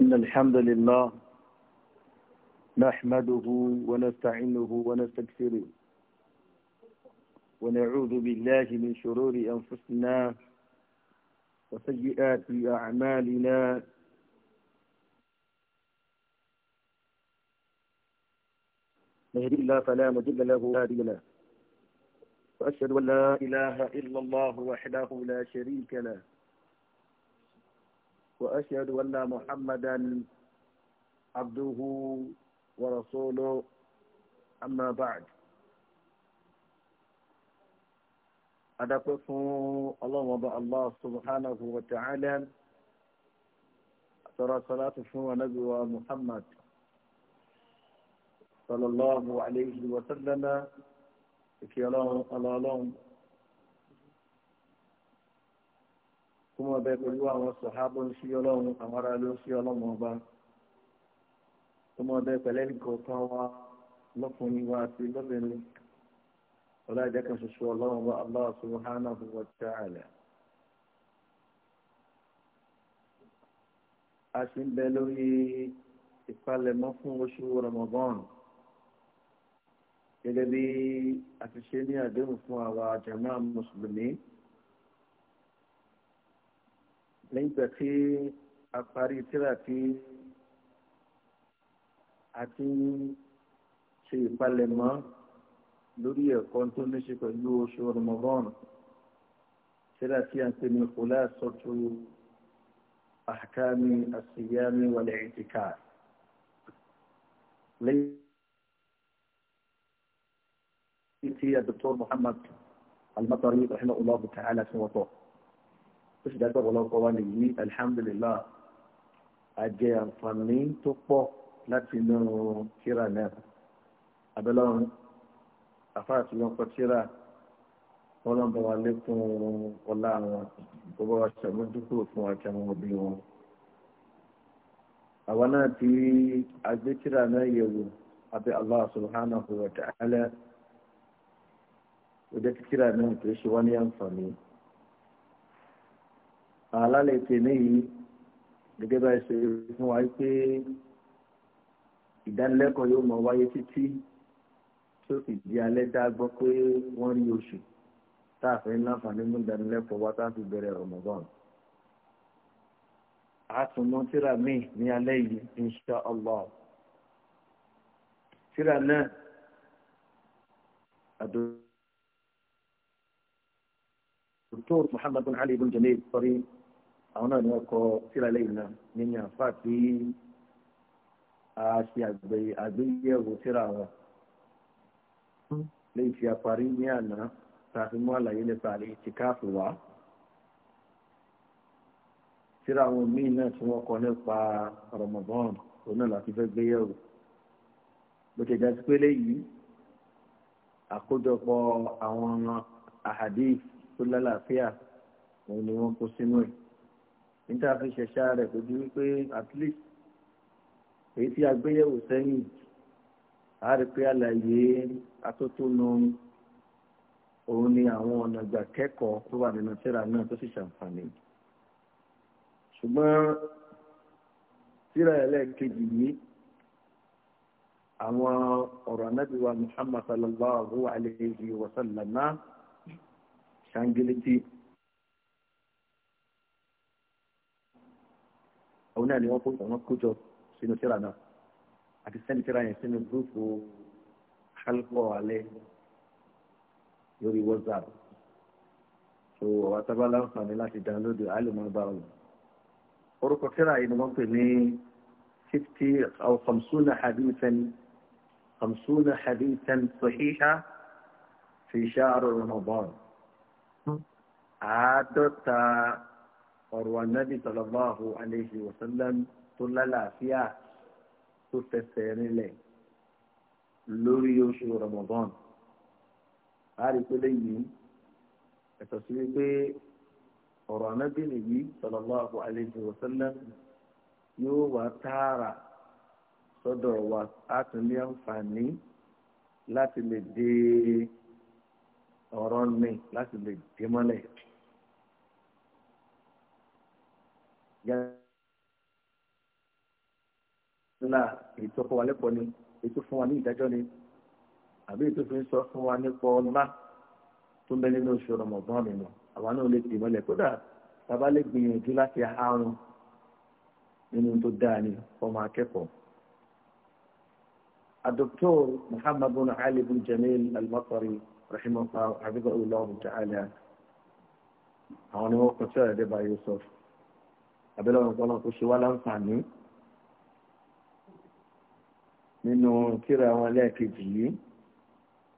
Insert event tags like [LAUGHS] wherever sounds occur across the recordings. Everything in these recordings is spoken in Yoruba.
إن الحمد لله نحمده ونستعينه ونستكثره ونعوذ بالله من شرور أنفسنا وسيئات أعمالنا نهدي الله فلا مضل له ولا هادي له وأشهد أن لا إله إلا الله وحده لا شريك له وأشهد أن محمدا عبده ورسوله أما بعد أدقف الله وضع الله سبحانه وتعالى ترى صلاة فهو نبي محمد صلى الله عليه وسلم كي الله الله kó mọ bẹ pẹ̀lú àwọn sọ̀hábọ̀ ń sí ọlọ́run àwọn ará ló ń sí ọlọ́run ọba kó mọ pẹ̀lẹ́ nìkan kan wá lọ́kùnrin wa àti lọ́bìnrin ọlá kan ṣoṣo ọlọ́run ọba a ṣì ń bẹ lórí ìpalẹ̀mọ́ fún oṣù gẹ́gẹ́ bí a ti ṣe ní àdéhùn fún àwa mùsùlùmí. lẹ́yìn ìgbà tí a parí tíra tí a ti ń ṣe ìpalẹ̀mọ́ lórí ẹ̀kọ́ tó ní ṣe pẹ̀lú oṣù Ramadan tíra tí a ń pè ní khulasatu ahkami as-siyami wal-i'tikaf lẹ́yìn tí a Dr. Muhammad al-Matari rahimahullahu ta'ala fi wọ́pọ̀. ó sì dágbà ọ̀pọ̀lọpọ̀ wa lè wí alhamdulillah àjẹ àǹfààní tó pọ̀ láti inú kíra náà abẹ́lọ́run àfáà tí wọ́n kọ́ kíra wọ́n lọ́n bá wa lékún ọlá wọn tó bá wa ṣàmójúkú fún àti àwọn òbí wọn. àwa náà ti agbé kíra náà yẹ̀wò abẹ́ Allah subhanahu wa ta'ala ó jẹ́ kíra náà kì í ṣe wá ní àǹfààní àlálẹ̀ tèmi yìí gẹ́gẹ́ bá ṣe fún wa pé ìdánilẹ́kọ̀ọ́ yóò mọ wáyé títí tí ó sì di alẹ́ dá gbọ́ pé wọ́n rí oṣù tá a fẹ́ láǹfààní mú ìdánilẹ́kọ̀ọ́ wá tá a fi bẹ̀rẹ̀ Ramadan. a tún mọ tíra míì ní alẹ́ yìí insha allah tíra náà àdó. Dr. Muhammad bin Ali bin Jamil, sorry, àwọn náà ni wọ́n kọ síra lẹ́yìn náà nínú àfa tí a ṣe àgbéyẹ̀wò síra wọn lẹ́yìn tí a parí ní àná tá a fi mú àlàyé nípa àlè ti káàfù wá síra wọn míì náà tí wọ́n kọ nípa Ramadan òun náà láti fẹ́ gbéyẹ̀wò bó ti dájú pé léyìí àkójọpọ̀ àwọn àhàdí tó lálàáfíà òun ni wọ́n kó sínú ẹ̀ níta fi ṣẹ̀ṣà rẹ̀ kò wípé at least èyí tí a gbéyẹ̀wò sẹ́yìn a rí pé àlàyé atótónu òun ni àwọn ọ̀nà ìgbà kẹ́kọ̀ọ́ tó wà nínú tírà náà tó sì ṣàǹfààní ṣùgbọ́n tírà ẹlẹ́ẹ̀kejì yìí àwọn ọ̀rọ̀ anábì muhammad sallallahu alayhi wa sallam náà ṣàǹgìlìtì. òun náà ni wọ́n kó àwọn kójọ sínú tíra náà àti sẹ́ni tíra yẹn sínú gúrúùpù kálífọ̀ alẹ́ lórí whatsapp so ọ̀wá sábà láǹfààní láti dánlódù àlùmọ́ e, bá wọn. orúkọ tíra yìí ni wọ́n pè ní fifty or khamsuna hadithan khamsuna hadithan sahiha fi shahr ramadan hmm. àádọ́ta ọ̀rọ̀ anábì sallallahu alayhi wa sallam tó lálàáfíà tó fẹsẹ̀ rinlẹ̀ lórí oṣù Ramadan a rí pé lẹ́yìn ẹ̀tọ́ sí wípé ọ̀rọ̀ anábì nìyí sallallahu alayhi wa sallam yóò wá tààrà sọ́dọ̀ wa a àǹfààní láti lè dé ọ̀rọ̀ mi láti lè dé mọ́lẹ̀. ńlá ètò fún wa lẹ́kọ̀ọ́ ni ètò fún wa ní ìdájọ́ ni àbí ètò fi ń sọ fún wa nípa ọlá tó bẹ nínú oṣù rọmọbọ́n mi nù àwa náà lè tì mọ́lẹ̀ kódà bàbá lè gbìyànjú láti àrùn nínú tó dáa ni ọmọ akẹ́kọ̀ọ́. الدكتور محمد بن علي بن جميل المطري رحمه الله حفظه الله تعالى هون هو قتال يوسف àbẹ̀lẹ̀ ọ̀run kọ́lọ́ kó ṣe wá láǹfààní nínú kíra wọn lẹ́ẹ̀kejì yìí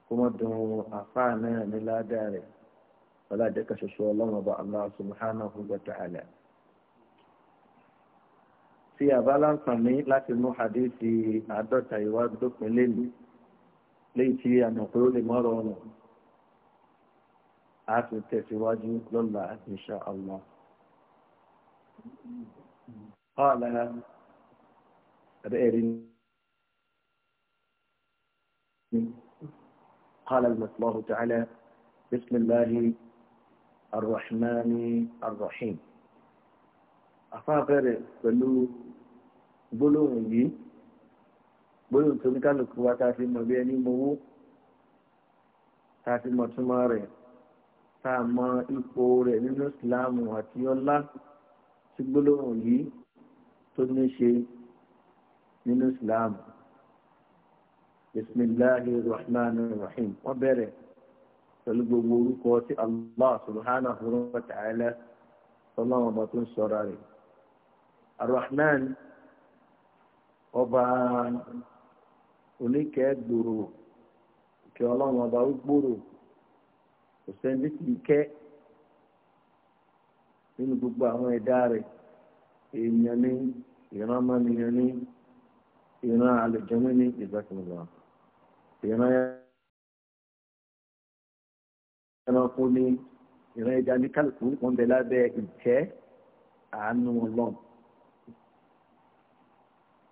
kó mọ́ dùn àfáà náà ní ládàá rẹ̀ ọlá àjẹkà ṣoṣo ọlọ́run ọba Allah subhanahu wa ta'ala. tí a bá láǹfààní láti mú hadithi àádọ́ta ìwà dópin lẹ́nu léyìí tí a mọ̀ pé ó lè mọ́ rọrùn a tún tẹ̀síwájú lọ́la insha Allah. قال أبئرن قال الله تعالى بسم الله الرحمن الرحيم أفاقر بلو بلو مجي بلو تنكا لكوا تاتي مبيني مو الله sí gbólóhùn yìí tó ní ṣe nínú islam bisimilahi rahman rahim wọ́n bẹ̀rẹ̀ pẹ̀lú gbogbo orúkọ tí allah subhanahu wa ta'ala sọláwọn ọba tó ń sọra rẹ̀ arahman ọba oníkẹ́ kí ọlọ́run ọba ó gbòòrò kò sẹ́ni tí kẹ́ nínú gbogbo àwọn ẹ̀dá rẹ̀ èèyàn ní ìran mọ́niyàn ní ìran àlùjọ́mọ́ ní ìgbàkúnlọ́ ìran ẹranko ní ìran ẹja ní kálukú wọn bẹ lábẹ́ ìtẹ́ àánú ọlọ́run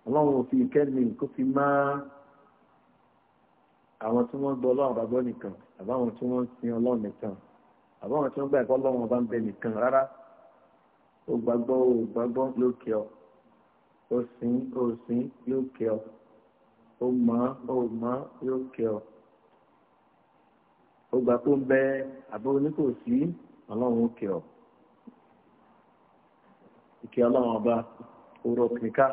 ọlọ́run ò fi ìkẹ́ mi kó fi máa àwọn tí wọ́n gbọ́ ọlọ́run bàbá nìkan àbáwọn tí wọ́n sin ọlọ́run nìkan àbáwọn tí wọ́n gbà ẹ̀kọ́ ọlọ́run ọba ń bẹ nìkan rárá o gbàgbọ́ ó gbàgbọ́ yóò kí ọ ó sìn o sìn yóò kí ọ o mọ̀ ó mọ̀ yóò kí ọ ó gbà tó ń bẹ àbẹ oníkòsí ọlọ́run kí ọ ìkẹ́ ọlọ́run ọba òrò kìíká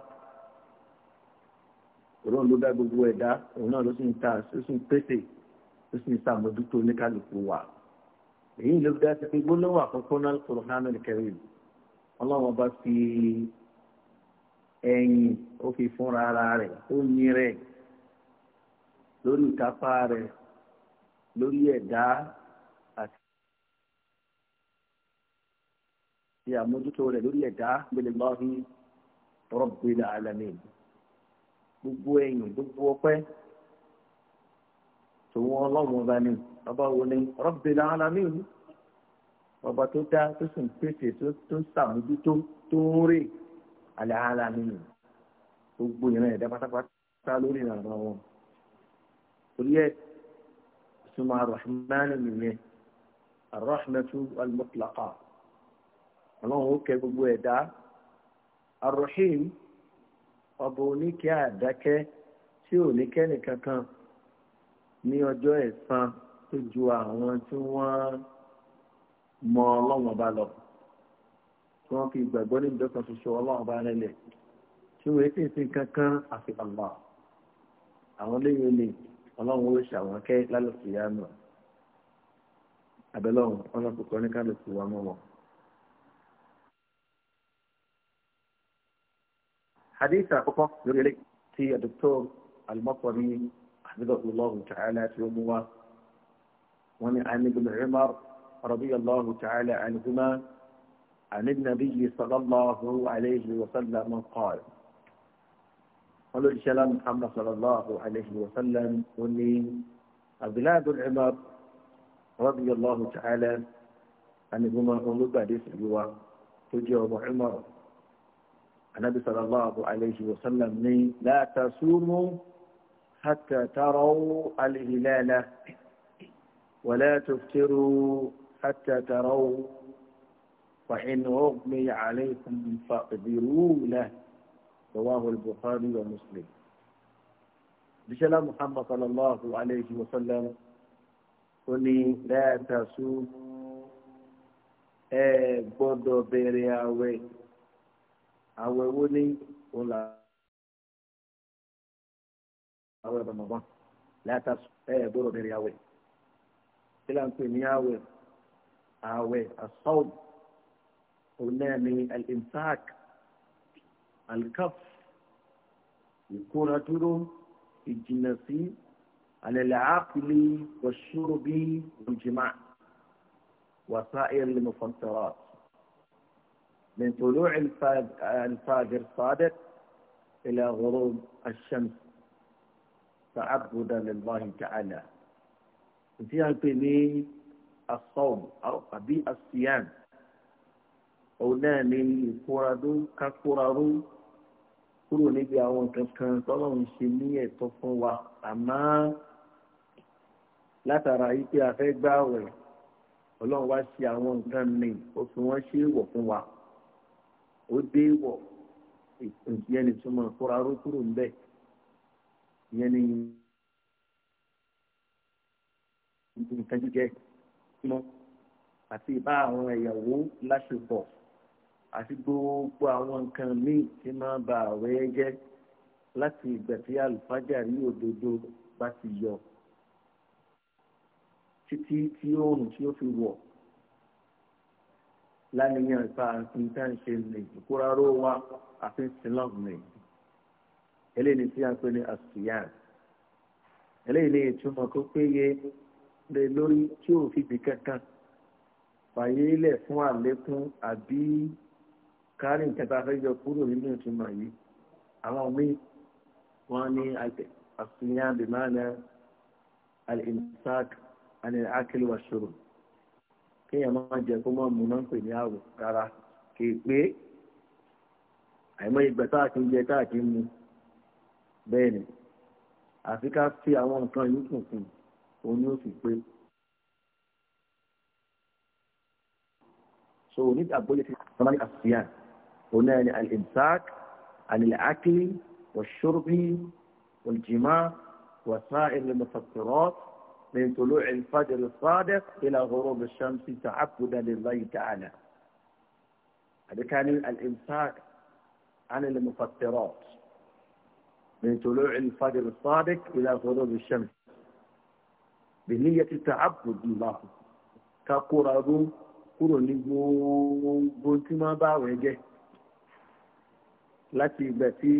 òrò ló dá gbogbo ẹ̀dá òun náà ló sì ń ta ó sì ń pèsè ó sì ń sàmójútó oníkálukú wa èyí ló dá sí pé gbólóhùn àkọ́kọ́ náà kò hánà yìí ọlọ́run bá fi ẹ̀yìn ó fi fúnra ara rẹ̀ ó ní rẹ̀ lórí ìkápá rẹ̀ lórí ẹ̀dá àti àmójútó rẹ̀ lórí ẹ̀dá gbẹlẹ́gbọ́hí rabbil alamin gbogbo ẹ̀yìn gbogbo ọpẹ́ tòun ọlọ́run ọba ni ọba wo ni rabbil alamin ọba tó dá tó sì ń pèsè tó ń sàmójútó tó ń rè àlàálà nínú gbogbo ìran ẹ̀dá pátápátá lórí ìrànlọ́ wọn. torí ẹ súnmọ́ arahman nìyẹn arahmatu almutlaqa ọlọ́run ó kẹ́ gbogbo ẹ̀dá arahim ọba oníkẹ́ àdákẹ́ tí ò ní kẹ́nìkankan ní ọjọ́ ẹ̀san tó ju àwọn tí wọ́n mọ ọlọ́run ọba lọ tí wọ́n fi gbàgbọ́ ní ìjọkan ṣoṣo ọlọ́run ọba rẹ̀ lẹ̀ tí wọ́n ti sin kankan àfi àmà àwọn léyìn olè ọlọ́run ó ṣàwọn kẹ́ lálùkù yá nù abẹ́lọ́run ọlọ́run kò ní kálùkù wa mọ́ wọn. حديث أخوكم يقول تي الدكتور المطري حفظه الله تعالى في يوم وعن عن ابن عمر رضي الله تعالى عنهما عن النبي صلى الله عليه وسلم قال قال الشلام محمد صلى الله عليه وسلم وني أبلاد العمر رضي الله تعالى عنهما أولو بعد سجوا تجيب عمر النبي صلى الله عليه وسلم ني لا تصوموا حتى تروا الهلال ولا تفتروا حتى تروا فإن أغمي عليكم فاقدروا له رواه البخاري ومسلم بشلا محمد صلى الله عليه وسلم قلني لا تصوم ẹ gbọ́dọ̀ bẹ̀rẹ̀ àwẹ̀ àwẹ̀ wo ni o là àwẹ̀ bàmàbọn látàsùn ẹ gbọ́dọ̀ bẹ̀rẹ̀ àwẹ̀ kí là ń pè ní àwẹ̀ أو آه، الصوم قلنا من إيه؟ الإنفاق الكف يكون أتلهم الجنسي على العقل والشرب والجماع وسائر المفطرات من طلوع الفاجر الصادق إلى غروب الشمس تعبدا لله تعالى. في هذه asọ́ọ̀mù àbí asiyan òun náà ní ìkóradó kákóraró kúrò níbi àwọn kankan tọ́lọ́run ṣe ní ẹ̀tọ́ fún wa àmọ́ látara yìí pé a fẹ́ gbààwẹ̀ ọlọ́run wá ṣe àwọn nǹkan míì ó fi wọ́n ṣe wọ̀ fún wa ó dé wọ̀ ìyẹn ní túmọ̀ kóraró kúrò níbẹ̀ ìyẹn ní nǹkan jíjẹ́ mọ́ àti ìbá àwọn ìyàwó láṣepọ̀ àti gbogbo àwọn nǹkan míì tí máa ba àwẹ̀ jẹ́ láti ìgbà tí àlùfájà rí òdodo bá ti yọ títí tí oòrùn tí ó fi wọ̀ lánìyàn ìpa nǹkan ṣe lè ìkóraró wa àfi sílọ́ọ̀mù eléyìí tí a ń pè ní àṣùyàn eléyìí ní ìtumọ̀ tó péye lé lórí tí ò fi bì kankan fàyè lẹ̀ fún àlékún àbí kárí nǹkan tá a fẹ́ yọ kúrò nínú ìtumọ̀ yìí àwọn míì wọ́n ní àfihàn bìmánà al-imsak àni akil wa shurub kéèyàn máa jẹ kó máa mú náà pè ní àwò rárá kì pé àìmọ̀ ìgbà tá a jẹ tá a mu bẹ́ẹ̀ ni àfi ká fi àwọn nǹkan yìí kùnkùn òun ni ó fi pé so òun ní àgbóyè ti sọmọlì àṣìyàn òun náà ni al-imsak anil-akli wal-shurbi wal-jima' وسائر المفكرات من طلوع الفجر الصادق إلى غروب الشمس تعبدا لله تعالى هذا كان الإمساك عن المفطرات من طلوع الفجر الصادق إلى غروب الشمس bẹ̀níyẹ títà àbùdùláhù ká kóra ró kúrò ní gbogbo tí wọ́n bá wẹ̀ jẹ́ láti ìgbà tí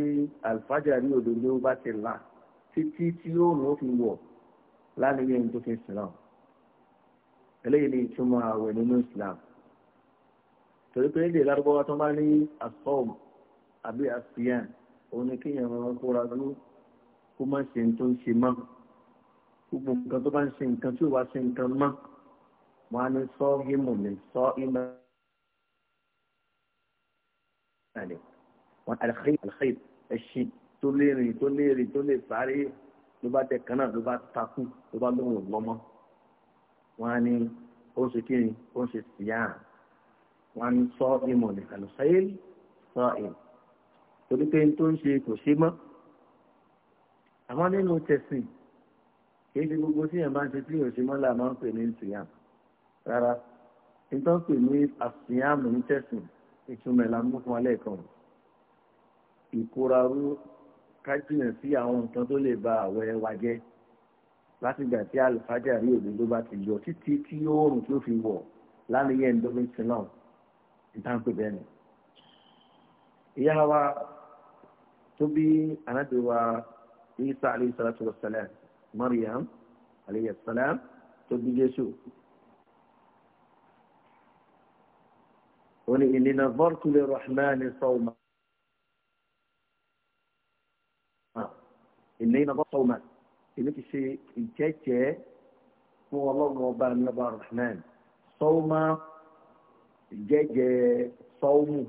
àlùfájà ní òdòdó bá ti là títí tí ó rùn ó fi wọ̀ lálẹ́ yẹn tó fi sìn náà eléyìí ni ìtumọ̀ àwẹ̀ nínú Islam torí pé èdè lárúbáwá tó bá ní asọ́m àbí asiyan òun ni kéèyàn kóra ró kó má ṣe tó ń ṣe mọ́ gbogbo nǹkan tó bá ń ṣe nǹkan tí ò wá ṣe nǹkan mọ́ wọn á ní sọ hímù mi sọ ìmọ̀ ìsàlẹ̀ wọn àlẹ́xẹ́ àlẹ́xẹ́ ẹ̀ṣin tó léèrè tó léèrè tó lè sáré ló bá tẹ kan náà ló bá takú ló bá lóhùn lọ́mọ́ wọn á ní ó ṣe kí ni ó ṣe síyá wọn á ní sọ ìmọ̀ ìsàlẹ̀ sọ ìmọ̀ torí pé n tó ń ṣe kò ṣe mọ́ àwọn nínú tẹ̀sìn kìí ṣe gbogbo tí èèyàn bá ń ṣe tí èèyàn ṣe mọ́lá máa ń pè ní ìsìyàm rárá nítorí pè ní àsìyàm ní tẹ̀sìn ìtumọ̀ ìlànà mú fún alẹ́ kan ìkóraró kájìnà sí àwọn nǹkan tó lè ba àwọ̀ ẹ wa jẹ́ láti gbà tí àlùfájà rí òdodo bá ti yọ títí tí oòrùn tó fi wọ̀ lánàá yẹn ń dọ́gbé sí náà ìtànkù bẹ́ẹ̀ ni. ìyá wa tó bí anábìwa isa alayhi salatu wa salam. مريم عليه السلام تدي يسوع وني اني نظرت للرحمن صوما آه. اني نظرت صوما انك شيء انتاجه هو الله رب الرحمن صوما جاجة صوم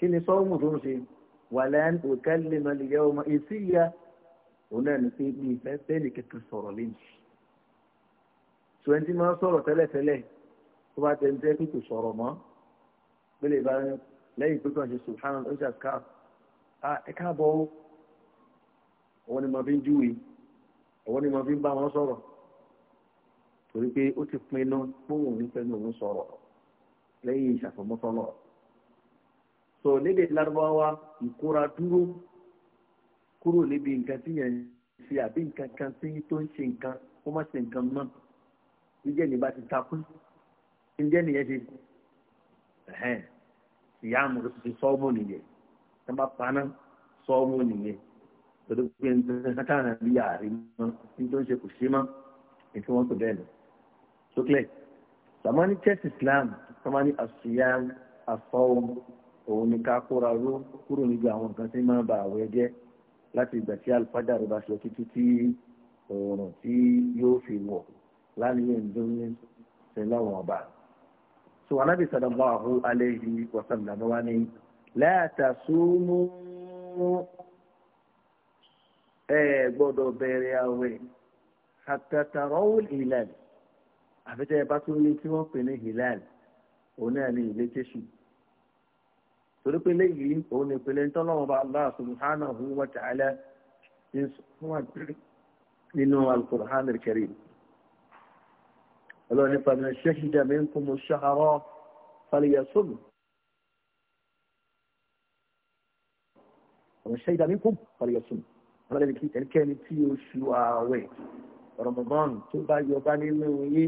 كني صوم دونسي ولن أكلم اليوم إثيّة òun náà ni pé mi ìfẹ́ bẹ́ẹ̀ni kẹ̀kẹ́ sọ̀rọ̀ lẹ́yìn tí wọ́n ti máa ń sọ̀rọ̀ tẹ́lẹ̀tẹ́lẹ̀ tó bá tẹ̀ ń tẹ́ pé kò sọ̀rọ̀ mọ́ gbélé bá lẹ́yìn pé kàn ṣe subhanahu wa ta'ala ká ẹ káàbọ̀ òun ni mo fi ń júwe òun ni mo fi ń bá wọn sọ̀rọ̀ torí pé ó ti pinnu póun ní pẹ́ẹ́nu òun sọ̀rọ̀ lẹ́yìn ìṣàfọ̀mọ́sọ́nà so lédè lárúbáwá ìkóra dúró kúrò níbi nǹkan tí yẹn ń ṣe àbí nǹkan kan tí tó ń ṣe nǹkan ó má ṣe nǹkan mọ́ ǹjẹ́ ni bá ti takú ǹjẹ́ nìyẹn ṣe ẹ̀hẹ́n ìyá àmọ̀ ló ti sọ ọmọ nìyẹn tí wọ́n bá paná sọ ọmọ nìyẹn tòdó pé nǹkan táwọn àbí yàrá mọ́ ní tó ń ṣe kò ṣe mọ́ ètò wọn kò bẹ́ẹ̀ lọ sókè sàmánì church Islam sàmánì àṣìyàn àfọwọ́ òun ni ká kóra ró kúrò níbi àwọn nǹkan tí máa ba àwẹ̀ jẹ́ láti ìgbà tí alifájàre bá ṣe títí tí oòrùn tí yóò fi wọ̀ láàrin ìdúnlé ṣẹlẹ́wọ̀n ọba. sọ anábì sallallahu alayhi wa sallam wa ni la tasumu ẹ gbọ́dọ̀ bẹ̀rẹ̀ àwẹ̀ hatta tarawul hilal àfẹ́tẹ́ bá tún lé tí wọ́n pè ní hilal òun náà ní ilé torí pé léyìí òun ni pèlè ntọ́lọ́wọ́n bá Allah subhanahu wa ta'ala nínú al-Qur'an al-Karim ọlọ́run nípa mi shahida minkum ash-shahra falyasum ọ̀rọ̀ shahida minkum falyasum ọlọ́run kí ẹnikẹ́ni tí oṣù ààwẹ̀ Ramadan tó bá yọba nínú yé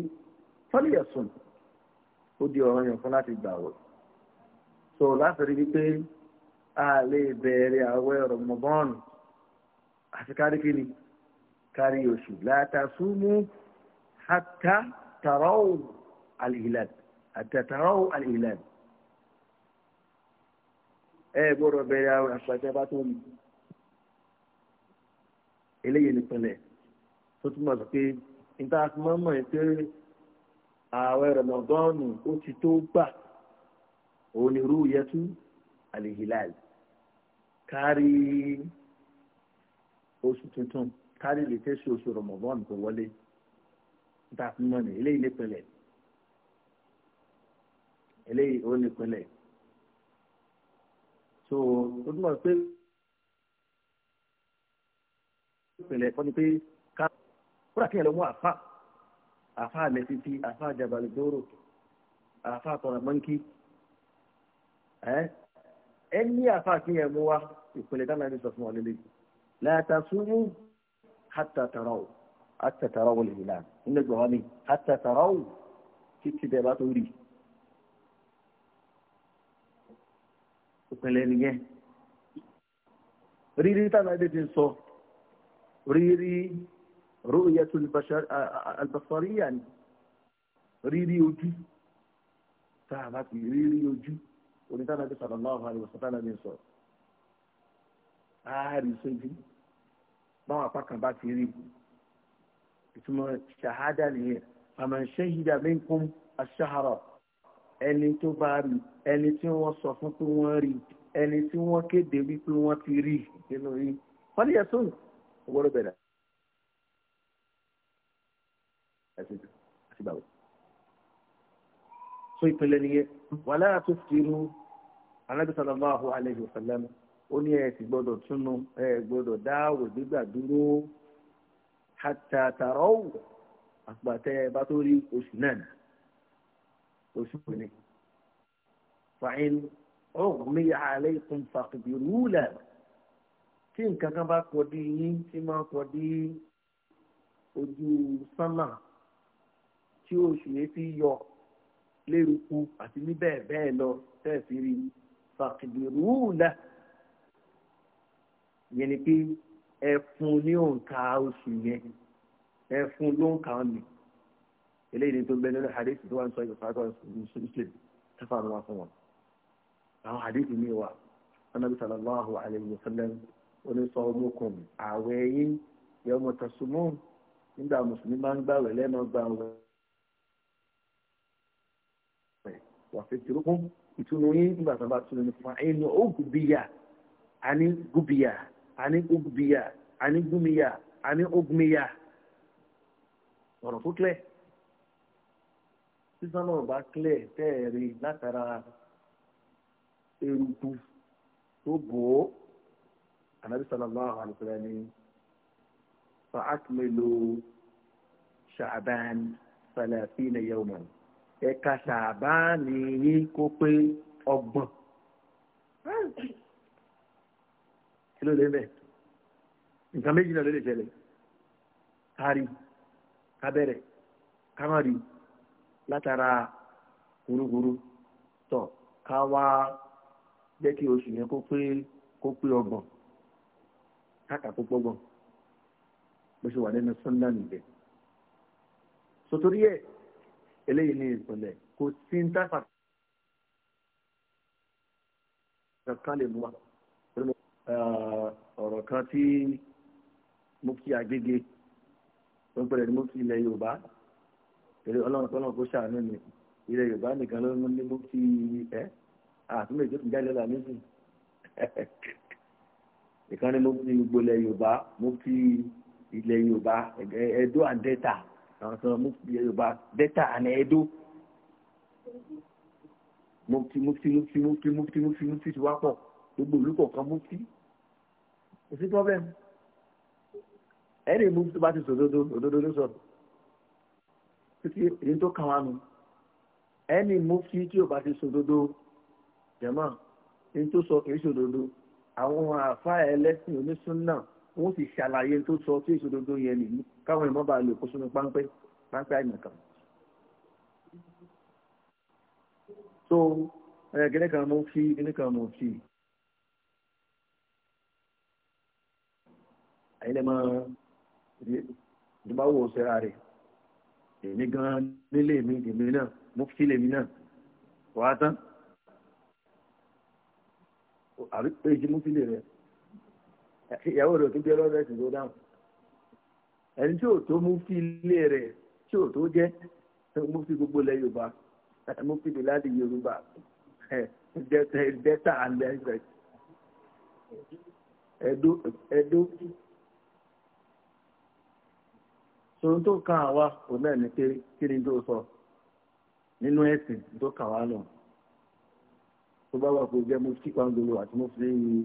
falyasum ó di ọ̀rọ̀ yẹn fún láti gbà wọ̀ so láti rí wípé a lè bẹ̀rẹ̀ àwẹ̀ Ramadan àti kárí kí ni kárí oṣù la tasumu hatta taraw al-hilal hatta taraw al-hilal ẹ gbọ́dọ̀ bẹ̀rẹ̀ àwẹ̀ àṣàjẹ́ bá tó ní eléyìí nípìnlẹ̀ tó túmọ̀ sí pé níta mọ́mọ́ ẹ pé àwẹ̀ Ramadan ó ti tó gbà òun ni rúùyẹtú alihilal kárí oṣù tuntun kárí lè tẹ́sí oṣù rọmọbọ́n tó wọlé níta fún mọ́ni eléyìí nípìnlẹ̀ eléyìí ó nípìnlẹ̀ so ó túmọ̀ pé ìpìlẹ̀ kọ́ ni pé ká kúrò kí ẹ lọ mú àfa àfa lẹ́sìn àfa jàbàlẹ̀ dóró àfa tọ̀rọ̀ mọ́ńkì ẹ ní àfààfin yẹn mú wa ìpìlẹ̀ dáná ní sọ fún wa lélẹ́yìn látàsúmú hàtàtàràwò hàtàtàràwò lè nà nínú ìgbà wọn ni hàtàtàràwò títí bẹ́ẹ̀ bá tó rí ìpìlẹ̀ nìyẹn rírí táwọn ẹbí ti ń sọ rírí rúùyẹtù albasariya ni rírí ojú tá rírí ojú onítànà ti sọ̀rọ̀ náà wà ní ìwòsàn ní sọ ààrí sójú báwọn apá kan bá ti rí ìtumọ̀ ṣàhádà nìyẹn àmọ́ ṣẹ́yìdà minkum aṣáhàrọ̀ ẹni tó bá rí ẹni tí wọ́n sọ fún pé wọ́n rí ẹni tí wọ́n kéde wípé wọ́n ti rí nínú yìí wọ́n yẹ sóun ọgbọ́dọ̀ bẹ̀rẹ̀ àti gbàgbọ́. so ìpínlẹ̀ nìyẹn wàhálà tó ti anábì sallallahu alayhi wa sallam ó ní ẹ ti gbọ́dọ̀ túnú ẹ gbọ́dọ̀ dáwò gbígbà dúró hatta taraw àgbàtẹ bá tó rí oṣù náà oṣù ní fàáyín ọ̀gbìn alaykum fàkìbìrú lẹ́nu tí nǹkan kan bá kọ dí yín tí máa kọ dí ojú sánmà tí oṣù yẹn fi yọ lérúkú àti ní bẹ́ẹ̀ bẹ́ẹ̀ lọ tẹ́ẹ̀ fi rí i fàkìdìrú la yẹn ni pé ẹ fún ní òǹkà oṣù yẹn ẹ fún ló ń kà á mi eléyìí ni tó ń bẹ nínú hadith tó wà ń sọ ìgbà pàtó muslim tafa àwọn wa fún wọn àwọn hadith mi wà anabi sallallahu alayhi wa sallam onísọmọkùn ààwẹ̀ yín yọmọ nígbà mùsùlùmí máa ń gbàwẹ̀ lẹ́nu gbàwẹ̀ wà fi tìrúkún ìtumọ̀ yín nígbà tó bá tún ní fún àyìn ó gùbíyà àní gùbíyà àní gùbíyà àní gùmíyà àní ògùnmíyà ọ̀rọ̀ tó kílẹ̀ sísan náà bá kílẹ̀ tẹ́ẹ̀rí látara eruku tó bò ó anabi sallallahu alayhi wa sallam ni fa akmelo sha'ban salafina yawman. ẹ̀ka ni yín kó pé ọgbọ̀n kí ló lè bẹ̀ nǹkan méjì náà ló lè ṣẹlẹ̀ kárí látara gúrúgúrú tọ̀ ká jẹ́ kí oṣù yẹn kó pé kó pé ọgbọ̀n káàkà kó pọ́gbọ̀n wà nínú nìbẹ̀ sotori eléyìí ní ìpìlẹ̀ kò sí ní táfà kankan lè mú wa ọ̀rọ̀ kan tí mufti Agége tó ń pẹ̀lẹ̀ ní mufti ilẹ̀ Yorùbá èrè ọlọ́run kó ṣàánú ni ilẹ̀ Yorùbá nìkan ló ní mufti ẹ́ àtúntò ìjọ tó jáde lọ́la méjì ìkan ní mufti gbogbo ilẹ̀ Yorùbá mufti ilẹ̀ Yorùbá Ẹdó and àwọn sọ mufti yorùbá bẹ́tà àná ẹ̀dó mufti mufti mufti mufti mufti mufti mufti ti wá pọ̀ gbogbo olùkọ̀ọ̀kan mufti kò sí problem ẹ̀rí mufti tó bá ti sòdodo òdodo ló sọ̀rọ̀ títí èyí tó kàn wá nu ẹni mufti tí ò bá ti sòdodo jẹ̀mọ́ èyí tó sọ kì í sòdodo àwọn àfa ẹlẹ́sìn onísùn náà wọ́n sì ṣàlàyé tó sọ tí èso dodo yẹn nìyí káwọn ìmọ̀ bá lè kó sínú páńpẹ́ páńpẹ́ àìmọ̀kan. so gẹ́gẹ́ kan mo fi gẹ́gẹ́ kan mo fi àyẹ̀lẹ̀ máa ìjọba wò ó sẹ́ra rẹ̀ èmi gan nílé mi èmi náà mo fi lèmi náà wàá tán àrí pé ìjì mo fi lè rẹ̀ ìyàwó rẹ̀ tún bí ọlọ́dẹ sì ló dáhùn ẹni tí ò tó mufti ilé rẹ̀ tí ò tó jẹ́ mufti gbogbo ilẹ̀ yorùbá mufti bíládì yorùbá delta and essex ẹ̀dó ẹ̀dó sọ̀rọ̀ tó kàn wá òun náà ní kí ni tó sọ nínú ẹ̀sìn tó kàn wá náà tó bá wà kó jẹ́ mufti kwangolo àti mufti yìí.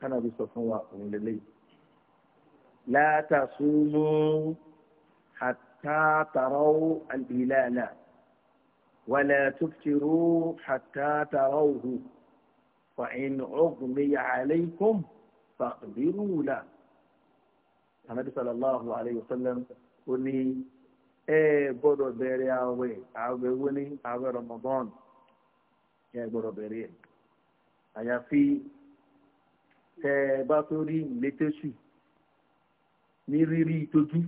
kánàbí sọ fún wa òun lélẹ́yìí látàsúmú àtàtàrọ́ àlìlànà wàlẹ̀ tùfìrú àtàtàrọ́ òhù fàìn ọ̀gbìnmẹ̀yà àlẹ́kùn fàbírùlà. Ànábì sallallahu alayhi wa sallam ó ní ẹ gbọ́dọ̀ bẹ̀rẹ̀ àwẹ̀ àwẹ̀ wo ni àwẹ̀ Ramadan ẹ gbọ́dọ̀ bẹ̀rẹ̀ àyàfi tẹ ẹ bá tó rí ìlétésù ní rírí ìtọ́jú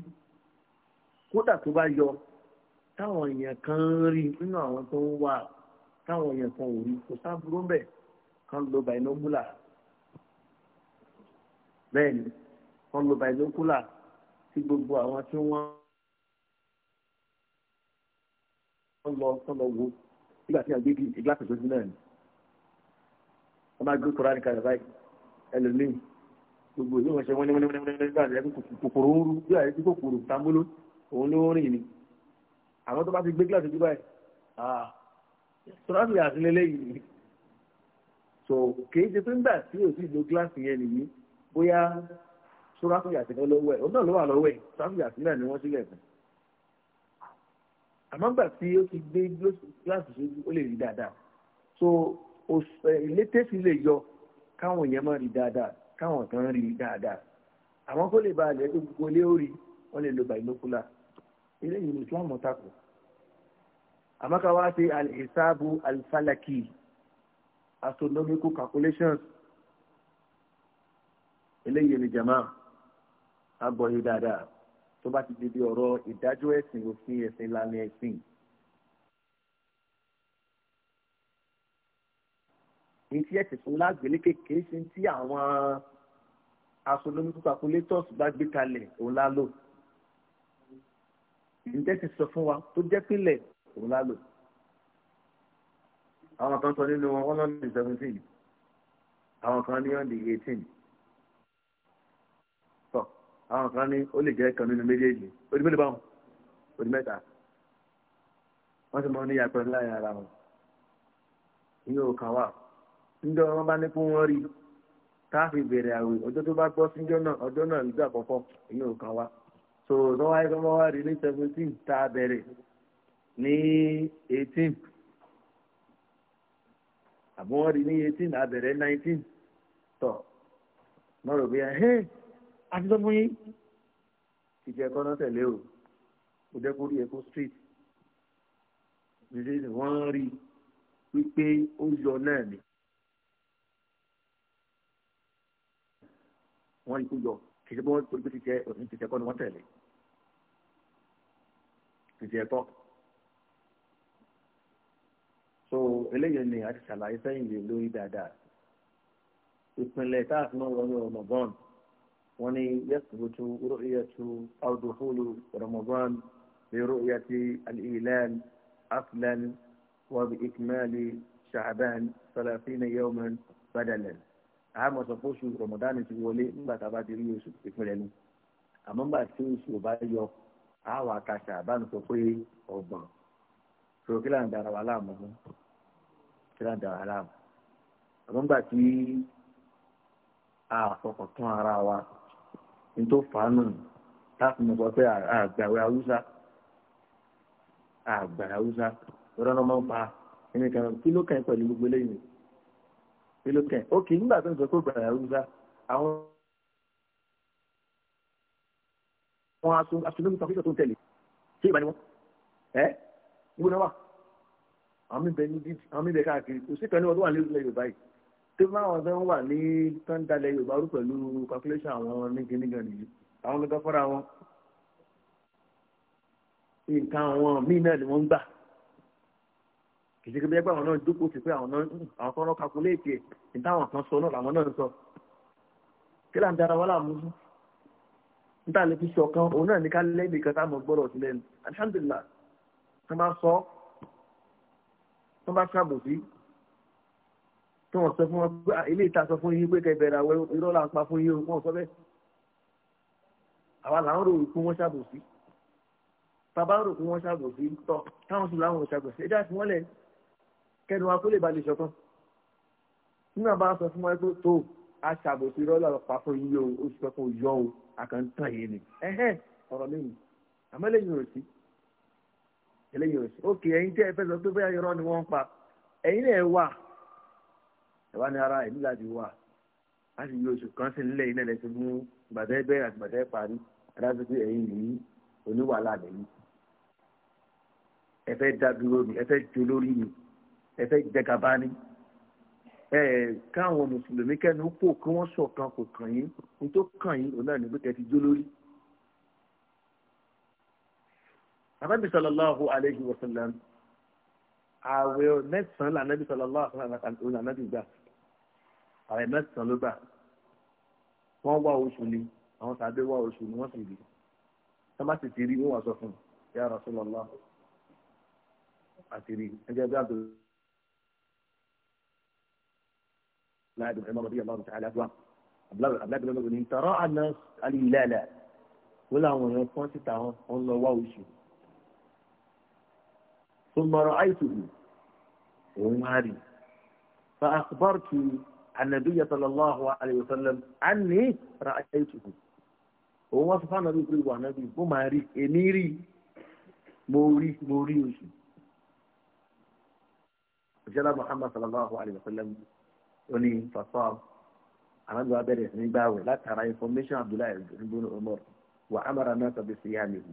kódà tó bá yọ táwọn èèyàn kan rí nínú àwọn tó ń wà táwọn èèyàn kan ò rí kò sábúrò ń bẹ̀ kan lo binocular bẹ́ẹ̀ ni kan lo binocular tí gbogbo àwọn tí wọ́n wọ́n lọ wọ́n lọ wo nígbà tí wọ́n gbé ìgbà pẹ̀lú náà ni wọ́n máa gbé kóra nìkan rẹ̀ báyìí ẹlòmíì gbogbo yóò wọ́n ṣe wọ́n ní wọ́n ní wọ́n ní wọ́n ní gbàdúrà kòkòrò ń rú bí àyè tí kòkòrò tambolo òun ló ń rìn ni àwọn tó bá ti gbé gíláàsì ojú báyìí ah sọ́dọ̀tì àtìlẹ́lẹ́ yìí so kìí ṣe pé nígbà tí o sì lo gíláàsì yẹn nìyí bóyá sọ́dọ̀tì àtìlẹ́ lọ́wọ́ ẹ̀ òun náà ló wà lọ́wọ́ ẹ̀ sọ́dọ̀tì àtìlẹ́ ni wọ́n sílẹ̀ fún àmọ́ gbà tí ó ti gbé gíláàsì sójú ó lè rí dáadáa so ilé tẹ́sí lè yọ káwọn èèyàn máa rí dáadáa káwọn kan rí dáadáa àwọn kó lè ba àlẹ́ tó gbogbo lé ó rí lè lo bàìlókùlà eléyìí ní islam ọ̀tàkù àmọ́ ká wá ṣe alhisabu alfalaki astronomical calculations eléyìí ní jama agbọ̀yé dáadáa tó bá ti di bí ọ̀rọ̀ ìdájọ́ ẹ̀sìn òfin ẹ̀sìn ìlànà ẹ̀sìn. èyí tí ẹ̀sìn fún lágbèlé kékeré ṣe ń tí àwọn astronomical calculators bá gbé kalẹ̀ òun la lò ìdẹ́sìn sọ fún wa tó jẹ́ pínlẹ̀ òun la lò àwọn kan sọ nínú wọn one hundred and seventeen àwọn kan ní one hundred eighteen tọ àwọn kan ní ó lè jẹ́ kan nínú méjèèjì ó mélòó báwọn ó mẹ́ta wọ́n sì mọ ní yàtọ̀ ńlá yàrá wọn ìyóò kan wà ńjọ wọn bá ní kó wọn rí káfí bẹ̀rẹ̀ àwẹ̀ ọjọ́ tó bá gbọ́ síjọ́ náà ọjọ́ náà nígbà àkọ́kọ́ èyí ò kàn so tó wáyé tó wá rí ní seventeen tá a bẹ̀rẹ̀ ní eighteen àbí wọ́n rí ní eighteen a bẹ̀rẹ̀ nineteen tọ̀ wọ́n rò bóyá ẹ́ àti tó fún yín ìjẹ́ ẹ̀kọ́ náà tẹ̀lé o kò jẹ́ kó rí ẹ̀kọ́ street wọ́n rí wípé ó yọ náà ni. wọ́n rí kó yọ kì í ṣe pé wọ́n torí pé ti jẹ́ òní ti jẹ́ kọ́ ni wọ́n tẹ̀lé ti jẹ́ tọ́. so eléyìí ni a ti ṣàlàyé sẹ́yìn lè lórí dáadáa ìpínlẹ̀ tá a fi máa ń wọlé Ramadan wọ́n ní yẹ́sùbùtù rú'yẹ̀tù àwùdókòlù Ramadan bí rú'yẹ̀tì al-ilan aslan wàbí ikmali sha'ban salafina yawman badalan àmọ́ sọ pé oṣù rọmọdánù ti wọlé nígbà tá a bá ti rí oṣù ìpínlẹ̀ nu àmọ́ nígbà tí oṣù ò bá yọ àwọn àkàṣà àbánu sọ pé ọgbọ̀n sọ kí láǹdà ara wa láàmú kí láǹdà ara láàmú àmọ́ nígbà tí a fọkàn tán ara wa ní tó fàánù láti mọ̀ sọ pé àgbàwé haúsá àgbà haúsá lọ́dọ̀ náà máa ń pa ẹnìkan kí ló kàn pẹ̀lú gbogbo eléyìí elókè ókè nígbà tó ń sọ pé gbàrà rúgbà àwọn wọn aṣọ aṣọlómi pàfíṣọ tó ń tẹ̀lé ṣé ìbá ni wọn ẹ níbo náà wà àwọn míbẹ ní bíi àwọn míbẹ káàkiri kò sí pẹ̀lú ọdún wà ní ilẹ̀ Yorùbá yìí tó bá àwọn ọdún wà ní tọ́ndalẹ̀ Yorùbá rú pẹ̀lú calculation àwọn nígi nígi nìyí àwọn gbẹgbẹ fọ́ra wọn nǹkan àwọn míì náà ni wọ́n ń gbà kìsìkì bí ẹgbẹ́ àwọn náà jókòó sí pé àwọn náà àwọn kan náà kakuléètì ẹ̀ níta àwọn kan sọ náà làwọn náà ń sọ kí là ń dára wọ́n làmú fún níta lè fi sọ kan òun náà ní ká lẹ́bi kan tá a mọ̀ gbọ́dọ̀ sílẹ̀ ní alhamdulilah tó bá sọ tó bá sábò sí tó wọ́n sọ fún wọn pé ilé ìta sọ fún yín pé kẹ́ bẹ̀rẹ̀ àwẹ̀ irọ́ là ń pa fún yín wọ́n sọ bẹ́ẹ̀ àwa làwọn rò wípé wọ́n sábò sí bàbá rò pé wọ́n sábò sí tọ́ táwọn sì láwọn sábò sí ẹjọ́ kẹnu wa kó lè balẹ̀ ṣọ̀kan nígbà bá sọ fún wa pé tó a ṣàbòsí rọ́lá pa fún yíyọ oṣù kẹfọ́ yọ o àkàntàn yìí ni ẹ̀hẹ́n ọ̀rọ̀ lẹ́yìn àmọ́ lẹ́yìn òsì eléyìí òsì ókè ẹ̀yin tẹ́ ẹ fẹ́ sọ pé bóyá irọ́ ni wọ́n ń pa ẹ̀yin náà wà ẹ̀wá ni ara ẹ̀mí láti wà a sì yí oṣù kan sí nílẹ̀ yìí náà lẹ́sìn mú gbàtẹ́ bẹ́ẹ̀ àti gbàtẹ́ parí adájọ́ pé ẹ̀yin yìí oníwàhálà lẹ́yìn ẹ fẹ́ dá dúró mi ẹ fẹ́ jó lórí mi ẹ fẹ́ jẹgàba ni ẹ káwọn mùsùlùmí kẹ́nu pò kí wọ́n ṣọ̀kan kò kàn yín ní tó kàn yín òun náà ní pé kẹ́ ti jó lórí. anabi sallallahu alayhi wa sallam ààwẹ̀ mẹ́sàn-án lànàbí sallallahu alayhi wa sallam òun lànàbí gbà ààwẹ̀ mẹ́sàn-án ló gbà wọ́n wá oṣù ni àwọn sàbẹ̀ wá oṣù ni wọ́n sì rí sábà sì ti rí wọ́n wá sọ fún yàrá sallallahu àti rí ẹgbẹ́ bí àbẹ̀wò. نائب العمارة رضي الله تعالى عنه أبلغ أبلغ لنا أن ترى الناس قال لا لا ولا هو يفوت تاه هون واو شيء ثم رأيته وماري فأخبرت النبي صلى الله عليه وسلم أني رأيته هو سبحان الله يقول النبي وماري أميري موري موري وشي جلال محمد صلى الله عليه وسلم ó ní fasal anábìá bẹ̀rẹ̀ sí ní gbààwẹ̀ látara information abdullahi ibn umar wà amara náà tàbí sí yá nìyí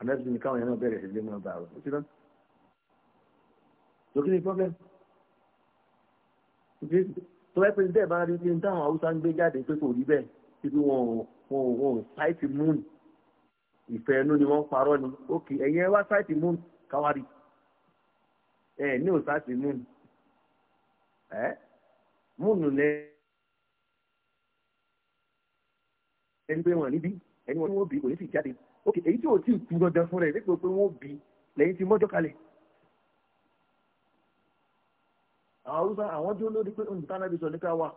anábìá ní káwọn yẹn náà bẹ̀rẹ̀ sí ní máa gbààwẹ̀ ó ti dán. lókè ní problem tó bá pè ní bẹ́ẹ̀ bá rí pé táwọn haúsá ń gbé jáde pé kò rí bẹ́ẹ̀ títí wọn ò wọn ò sáìtì moon ìfẹ́ ẹnu ni wọ́n ń parọ́ ni ókè ẹ̀yin ẹ wá sáìtì moon káwárí ẹ̀ ní ò sáìtì moon ẹ̀ múnú lẹ ẹni pé wọn níbí ẹni wọn ni wọn bí kò ní sì jáde ok èyí tí ò tí ì kú dandan fún rẹ nípa pé wọn bí lẹ́yìn tí mọ́jọ́ kalẹ̀ àwọn haúsá àwọn dúró lórí pé olùtánàbí sọ nípa wà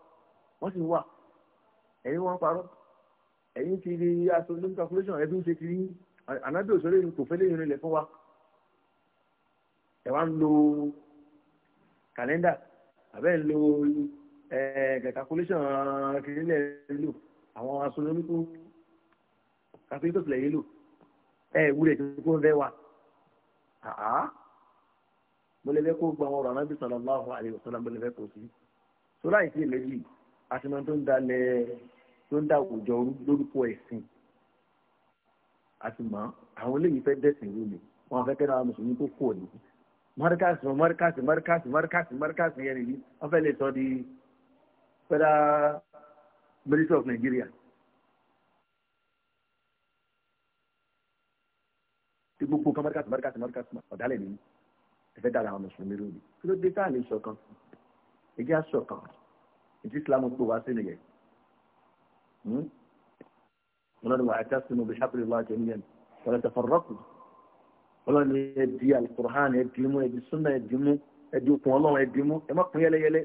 wọn sì wà ẹ̀yin wọn parọ́ ẹ̀yin ti rí aṣọ lórí calculation ẹbí ń ṣe ti rí ànádò sórí kò fẹ́ lẹ́yìn rẹ̀ fún wa ẹ̀ wá ń lo kàlẹ́ndà àbẹ́ ń lo calculation kìrìlẹ̀ lò àwọn astronomical calculator tilẹ̀ yìí lò ẹ ìwúrẹ̀ tó kó ń fẹ́ wa mo lè fẹ́ kó gba ọ̀rọ̀ anábì sallallahu alaihi wasallam mo lè fẹ́ kó sí sọ́lá ìdí méjì àti mọ́ tó ń dalẹ̀ tó ń da òjò lórúkọ ẹ̀sìn àti mọ́ àwọn eléyìí fẹ́ dẹ̀sìn rú mi wọn fẹ́ kẹ́ra mùsùlùmí tó kù òní mọ́ríkàsì mọ́ríkàsì mọ́ríkàsì mọ́ríkàsì mọ́ríkàsì yẹn nìyí wọ́n fẹ́ lè sọ di federal uh, ministry of Nigeria. tí gbogbo kan mọ́ríkàtì mọ́ríkàtì mọ́ríkàtì ọ̀dálẹ̀ nínú ẹ̀fẹ́ dára àwọn mùsùlùmí lónìí kí ló dé táà lè ṣọ̀kan ẹjẹ́ àṣọ̀kan ètí islam tó wá sí nìyẹn hmm? ọlọ́run wà á já sínú bí sábẹ́rẹ́ wá jẹ́ nìyẹn wọ́n ti fọ̀rọ̀kù ọlọ́run ẹ̀dí alukur'an ẹ̀dí mú ẹ̀dí súnà ẹ̀dí mú ẹ̀dí okùn ọlọ́run ẹ̀dí mú ẹ̀ má pín yẹlẹyẹlẹ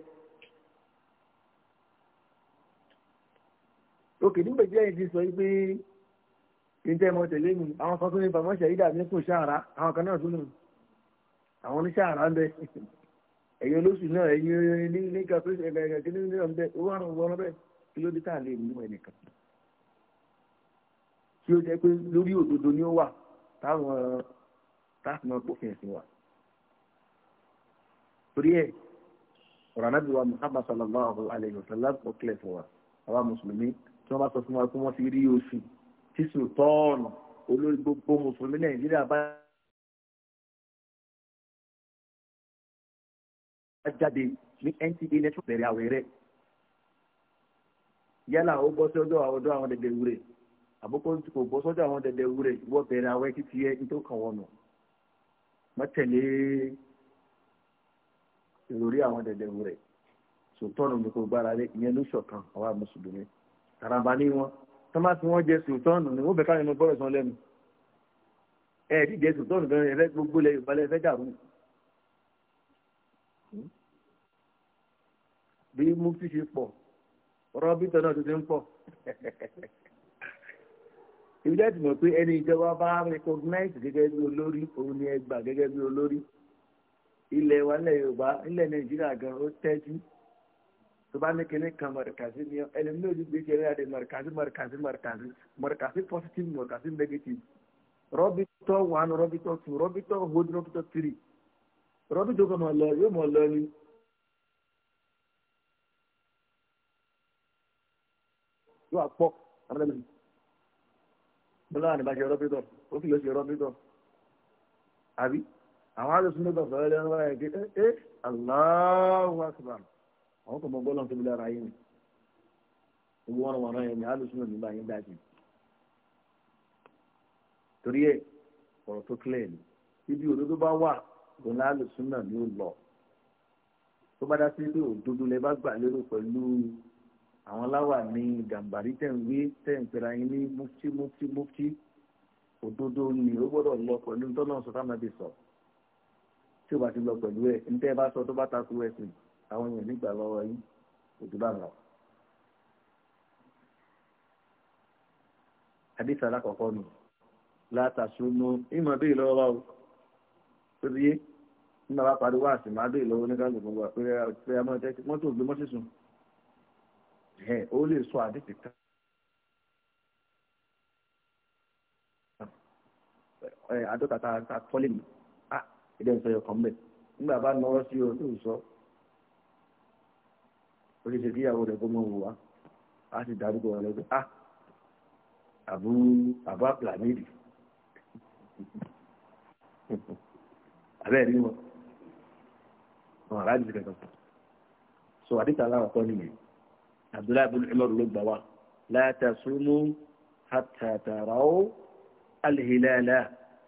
òkè nígbà tí ẹ̀yin ti sọ pé ìjẹ́ mọ tẹ̀lé mi àwọn kan tó ní bàbá ṣẹ̀yídà mi kù ṣàrà àwọn kan náà tún nù àwọn oníṣàrà ń bẹ ẹ̀yin olóṣù náà ẹ̀yin ní ní kàfíìsì ẹ̀gbẹ̀rẹ̀ kí ní ní ọ̀nbẹ owó àrùn wọn bẹ kí ló dé tá à lè mú ẹnìkan tí ó jẹ́ pé lórí òdodo ni ó wà táwọn táàmù ọgbọ́fin ẹ̀sìn wà torí ẹ̀ ọ̀rọ̀ anábìwá muhammad sallallahu alayhi wa sallam ó kílẹ̀ fún wa àwa mùsùlùmí tí wọ́n bá sọ fún wa pé wọ́n ti rí oṣù tí sultana olórí gbogbo mùsùlùmí nàìjíríà bá jáde ní NTA network bẹ̀rẹ̀ àwẹ̀ rẹ̀ yálà ó bọ́ sí ọjọ́ àwọn ọdọ́ àwọn dẹ̀dẹ̀ wúre àbúkọ́ kò bọ́ sọ́jọ́ àwọn dẹ̀dẹ̀ wúre wọ́n bẹ̀rẹ̀ àwẹ̀ títí yẹ ní tó nù má ìròrí àwọn dẹ̀dẹ̀ wúre sultana ní kò gbára lé ìyẹn ló ṣọ̀kan àwa mùsùlùmí àràbàlẹ̀ wọn tó má fi wọ́n jẹ sùtọ́ọ̀nù ni wọ́n bẹ̀ káyọ̀ ní bọ́ọ̀rọ̀ sàn lẹ́nu ẹ̀ẹ́dì jẹ sùtọ́ọ̀nù gan ẹ̀fẹ́ gbogbo ilẹ̀ Yorùbá lẹ́fẹ́ dàrú. bí mufti ṣe pọ̀ rọ́bìtọ̀ náà tuntun ń pọ̀ ìbílẹ̀ [LAUGHS] tí mo pé ẹni ìjọba bá recognize gẹ́gẹ́ bí olórí òun ni ẹgbà gẹ́gẹ́ bí olórí ilẹ̀ wa ilẹ̀ Yorùbá ilẹ̀ Nàìjíríà gan ó tẹ́jú tó bá ní kíní kan mọ̀rìkàsí ni ẹni ní ojú gbé jẹ́rẹ́ àdé mọ̀rìkàsí mọ̀rìkàsí mọ̀rìkàsí mọ̀rìkàsí positive mọ̀rìkàsí negative rọ́bìtọ̀ one rọ́bìtọ̀ two rọ́bìtọ̀ hold rọ́bìtọ̀ three rọ́bìtọ̀ kan mọ̀ lọ yóò mọ̀ lọ ni. yóò wá pọ̀ amúnábìlì bọ́lá àná ìbáṣe rọ́bìtọ̀ ó kìlọ̀ ṣe rọ́bìtọ̀ àbí àwọn àdùsùn mẹ́tọ̀ sọ̀rọ̀ lẹ́nu àwọn tó mọ gbọ́dọ̀ tó bí lára yín ni gbogbo wọn wọn yẹn ni alùsùn náà nígbà yín dájú torí ẹ ọ̀rọ̀ tó kílẹ̀ ni ibi òdodo bá wà òun alùsùn náà ni ó lọ tó bá dá sí pé òdodo lẹ bá gbà lérò pẹ̀lú àwọn aláwà ní gàmbàrí tẹ̀ ń yín ní mufti mufti mufti òdodo ni ó gbọ́dọ̀ lọ pẹ̀lú tọ́nà sọ́tàmẹ́bí sọ tí o bá ti lọ pẹ̀lú ẹ̀ ń tẹ́ bá sọ tó bá ta kú ẹ̀sìn. àwọn èèyàn nígbà lọ́wọ́ yín òjò bá lọ. àdìsá alákọ̀ọ́kọ́ nù látàṣúnú ìmọ̀ bí ìlọ́wọ́ wa o tó ti yé nígbà bá parí wá àsìmọ́ adé ìlọ́wọ́ ní káàkiri gbogbo àpẹẹrẹ àpẹẹrẹ amọ́ ẹ̀tẹ́ mọ́tò mọ́tò sùn ó lè sọ kan. Ah, nígbà bá sí o ó lè ṣe kí ìyàwó rẹ̀ kó mọ̀ wò wá á sì dárúkọ wọn lọ́gbẹ́ ah àbú àbá plamidi abẹ́ẹ̀rí wọn wọn àrádìí kankan so àdìsá aláwọ̀ kọ́ nìyẹn abdullahi bin umar ló gbà wá la tasumu hatta tarau alhilala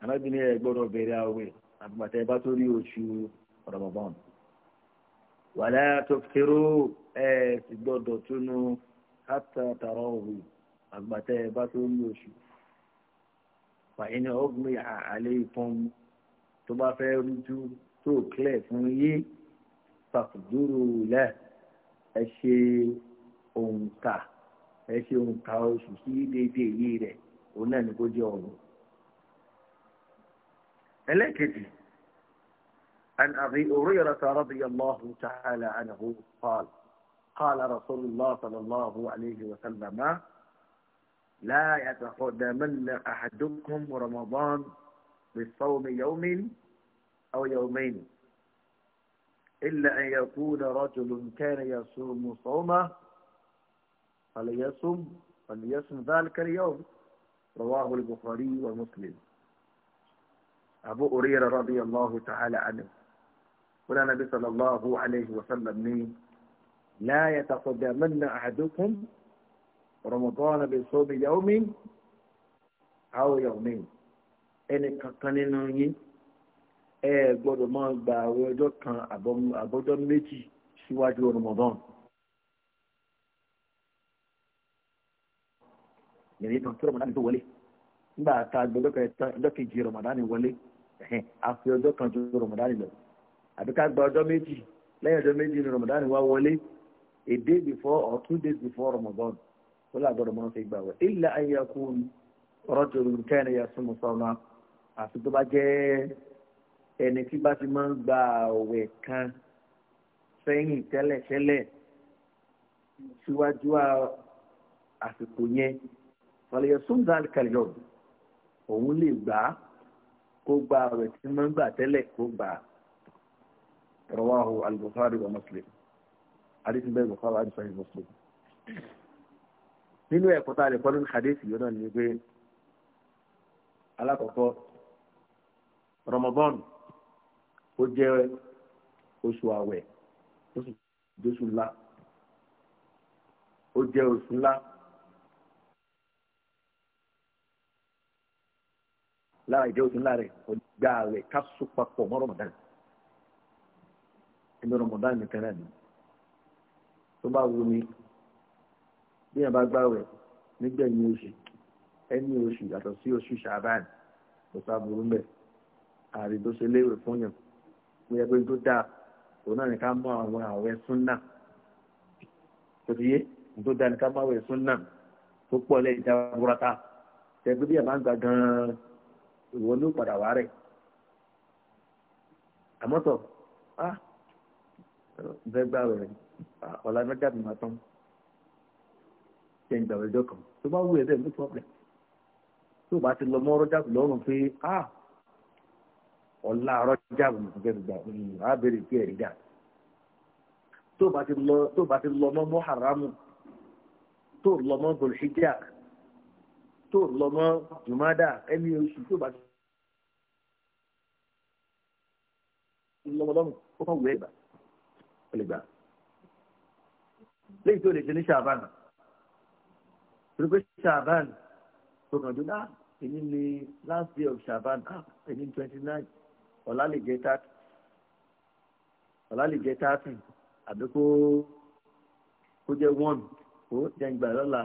anábìnrin ẹ̀ gbọ́dọ̀ bẹ̀rẹ̀ àwẹ̀ àgbàtà ẹ̀ bá tó rí oṣù ramadan wàlá tòkìrò ẹ sì gbọ́dọ̀ túnú hátà tààrọ òhù àgbàtẹ bá tó ń lò oṣù fàyínà ọgbìn àlẹ ìpọn tó bá fẹ́ rújú tó kílẹ̀ fún yé fàkùdúró lẹ ẹ ṣe òǹkà ẹ ṣe òǹkà oṣù sí déédéé yé rẹ òun náà ni kó jẹ ọrùn ẹlẹ́kẹ̀jì عن أبي هريرة رضي الله تعالى عنه قال قال رسول الله صلى الله عليه وسلم لا يتقدمن أحدكم رمضان بالصوم يوم أو يومين إلا أن يكون رجل كان يصوم صومه فليصم فليصم ذلك اليوم رواه البخاري ومسلم أبو هريرة رضي الله تعالى عنه قال النبي صلى الله عليه وسلم لا يتقدمن أحدكم رمضان بصوم يوم أو يومين ẹnì kankan nínú yín ẹ gbọ́dọ̀ máa gba àwọn ọjọ́ kan àbọ̀jọ́ méjì síwájú Ramadan yẹ̀rẹ̀ kan kí Ramadan tó wọlé nígbà tá a gbọ́dọ̀ kẹta ọjọ́ kejì Ramadan wọlé a fi ọjọ́ kan ju Ramadan lọ àbí ká gba ọjọ́ méjì lẹ́yìn ọjọ́ méjì ní Ramadan wa wọlé a day before or two days before Ramadan ó là gbọ́dọ̀ máa ń fi gbà wẹ̀ illa an yakun rajulun kana yasumu sawma àfi tó bá jẹ́ ẹni tí bá ti máa ń gba àwẹ̀ kan sẹ́yìn tẹ́lẹ̀tẹ́lẹ̀ síwájú àsìkò yẹn fàlẹ́yẹ sundan kàlíọ̀ òun lè gbà kó gba àwẹ̀ tí máa ń gbà tẹ́lẹ̀ kó gbà á. رواه البخاري ومسلم حديث بين البخاري وعن صحيح مسلم nínú ẹ̀kọ́ tá a lè kọ́ nínú hadith yìí náà ni pé alákọ̀ọ́kọ́ Ramadan ó jẹ́ oṣù àwẹ̀ ó sì jẹ́ oṣù ńlá ó jẹ́ oṣù ńlá lára ìjẹ́ oṣù ńlá rẹ̀ ó gbà rẹ̀ ká so papọ̀ mọ́ Ramadan inú rọmọdán nìkan náà ni tó bá wù mí bí yẹn bá gbàwẹ̀ nígbẹ̀yìn oṣù ẹni oṣù yàtọ̀ sí oṣù ṣàbán kò sá burú mbẹ ààrẹ tó ṣe léèrè fún yàn mo yẹ pé tó dáa òun náà ní ká mọ àwọn àwẹ̀ súnà tó ti yé tó dáa ní ká mọ àwẹ̀ súnà tó pọ̀ lẹ́yìn tá a búra ta tẹ̀gbẹ́ bí yẹn bá ń gbà gan-an ìwọ ló padà wá rẹ̀ àmọ́tọ̀ ah fẹ́ gbà ah, rẹ̀ ọ̀la mẹ́ta mi máa tán ṣe ń gbà rẹ̀ kan tó bá wù ẹ́ bẹ́ẹ̀ no problem tó bá ti lọ mọ́ ọrọ́jà lọ́rùn pé ah ọ̀la ọrọ́jà mi kò fẹ́ gbà á bèrè pé ẹ̀rí dà tó bá ti lọ tó bá ti lọ mọ́ mọ́ haramu tó lọ mọ́ bolhijia tó lọ mọ́ jùmọ́dà ẹni oṣù tó bá ti lọ́mọlọ́mù ó kàn wù ẹ́ gbà lè gbà léyìí tó lè ṣe ní ṣàbán torí pé ṣàbán tó kàn dúdá ah, èyí ni last day of ṣàbán ah, èyí ni twenty nine ọ̀la lè jẹ́ thirty ọ̀la kó jẹ́ one kó jẹ́ ìgbà lọ́la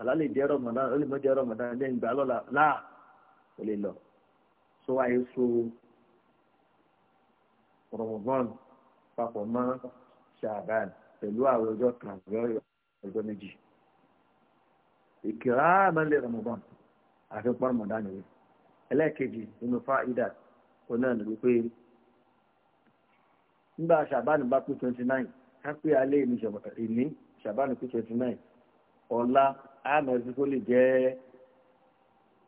ọ̀la lè jẹ́ rọ̀mọ̀dá ó lè mọ́ jẹ́ rọ̀mọ̀dá jẹ́ ìgbà lọ́la láà ó lè lọ so àìsàn rọ̀mọ̀dán papọ̀ mọ́ ṣàbàn pẹ̀lú àwọn ọjọ́ kan ọjọ́ méjì ìkìlá àmàlẹ̀ ramadan àfikún ramadan rẹ̀ ẹlẹ́ẹ̀kejì nínú fáìdà kò náà lè wípé nígbà ṣàbánù bá pé twenty nine ká pé alẹ́ ìní ṣàbánù pé twenty nine ọ̀la àmọ̀ ìdíkó lè jẹ́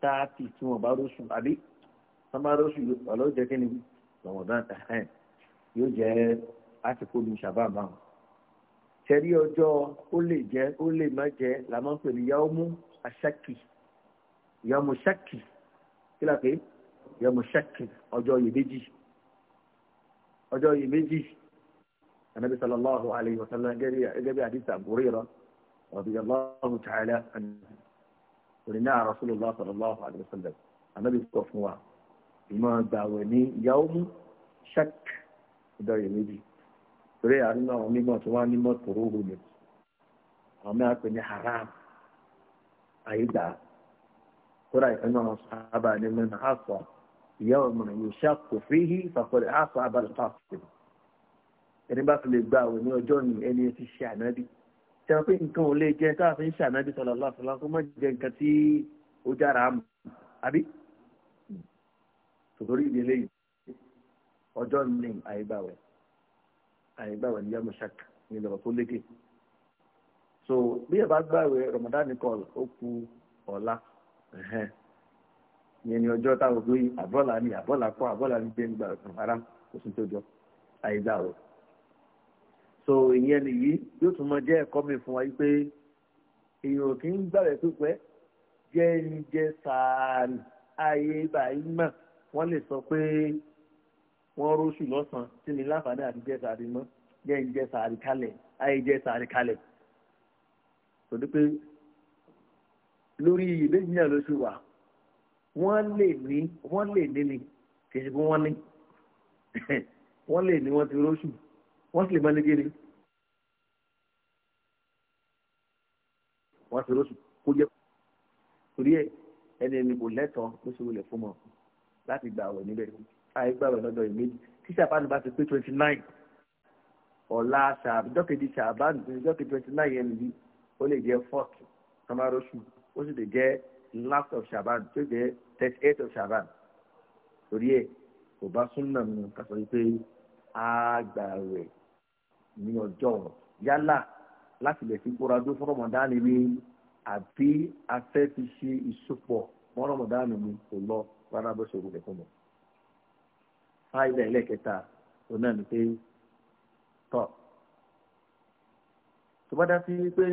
thirty tí wọ́n bá rọ́ṣù àbí wọ́n bá rọ́ṣù ọ̀la ó jẹ́ kí ni ramadan ẹ̀hẹ́n yóò jẹ́ àsìkò ní ṣàbàbà wọn tẹ̀rí ọjọ́ ó lè jẹ́ ó lè má jẹ́ la máa ń pè ní yaomu asaki yaomu saki kí la pé yaomu saki ọjọ́ iyèméjì ọjọ́ iyèméjì anabi sallallahu alayhi wa sallam gẹ́gẹ́ bí hadith Abu Hurairah radiyallahu ta'ala anhu òrìnà rasulullah sallallahu alayhi wa sallam anabi sọ fún wa ìmọ̀ gbàwẹ̀ ní yaomu saki. ìdọ̀rẹ̀ méjì torí àánú àwọn onímọ̀ tí wọ́n á tòró àwọn pè ní haram àyígbà kódà ìfẹ́nà sábà ní mẹ́ta àṣọ ìyá ọmọ yìí ṣàkó fíhí fàkọlẹ̀ àṣọ abalẹ̀ pàṣẹ ẹni bá fi lè gba àwẹ̀ ní ọjọ́ ni ẹni ti ṣe ànábì pé nǹkan ò lè káàfin ṣe ànábì kó má jẹ nǹkan tí ó jára àbí ìdílé ọjọ́ ní àìgbàwẹ̀ àìgbàwẹ̀ ní yàmù ṣak ní ìlọ̀rọ̀ tó lékè so bí ẹ bá gbàwẹ̀ Ramadan nìkan ó ku ọ̀la yẹn ni ọjọ́ táwọn ògbó yìí àbọ́là ni àbọ́là kọ́ àbọ́là ni pé ń gbà rárá kò sí tó jọ àìgbàwẹ̀ so ìyẹn nìyí yóò tún mọ jẹ́ ẹ̀kọ́ mi fún wa yìí pé èèyàn kì í gbàwẹ̀ pípẹ́ jẹ́ ń jẹ́ sàárì ayé bàyí mọ̀ wọ́n lè sọ pé wọ́n róṣù lọ́sàn-án tí mi láǹfààní àti jẹ́ sàárì mọ́ jẹ́ ń jẹ́ sàárì kalẹ̀ ayé jẹ́ sàárì kalẹ̀ tòdí pé lórí ìbéjì náà ló ṣe wà wọ́n lè ní wọ́n lè ní ni kì í ṣe fún wọ́n ní [LAUGHS] wọ́n lè ní wọ́n ti róṣù wọ́n sì lè máa ní kí ni wọ́n ti róṣù kó jẹ́ torí ẹ̀ ẹni ẹni kò lẹ́tọ̀ọ́ ló ṣe wọlé fún mọ́ láti gbà wẹ̀ níbẹ̀ àìgbàwẹ̀ lọ́jọ́ ìméjì tí ṣàbánu bá ti pé twenty nine ọ̀la ṣàbíjọ́kejì ṣàbánu ìjọ́kejì twenty nine yẹn nìyí ó lè jẹ́ fourth tamaroṣù ó sì lè jẹ́ last of ṣàbánu tó jẹ́ thirty eight of ṣàbánu torí ẹ̀ kò bá súnà mu ká sọ pé àgbàwẹ̀ ní ọjọ́ yálà láti lè fi kóra dó fún rọmọdánì ni àbí afẹ́ fi ṣe ìsopọ̀ mọ́ rọmọdánì mi kò lọ rárá bó ṣe rú lẹ́kọ̀ọ́ mọ́ fáìdà ẹlẹ́kẹta òun náà ni pé tọ̀ tó bá dá sí pé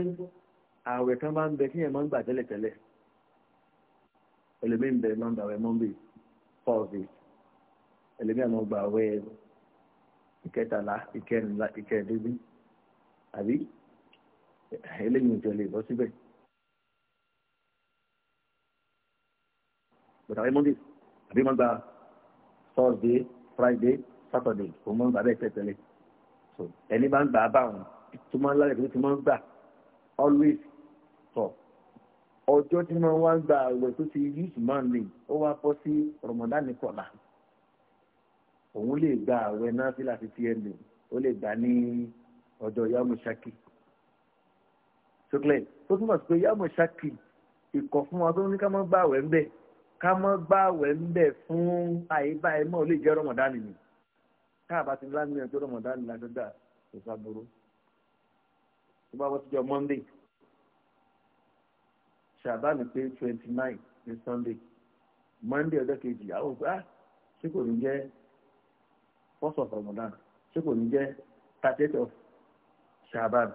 ààwẹ̀ kan bá ń bẹ kíyàn máa ń gbà tẹ́lẹ̀tẹ́lẹ̀ ẹlòmíì ń bẹ máa ń gbà wẹ̀ mọ́ńbì fọ́ọ̀sì ẹlòmíì àwọn gbà wẹ̀ ìkẹtàlá ìkẹrìnlá ìkẹẹ̀ẹ́dógún àbí eléyìí ìjọ lè bọ́ síbẹ̀. bọ̀dà wẹ̀ mọ́ńbì àbí máa ń gbà fọ́ọ̀sì friday saturday òun máa ń gbà bẹ́ẹ̀ tẹ́tẹ́lẹ̀ so ẹni máa ń gbà bá wọn tó máa ń lálẹ́ tó ti máa ń gbà always tọ̀ ọjọ́ tí wọ́n wá ń gba àwẹ̀ tó ti rí ìsùnmáà lè ó wá bọ́ sí ramadan kọ̀ọ̀la òun lè gba àwẹ̀ náà sí láti tiẹ̀ lò ó lè gbà ní ọjọ́ yàmù ṣákì ṣùgbọ́n tó túmọ̀ sí pé yàmù ìkọ̀ fún wa tó ní ká máa gbà àwẹ̀ ń bẹ́ẹ̀ ká mọ́ gbààwẹ̀ ń bẹ̀ fún àyíká ẹ̀ mọ́ ò lè jẹ́ rọmọdánì ni káàbá ti lá nílẹ̀ tó rọmọdánì lágbádá kò sábúrú tó bá wọ́n ti jọ monday ṣàbánì pé twenty nine ní sunday monday ọjọ́ kejì àwọn òkú ah ṣé kò ní jẹ́ first of ramadan ṣé kò ní jẹ́ thirty of ṣàbán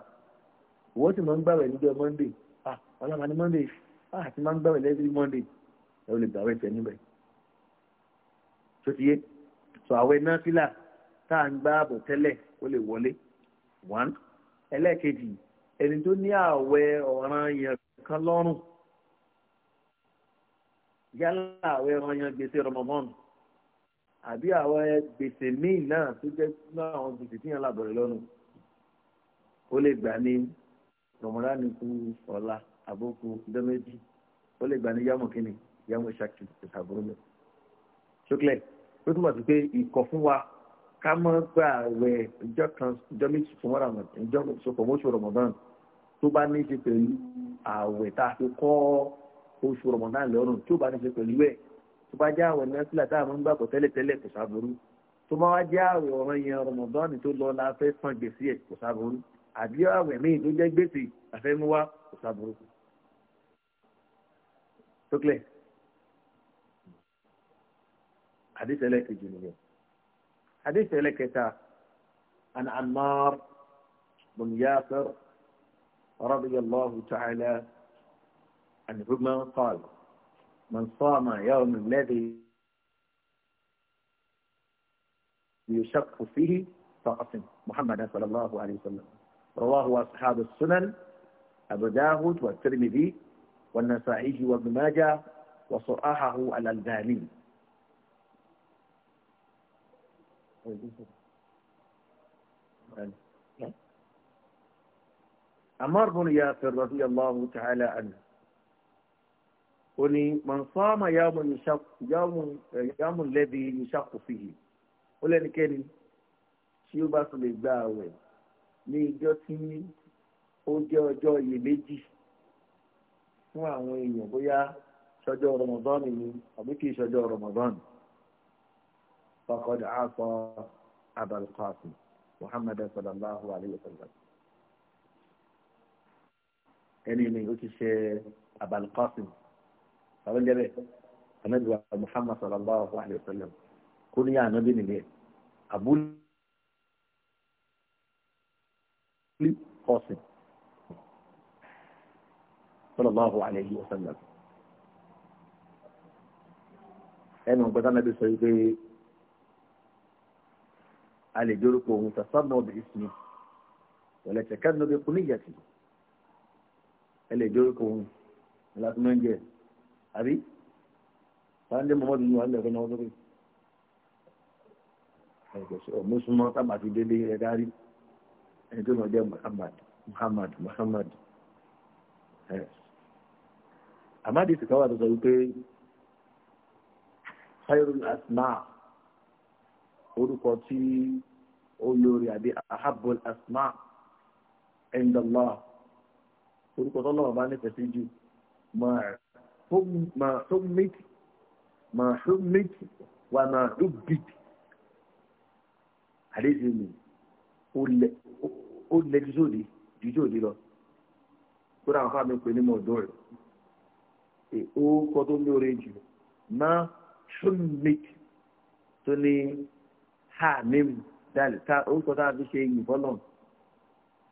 wọ́n ti máa ń gbàwẹ̀ níjọ́ monday ah ọlọ́mọ ní monday ah ti máa ń gbàwẹ̀ lẹ́gbẹ̀ẹ́ monday ẹ ò lè gbàwé tẹ níbẹ̀ tó ti yé sọ àwẹ̀ náfìlà tá à ń gbá ààbò tẹ́lẹ̀ ó lè wọlé one ẹlẹ́ẹ̀kejì ẹni tó ní àwẹ̀ ọ̀ràn yẹn kan lọ́rùn yálà àwẹ̀ ọ̀ràn yẹn gbèsè rọmọmọ́nù àbí àwọn gbèsè míì náà tó jẹ́ náà àwọn gbèsè tíyàn lábọ̀rẹ̀ lọ́nu ó lè gbà ní rọmọdánìkú ọ̀la àbókù dọ́mẹ́jì ó lè gbà ní yámù kínní yàmú ìṣàkì ìṣàbùrù mi. ṣókìlẹ̀ ó túmọ̀ sí pé ìkọ̀ fún wa ká mọ́ gbà rẹ̀ ìjọ kan ìjọ méjì fún wọn ràmọ̀ ìjọ sọ̀kọ̀ mọ́ṣù rọ̀mọ̀dán tó bá ní í ṣe pẹ̀lú ààwẹ̀ tá a fi kọ́ oṣù rọ̀mọ̀dán lọ́rùn tó bá ní í ṣe pẹ̀lú ẹ̀ tó bá jẹ́ ààwẹ̀ nẹ́sílà tá a máa ń gbàgbọ́ tẹ́lẹ̀tẹ́lẹ̀ kò sábúrú tó bá wá jẹ́ ààwẹ̀ ọ̀rọ̀ yẹn rọ̀mọ̀dán tó lọ la fẹ́ san gbèsè ẹ̀ kò sábúrú àbí ààwẹ̀ míì tó jẹ́ gbèsè àfẹ́múwá kò sábúrú. tó حديث إليك جنيه حديث إليك تا عن عمار بن ياسر رضي الله تعالى عن ربما قال من صام يوم الذي يشق فيه فأصم محمد صلى الله عليه وسلم رواه أصحاب السنن أبو داود والترمذي والنسائي وابن ماجه وصححه الألباني عمار بن ياسر رضي الله تعالى عنه وني من صام يوم يشق يوم يوم الذي يشق فيه ولا نكني tí ó bá tún lè gba àwẹ̀ ní ijọ́ tí ó jẹ́ ọjọ́ iyèméjì fún àwọn èèyàn bóyá ṣọjọ́ rọmọdọ́ọ̀nì ni àbí kì í ṣọjọ́ rọmọdọ́ọ̀nì. فقد عصى أبا القاسم محمد صلى الله عليه وسلم ẹni ni ó ti ṣe abalqasim àwọn jẹ́bẹ̀ anabi wa muhammad sallallahu alayhi wa sallam kó ní anabi nìyẹn abúlé qasim sallallahu alayhi wa sallam ẹnu gbọ́dọ̀ anabi sọ yìí pé a lè dorúkọ òun sàfàmù ọbẹ ìsinmi wọlé tẹkẹ ní ọbẹ kùnú ìyàtì ẹ lè dorúkọ òun láti máa ń jẹ àbí sáńdé mọ́mọ́dé ní wàhálà ẹ̀kọ́ náà wọ́n lórí ọmọ súnmọ́ tábàtì délé ẹ ẹni tó náà jẹ́ Muhammad Muhammad Muhammad àmàdìsí kan wà tó sọ wípé khairul asmaa orúkọ tí ó lórí àbí ahabul asma indallah orúkọ tó lọ́wọ́ bá nífẹ̀ẹ́ sí jù máa hummit máa hummit wà máa dubbit àdéhùn mi ó lẹ jíjòdì jíjòdì lọ kódà àwọn fáwọn mi pè ní mọ̀ọ́dọ́ rẹ̀ ó kọ́ tó lóore jù máa hummit tó ní ha mim dálẹ̀ ta orúkọ tá a fi ṣe iyì fọ́lọ̀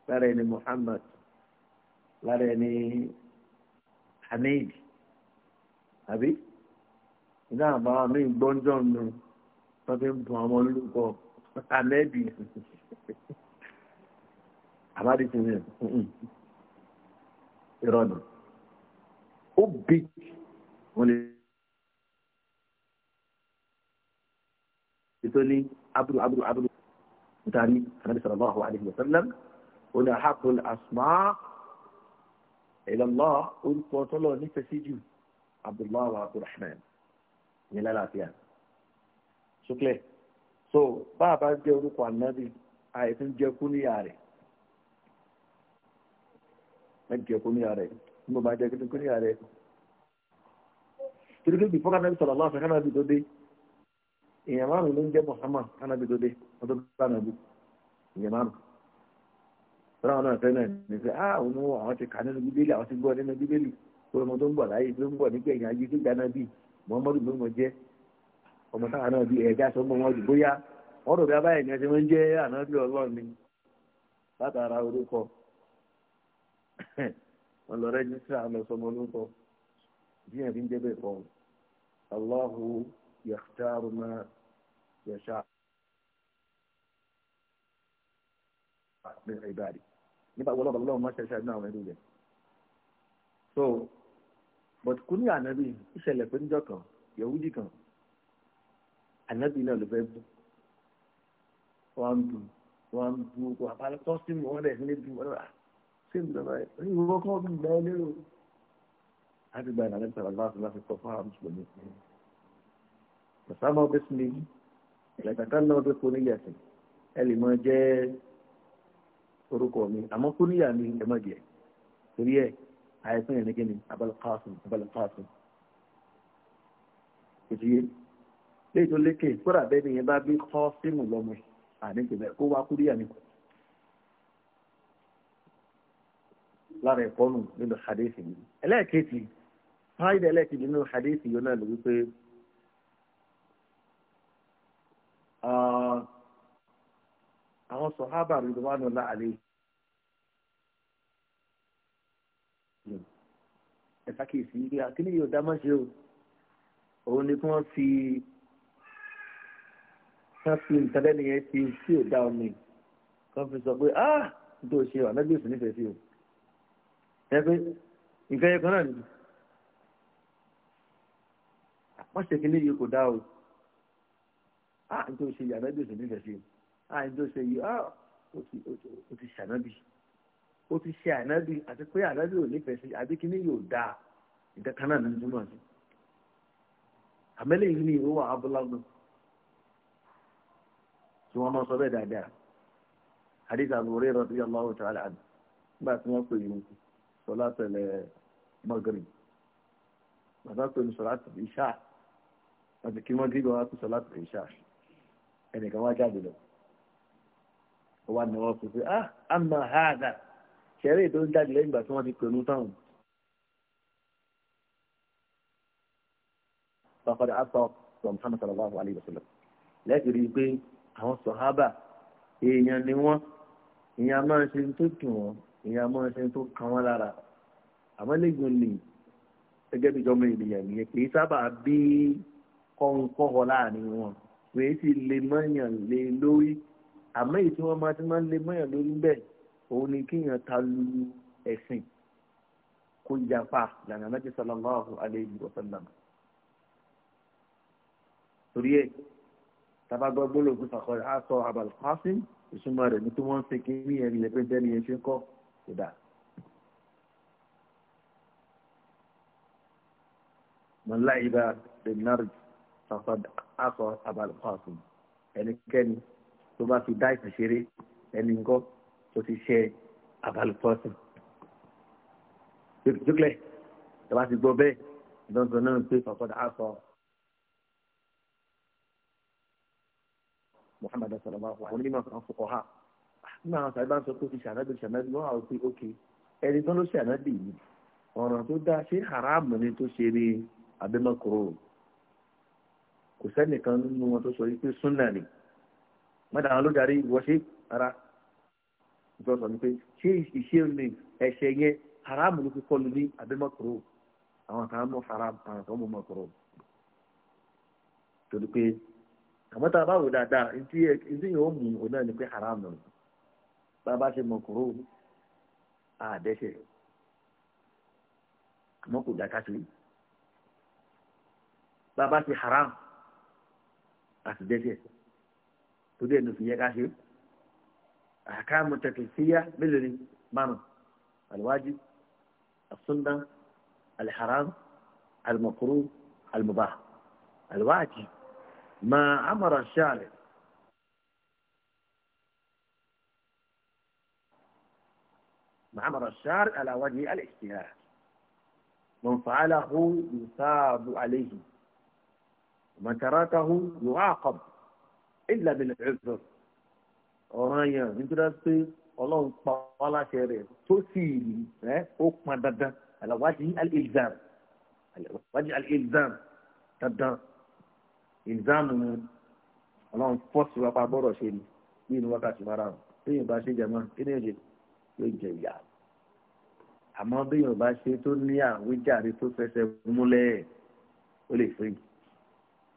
lára ẹni Muhammad lára ẹni Hamid àbí ìdá àbá mi gbọ́njọ́ nù wọ́n fi ń bọ̀ àwọn olùkọ́ Hamid àbádé ti rìn ìrọ̀nà ó bí wọn lè عبد عبد عبد متاري النبي صلى الله عليه وسلم حق الأسماء إلى الله وقتلوا نفسيجي عبد الله وعبد الرحمن يلا لا فيها شكله so ba je jẹ́ orúkọ ànábì àìsàn jẹ́ kú ní yàrá rẹ̀ ẹ jẹ́ kú ní yàrá rẹ̀ nígbà bá jẹ́ kú ní yàrá rẹ̀ bi foka nabi sallallahu alaihi wasallam bi kánábì tó dé èèyàn márùn ló ń jẹ́ Muhammad anabi tó dé wọ́n tó bá nàbí èèyàn márùn tọ́lá àwọn náà fẹ́ náà ní sẹ́ ah òun àwọn ti kà nínú bíbélì àwọn ti gbọ́ nínú bíbélì ọmọ tó ń bọ̀ láyé tó ń bọ̀ nígbà èèyàn ayé tó gba anabi Muhammadu ló mọ̀ jẹ́ ọmọ táwọn náà bí ẹ̀ẹ́dá sọ mọ́ wọn jù bóyá wọ́n rò bí abáyé ni ẹsẹ̀ ń jẹ́ anabi ọlọ́run ni látara orúkọ [LAUGHS] wọn lọ rẹ́jísítà lọ يشاء من عباده nípa wọlọ́bà lọ́wọ́ máa ṣẹ̀ṣẹ̀ ní àwọn ẹrú rẹ̀ so but kú ní ànábì ìṣẹ̀lẹ̀ pé níjọ́ kan yẹ̀wúdì kan ànábì náà ló fẹ́ bú wọ́n ń bu wọ́n ń bu kó àpárá tó sí wọn rẹ̀ ní bu wọn rà ṣé ń lọ́wọ́ ẹ̀ ní ìwọ kọ́ bí gbà ọ́ lérò láti gba ìlànà ìsàlọ̀ láti láti kọ́ fún àwọn mùsùlùmí. Mùsàmọ́ bẹ́sùn lè yí ìlàkàtà náà tó fún níyà sí ẹ lè mọ jẹ́ orúkọ mi àmọ́ fún níyà mi ẹ mọ̀ jẹ́ torí ẹ̀ àìsàn ìrìn gẹ́ni abalqasim abalqasim ìdíyé léyìí tó lékè kódà bẹ́ẹ̀ ni yẹn bá bí kọ́ símù lọ́mọ àníkèbẹ̀ kó wá kúrú yà ní kù. lára ẹ̀kọ́ nù nínú hadithi yìí ẹlẹ́ẹ̀kejì fáyidẹ̀ ẹlẹ́ẹ̀kejì nínú hadithi yìí náà lè wípé àwọn sọ̀hábà rẹ̀ wà lọ́la àlè ẹ̀ka kìsì ilé akíní yóò dá máṣe o òun ni kí wọ́n fi wọ́n fi nǹkan lẹ́nu yẹn ti tí ò dá omi kan fi sọ pé ah nítorí ṣe ànágbé òsì nífẹ̀ẹ́ sí o ẹ pé nǹkan yẹn kan náà ni wọ́n ṣe kí ní yìí kò dá o. Ah, á ní ah, tó ṣe yìí ànábì òsì nífẹ̀ẹ́ sí á ní tó ṣe yìí á ó ti ṣe ànábì ó ti ṣe ànábì àti pé ànábì ò nífẹ̀ẹ́ sí àbí kíní yóò dáa ìdẹ́kan náà ní túmọ̀ sí àmẹ́lẹ́ yìí ni ìwé wà abúlágbó tí wọ́n máa sọ bẹ́ẹ̀ dáadáa hadith Abu Hurairah radiyallahu ta'ala anhu nígbà tí wọ́n pè yìí sọlá tẹ̀lé mọ́gìrì bàbá pè ní sọlá tẹ̀lé ìṣá àti kí wọ́n dìgbà wá sí sọlá tẹ̀lé ìṣá ẹnìkan wá jáde lọ ó wá ní wọn sọ pé ah àmà hàdà ṣẹ̀rí ètò ń jáde lẹ́yìn ìgbà tí wọ́n ti pẹ̀lú táwọn. fàkọ́dà àtọ̀ sọ̀rọ̀ sọ́nà sọ̀rọ̀ wà wàlẹ̀ ìwọ̀sọ̀lọ̀ lẹ́ẹ̀kì rí i pé àwọn sọ̀hábà èèyàn ni wọ́n èèyàn máa ń ṣe tó dùn wọ́n èèyàn máa ń ṣe tó kàn wọ́n lára àmọ́ lẹ́gbọ̀n lè gẹ́gẹ́ bí ìjọba ènìyàn nìyẹn kì í sábà bí kọ́ńkọ́ láàrin wọn wèé sì lè mọ́yàn lé lórí àmọ́ èyí tí wọ́n máa ti máa ń lè mọ́yàn lórí ń bẹ̀ òun ni kéèyàn ta lu ẹ̀sìn kó yapa lànà nàbí sallallahu alayhi wa sallam. torí ẹ̀ tabagbọ́ gbólóògùn fàkọ́rẹ́ á sọ Abul Qasim ìsúnmọ́ rẹ̀ ní tí wọ́n ń ṣe kí ní ẹ̀rí lẹ́gbẹ́ jẹ́ni ẹ̀ ṣe ń kọ́ ìdá. mọ̀láìbá bẹ̀nárì sàfàdà akọ abalùkọ́sùn ẹnikẹ́ni tó bá fi dá ìtàn ṣeré ẹni ńkọ́ tó ti ṣe abalùkọ́sùn. jókèlè tó bá ti gbọ́ bẹ́ẹ̀ ìdánwò náà ń pè fọ́kọ́dà akọ. muhammad sallallahu alaihi wa sallam onímọ̀ kan fọkọ̀ ha nígbà àwọn sàbẹ̀ bá ń sọ pé ó ti ṣànábì ṣànábì wọn àwọn pé ókè ẹni tó ló ṣànábì yìí ọ̀ràn tó dá ṣé haramu ni tó ṣe ní abẹ́mọ́kòrò kò sẹ́nìkan nínú wọn tó sọ yìí pé súnà ni mọ́tà àwọn ló darí wọ́ṣẹ́ ara ìjọ sọ ni ṣé ìṣe ni ẹ̀ṣẹ̀ yẹn haram ló fi kọlu ní abẹ́mọ̀kúrò àwọn kan mọ̀ haram àwọn kan mọ̀ mọ̀kúrò torí pé àmọ́tà báwo dáadáa ntí yẹn ó mú òun náà ni pé haram nù bàbá ṣe mọ̀kúrò àdẹ́ṣẹ̀ àmọ́ kò dáká sí bàbá ṣe haram. àti dẹ́sẹ̀ tó dẹ̀ ló fi yẹ ká ṣe àkàmù tẹkìlífíyà mélòó ni márùn àlùwájú àsúndà àlìhàrám àlùmọ̀kúrú àlùmọ̀bá àlùwájú mà àmọ̀ràn ṣáàlẹ̀. معمر الشارع على وجه الاجتهاد من فعله يثاب عليه man tarakahu يعاقب illa bil 'udhr ọ̀ràn yẹn nítorí pé ọlọ́run pa wá láṣẹ rẹ̀ tó sì ẹ́ ó pọn dandan alawadi al-ilzam alawadi al-ilzam dandan ìlzam ni ọlọ́run fọ́ọ̀sì wa pa bọ́rọ̀ ṣe ni bí inú wákàtí mara hàn bíyìn bá ṣe jẹmọ́ kí ni èdè yóò jẹ ìyá àmọ́ bíyìn bá ṣe tó ní àwíjàre tó fẹsẹ̀ múlẹ̀ ó lè fẹ́ yìí.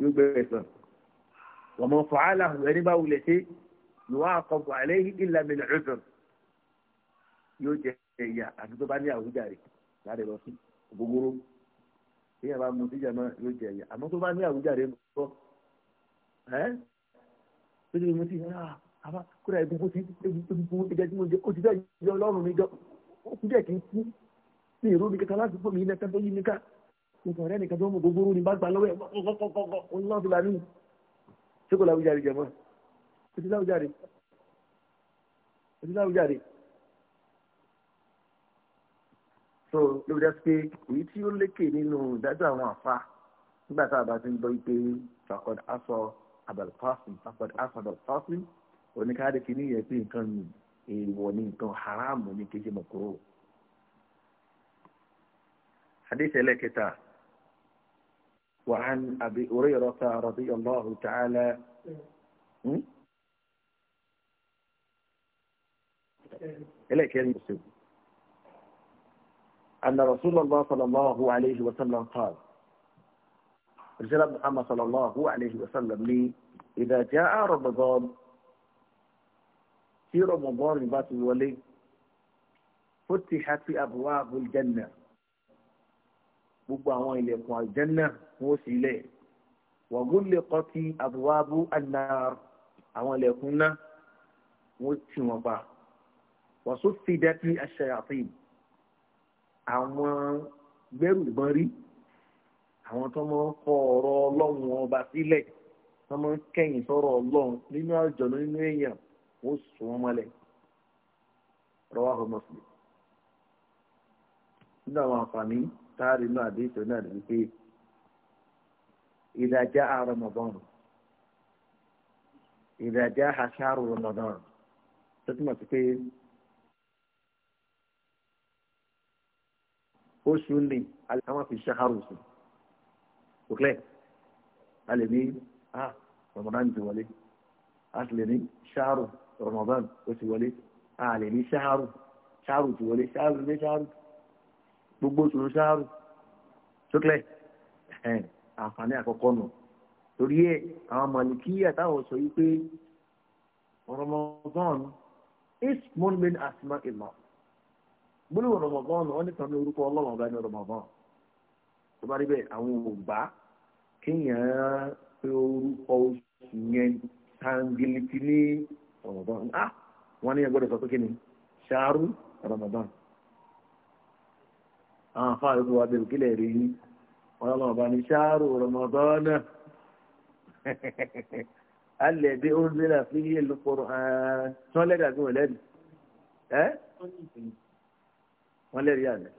yóò gbẹ̀rẹ̀ ẹ̀sán ọmọ fàálà ẹni bá wulẹ̀ ṣe lùwà àkọ́bọ̀ àlẹ́ yìí ìlà mìíràn ẹ̀sán yóò jẹ ẹ̀yà àti tó bá ní àwùjáre láti lọ sí ògógóró èèyàn bá mu síjà náà yóò jẹ ẹ̀yà àmọ́ tó bá ní àwùjáre lọ ẹ́ tó ti mú sí ẹ̀ ah, àbá kúrò ẹ̀dùn kó ti ẹ̀jẹ̀ tí mo jẹ ó ti ọlọ́run mi jọ ó jẹ́ kí n kú ní ìró mi kankan láti fún mi iná tẹ́tọ́ nǹkan ọ̀rẹ́ nìkan tó mú gbogbo ní bá gbà lọ́wọ́ ẹ̀ kọ́kọ́kọ́kọ́ òun náà fi là nínú ṣé kò láwùjáde jẹ mọ́ láwùjáde òtí láwùjáde. so ló dá pé èyí tí ó lékè nínú ìdájọ́ àwọn àfa nígbà tá a bá ti ń gbọ́ pé fakọ́d aṣọ abẹ́lẹ́fàṣìn fakọ́d aṣọ abẹ́lẹ́fàṣìn oníkàdé kìíní yẹn pé nǹkan èèwọ̀ ní nǹkan haramu ní kejì mọ̀kúrò. حديث لك تعال وعن أبي هريرة رضي الله تعالى إليك يا المسلم أن رسول الله صلى الله عليه وسلم قال رسول محمد صلى الله عليه وسلم لي إذا جاء رمضان في رمضان بات الولي فتحت في أبواب الجنة gbogbo àwọn ilẹ̀kùn wọ́n sì lẹ̀ wọ̀gúnlẹ̀ kọ́tí àbúwábú ànàr àwọn ilẹ̀kùn náà wọ́n tì wọ́n pa wọ́n sún fi àwọn gbẹ́rù ìbọn rí àwọn tó máa ń kọ ọ̀rọ̀ ọlọ́run ọba sílẹ̀ tó máa ń kẹ́yìn sọ̀rọ̀ ọlọ́run nínú àjọ̀nà nínú èèyàn wọ́n sùn wọ́n mọ́lẹ̀ rawahu Muslim nínú àwọn àǹfààní táàrí náà àdéhùn náà ní pé. إذا جاء رمضان إذا جاء شهر رمضان تتمة فيه هو سنني على في شهر وسن وكله على مين آه رمضان جوالي أصلني شهر رمضان وسوالي آه على شهر شهر جوالي شهر مين شهر بقول شهر شكله هين àǹfààní àkọ́kọ́ nù torí ẹ̀ àwọn màlìkíyà táwọn sọ yìí pé rọmọgán ismun min asma ìlà gbólóhùn rọmọgán wọn nìkan ní orúkọ ọlọ́run ọba ní rọmọgán tó bá rí bẹ́ẹ̀ àwọn òǹgbà kéèyàn pé orúkọ oṣù yẹn tangiliti ní rọmọgán ah wọn ní ẹgbẹ́dọ̀ sọ pé kí ni ṣáárù rọmọgán àwọn afáàlú wa bẹ̀rù kílẹ̀ rí yín ọlọ́run bá ní ṣáàrù rọmọdọ́nà alẹ́ bí ó ń lélà fi yé lóporò tí wọ́n lẹ́dàá bí wọ́n lẹ́rìí ẹ́ wọ́n lẹ́rìí àná.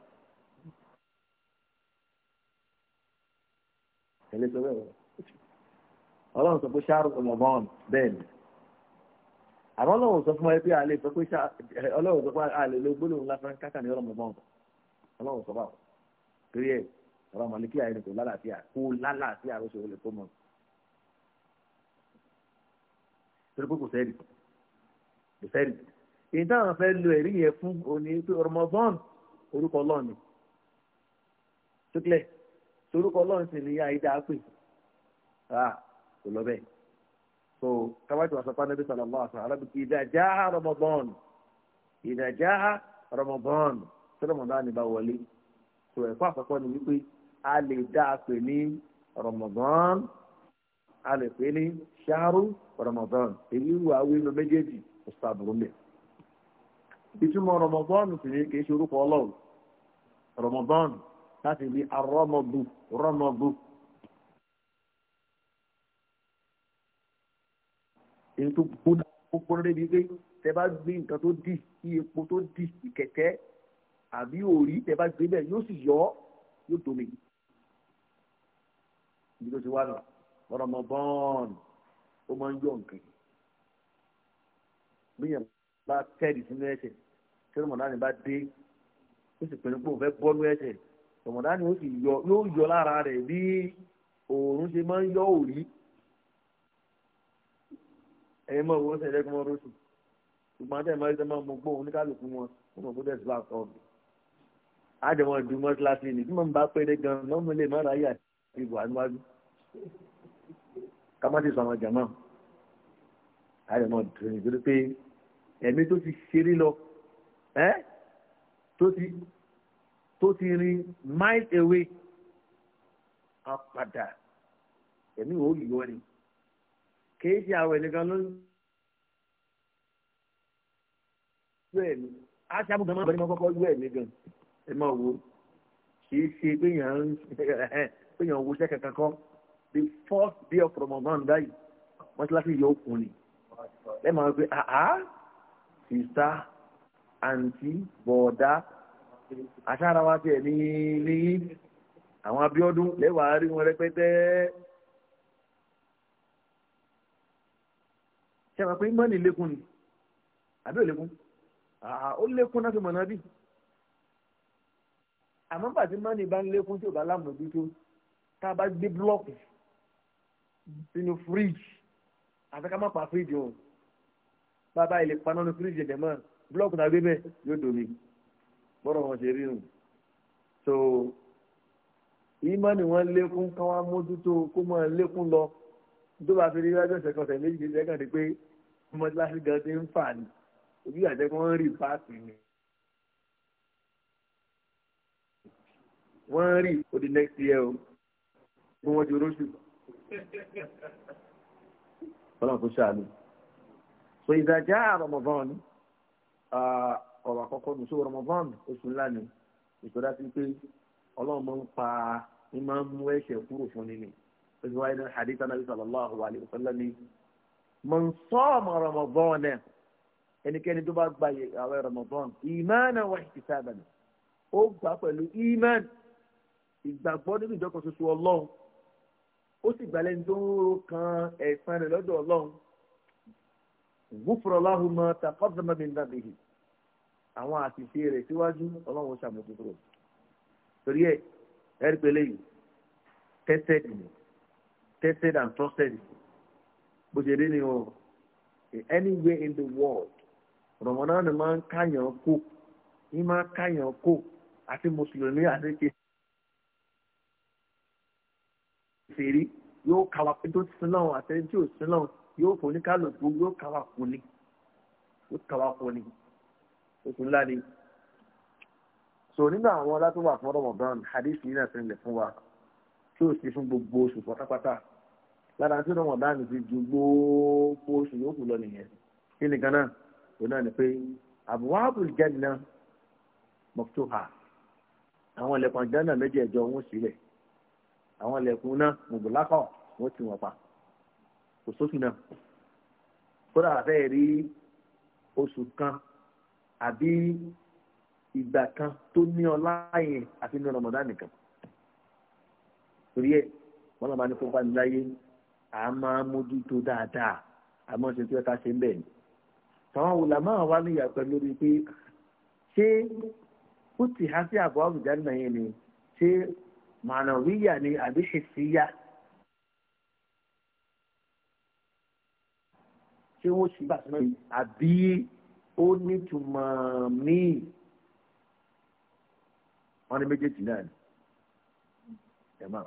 ọlọ́run sọ pé ṣáàrù rọmọdọ́nà bẹ́ẹ̀ ni àmọ́ ọlọ́run sọ fún wa pé àlè sọ pé ọlọ́run sọ pé àlè ló gbólóhùn lásán kákà ní ọlọ́run mọ́ọ́n ọlọ́run sọ báwọn torí ẹ̀ ọ̀rọ̀ mọ̀lẹ́kí àyẹ̀rẹ̀ kò lálàáfíà kó lálàáfíà ó ṣòro lè kó mọ̀ torí pé kò sẹ́rì kò sẹ́rì èyí táwọn fẹ́ lo ẹ̀rí yẹn fún òní pé Ramadan orúkọ ọlọ́ọ̀ni tókìlẹ̀ torúkọ ọlọ́ọ̀ni sì ní àyídá pè á kò lọ bẹ́ẹ̀ so káwájú àṣọpá nàbí sàlámù àṣà arábì ìdájá Ramadan ìdájá Ramadan sọlọmọdá ni bá wọlé so ẹ̀kọ́ àkọ́kọ́ ni wípé a lè dá a pè ní Ramadan a lè pè ní ṣáàrú Ramadan èyí wà wínú méjèèjì ọ̀sàbùrùmẹ̀. ìtumọ̀ Ramadan sì ni kì í ṣe orúkọ ọlọ́run Ramadan láti bí arọ́mọdù rọ́mọdù. èyí tó gbóná gbóná débi pé tẹ bá gbé nǹkan tó dì kí epo tó dì kẹ̀kẹ́ àbí òrí tẹ bá gbé bẹ́ẹ̀ yóò sì yọ ọ́ yóò tóbi yìí ibi tó ti wá nù Ramadan ó máa ń yọ nǹkan bíyàn bá tẹ́ẹ̀dì sínú ẹ̀ṣẹ̀ tí Ramadan bá dé ó sì pinnu pé òun fẹ́ bọ́ nú ẹ̀ṣẹ̀ Ramadan ó sì yọ yóò yọ lára rẹ̀ bí òòrùn ṣe máa ń yọ òrí ẹ̀yin mọ̀ wọ́n ṣẹlẹ̀ kí wọ́n rọ́ṣù ṣùgbọ́n àti ẹ̀mọ́ ẹ̀ṣẹ̀ máa mú gbóhùn oníkálukú wọn ó mọ̀ kó tẹ̀síwá sọ̀rọ̀ àjẹmọ́ ìdúmọ́ kíláàsì ibu àníwájú ká má ti sọ àwọn jàmá àyẹ̀ náà dùn nítorí pé ẹ̀mí tó ti ṣeré lọ ẹ́ tó ti tó ti rin mile away apàdà ẹ̀mí ò yọ ni kìí ṣe àwọn ẹ̀nìkan ló ń yọ ẹ̀mí aṣọ àbúgbọ̀n máa bẹ̀rẹ̀ máa kọ́kọ́ yọ ẹ̀mí gan ẹ̀ máa wo kìí ṣe pé yàn án pé yàn wo iṣẹ́ kankan kọ́ the first day of Ramadan báyìí mọ́ṣáláṣí yóò kún ni ẹ máa gbé àá sista àǹtí bọ̀ọ̀dá àṣàrà wa tiẹ̀ ní ní àwọn Abíọ́dún lẹ́wàá rí wọn rẹpẹtẹ. ṣe àwọn pé mọ́ni lékún ni àbí ò lékún ó lékún náà fi mọ̀ náà bí àmọ́ bàtí mọ́ni bá ń lékún tí ò bá lámòójútó tá a bá gbé búlọ́ọ̀kù sínú fíríjì àfi ká má pa fíríjì ọ̀hún bàbá ilẹ̀ paná ní fíríjì ẹ̀jẹ̀ mọ́ búlọ́ọ̀kù tá a gbé bẹ́ẹ̀ yóò domi bọ́rọ̀ wọn ṣe rí nù so ìmọ̀ ni wọ́n lékún kán wá mójútó kó mọ̀ lékún lọ tó bá fi rí lọ́jọ́ ìṣẹ̀kan ọ̀sẹ̀ méjì lè lẹ́kàn ní pé ọmọ kíláàsì gan ti ń fà ní òbí àjẹ́ kan ń rí páàkì ni. wọ́n rí for the next year o bí wọ́n jẹ́ olóṣù ọlọ́run kò ṣàánú so ìdájá Ramadan ọ̀rọ̀ àkọ́kọ́ ní so Ramadan oṣù ńlá ni ìtọ́já sí pé ọlọ́run máa ń pa ní máa ń mú ẹ̀ṣẹ̀ kúrò fún nínú oṣù wáyé náà hadith anabi sallallahu alayhi wa sallam ni man sama Ramadan náà ẹnikẹ́ni tó bá gba àwẹ̀ Ramadan ìmáàna wa ihtisaban ó gbà pẹ̀lú ìmáàn ìgbàgbọ́ nínú ìjọkọ̀ ó sì gbalẹ̀ ní tó ń ro kan ẹ̀san rẹ̀ lọ́dọ̀ ọlọ́run gbúfúrọ̀ láhùn mọ́ takọ́dọ̀mọ́ mi nà bèyí àwọn àṣìṣe rẹ̀ síwájú ọlọ́run ṣàmójútó torí ẹ̀ ẹ̀rí pé léyìí tested ni tested and trusted bó ṣe rí ni o anywhere in the world rọ̀mọ́nà ni máa ń káyàn kó ní máa ń káyàn kó àti mùsùlùmí àti kìí. fèrè yóò káwa tó sin náà àtẹni tí ò sin náà yóò fò ní kálukú yóò káwa kú ni yóò káwa kú ni oṣù ńlá ni. so nínú àwọn ọlá tó wà fún Ramadan hadith yìí náà sẹ́yìn lẹ̀ fún wa tí ó sì fún gbogbo oṣù pátápátá lára tí Ramadan ti ju gbogbo oṣù yòókù lọ nìyẹn kí ni ganan òun náà ni pé abwaabul janna maftuha àwọn ilẹ̀kùn àjẹ́nà méjì ẹ̀jọ̀ wọn sílẹ̀ àwọn ilẹ̀kùn náà mùgbòlákọ̀ wọ́n ti wọ̀n pa kò sófin náà kódà fẹ́ẹ̀ rí oṣù kan àbí ìgbà kan tó ní ọlá yẹn àti ní ọlọmọdá nìkan torí ẹ wọn lọ bá ní kó bá à máa mójútó dáadáa àmọ́ ṣe tí wọ́n ta ṣe ń bẹ̀ ni tàwọn olàmọ́ wa ní ìyàpẹ́ lórí pé ṣé ó ti há sí àbọ̀ àwùjá nìyẹn ni ṣé mànàwíyà ni àbí ṣèṣìyà tí wọ́n sì أبي أوني yìí àbí ó nítumọ̀ تمام؟ wọ́n ní méjèèjì náà ni ẹ̀ máa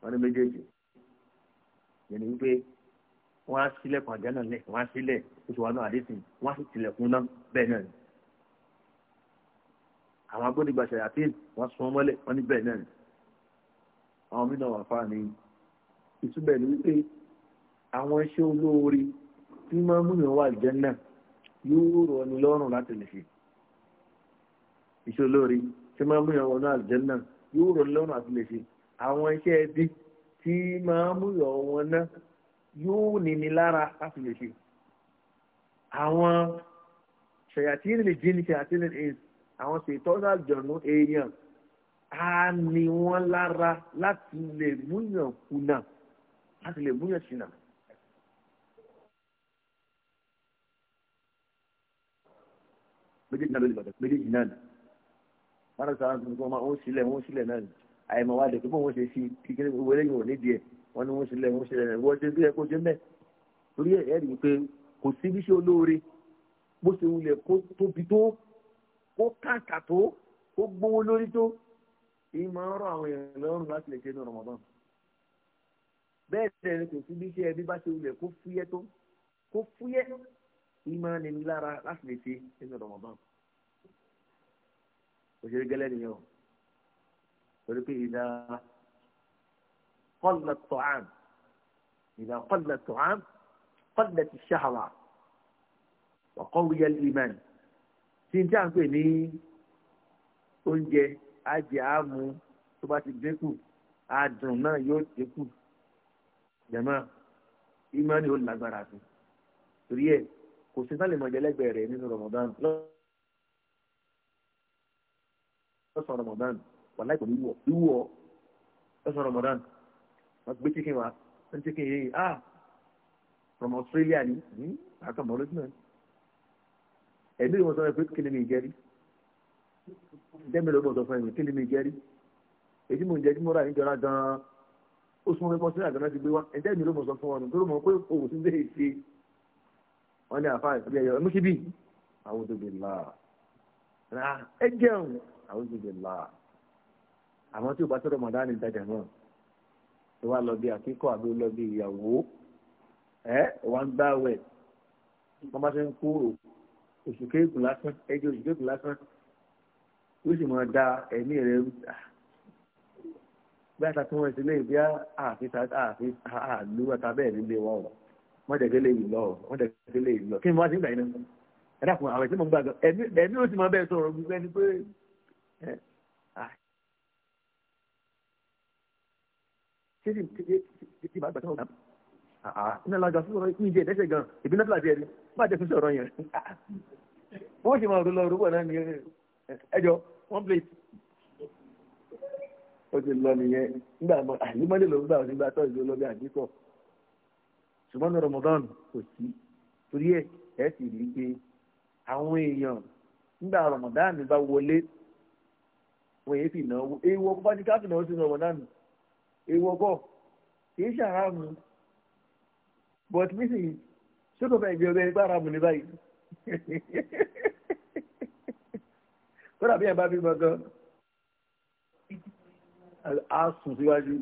wọ́n ní méjèèjì yẹn ni wípé wọ́n á sílẹ̀kùn àjẹ́ náà lẹ̀ wọ́n á sílẹ̀ oṣù wa náà àdéhùn wọ́n á sì tilẹ̀kùn náà bẹ́ẹ̀ náà ni àwọn agbódìgbà ṣàyàtìn wọn sún wọn mọ́lẹ̀ wọn níbẹ̀ náà ni àwọn mí náà wà fáà ní ìtúbẹ̀ ní wípé àwọn iṣẹ́ olóore tí máa mú yàn wà jẹ́ náà yóò rọ̀ ni lọ́rùn láti lè ṣe iṣẹ́ olóore tí máa mú yàn wọnú àlùjànnà yóò rọ̀ ni lọ́rùn àti lè ṣe àwọn iṣẹ́ ẹbí tí máa mú yàn náà yóò níni lára láti lè ṣe àwọn ṣàyàtìn lè jí ni ṣàyàtìn lè ṣe àwọn ṣètọ́nù àjọ̀nù èèyàn á ní wọ́n lára láti lè múyàn kùnà láti lè múyàn ṣìnà. méjèèjì náà ló lè bàtà méjèèjì náà ni wọn náà sọ àwọn ọmọ wọn sílẹ̀ wọn sílẹ̀ náà ni àyẹmọ wa dẹkẹ fún wọn ṣe sí kíkiri owó eléyìí wọn nídìí ẹ wọn ni wọn sílẹ̀ wọn sílẹ̀ náà wọn ṣe bí ẹ kó ṣe mẹ torí ẹ ẹ rí i pé kò sí bí olóore bó ṣe wulẹ̀ kó tóbi tó kó kàǹkà tó kó gbówó lórí tó ìmọ̀ ọ̀rọ̀ àwọn èèyàn lọ́rùn láti lè ṣe ní Ramadan bẹ́ẹ̀ tẹ̀ ní kò sí bí iṣẹ́ ẹbí bá ṣe wulẹ̀ kó fúyẹ́ tó kó fúyẹ́ ìmọ̀ ni lára láti lè ṣe ní Ramadan òṣèré gẹ́lẹ́ nìyẹn o torí pé ìdá kọ́lá tọ́ám ìdá kọ́lá tọ́ám kọ́lá ti ṣáhàwà wà kọ́wé yẹn ìmọ̀ ni tí n tí à ń pè ní oúnjẹ ajẹ àmú tó bá ti dínkù adùn náà yóò dínkù jẹmọ ìmọ̀ni ó lágbára sí torí ẹ kò sí sálẹ̀ mọ̀jẹ́lẹ́gbẹ̀ẹ́ rẹ̀ nínú Ramadan lọ́sàn Ramadan wàláì kò ní wọ̀ wíwọ̀ lọ́sàn Ramadan wọ́n gbé chicken wa wọ́n chicken yìí ah from Australia ni àkàmọ́ hmm, lójú náà ẹbí rẹ wọn sọ pé kí ni mi jẹrí dẹ́mi ló mọ̀ sọ fún ẹ̀mí kí ni mi jẹrí èyí mò ń jẹ́ tí mo rà níjọra gan-an ó súnmọ́ pípọ́ sílẹ̀ àgbọ̀nà ti gbé wá ẹ̀jẹ̀ mi ló mọ̀ sọ fún ọ̀nà tó ló mọ̀ pé òwò sí bẹ́ẹ̀ ṣe wọ́n ní àfáà ìpínlẹ̀ ẹ̀yọ ẹ̀mú síbí àwọn tó bèèrè láà rà àwọn tó bèèrè láà tí ò bá sọ̀rọ̀ mọ̀dá ní ìtajà náà tó wá lọ bí akẹ́kọ̀ọ́ àbí ó lọ bí ìyàwó ẹ̀ wọ́n gbá wẹ̀ wọ́n bá ṣe ń kúrò oṣù kéèkùn lásán ẹjẹ oṣù kéèkùn lásán ó sì máa da ẹ̀mí rẹ̀ bí a ta tún wọn sílé bí àlú àtàbẹ́ẹ̀ nílé wọn o wọ́n dẹ̀gẹ́ lè yìí lọ wọ́n dẹ̀gẹ́ lè yìí lọ kí ni wọ́n á ti ń gbà yín náà ẹ dàpọ̀ àwẹ̀ tí mo ń gbà gan ẹ̀mí ó sì máa bẹ́ẹ̀ sọ̀rọ̀ gbígbẹ́ ni pé ṣé ti ti ti ti máa gbà tó ń gbà. Ah, ah, iná lága fún ọ̀rọ̀ ìjẹ́ ìdẹ́sẹ̀ gan ìbí náà láti ẹni má jẹ́ fún ọ̀rọ̀ yẹn wọ́n ṣe máa rú lọ rúbọ̀ náà ní ẹjọ́ one plate ó ti lọ nìyẹn nígbà mọ àyímọ́lẹ̀ ló ń gbà nígbà tó ìlú ọlọ́bẹ̀ àdínkọ̀ ṣùgbọ́n Ramadan kò sí torí ẹ̀ ẹ̀ sì rí i pé àwọn èèyàn nígbà Ramadan bá wọlé wọ́n yéé fi náwó ewu ọkọ̀ bá ní káfíńà ó sì Ramadan ewu ọkọ̀ kì í ṣàrámù but mí sì sódò bẹ́ẹ̀ gbé ọbẹ̀ nípa aramu ní báyìí kódà bí ẹ bá bímọ gan á sùn síwájú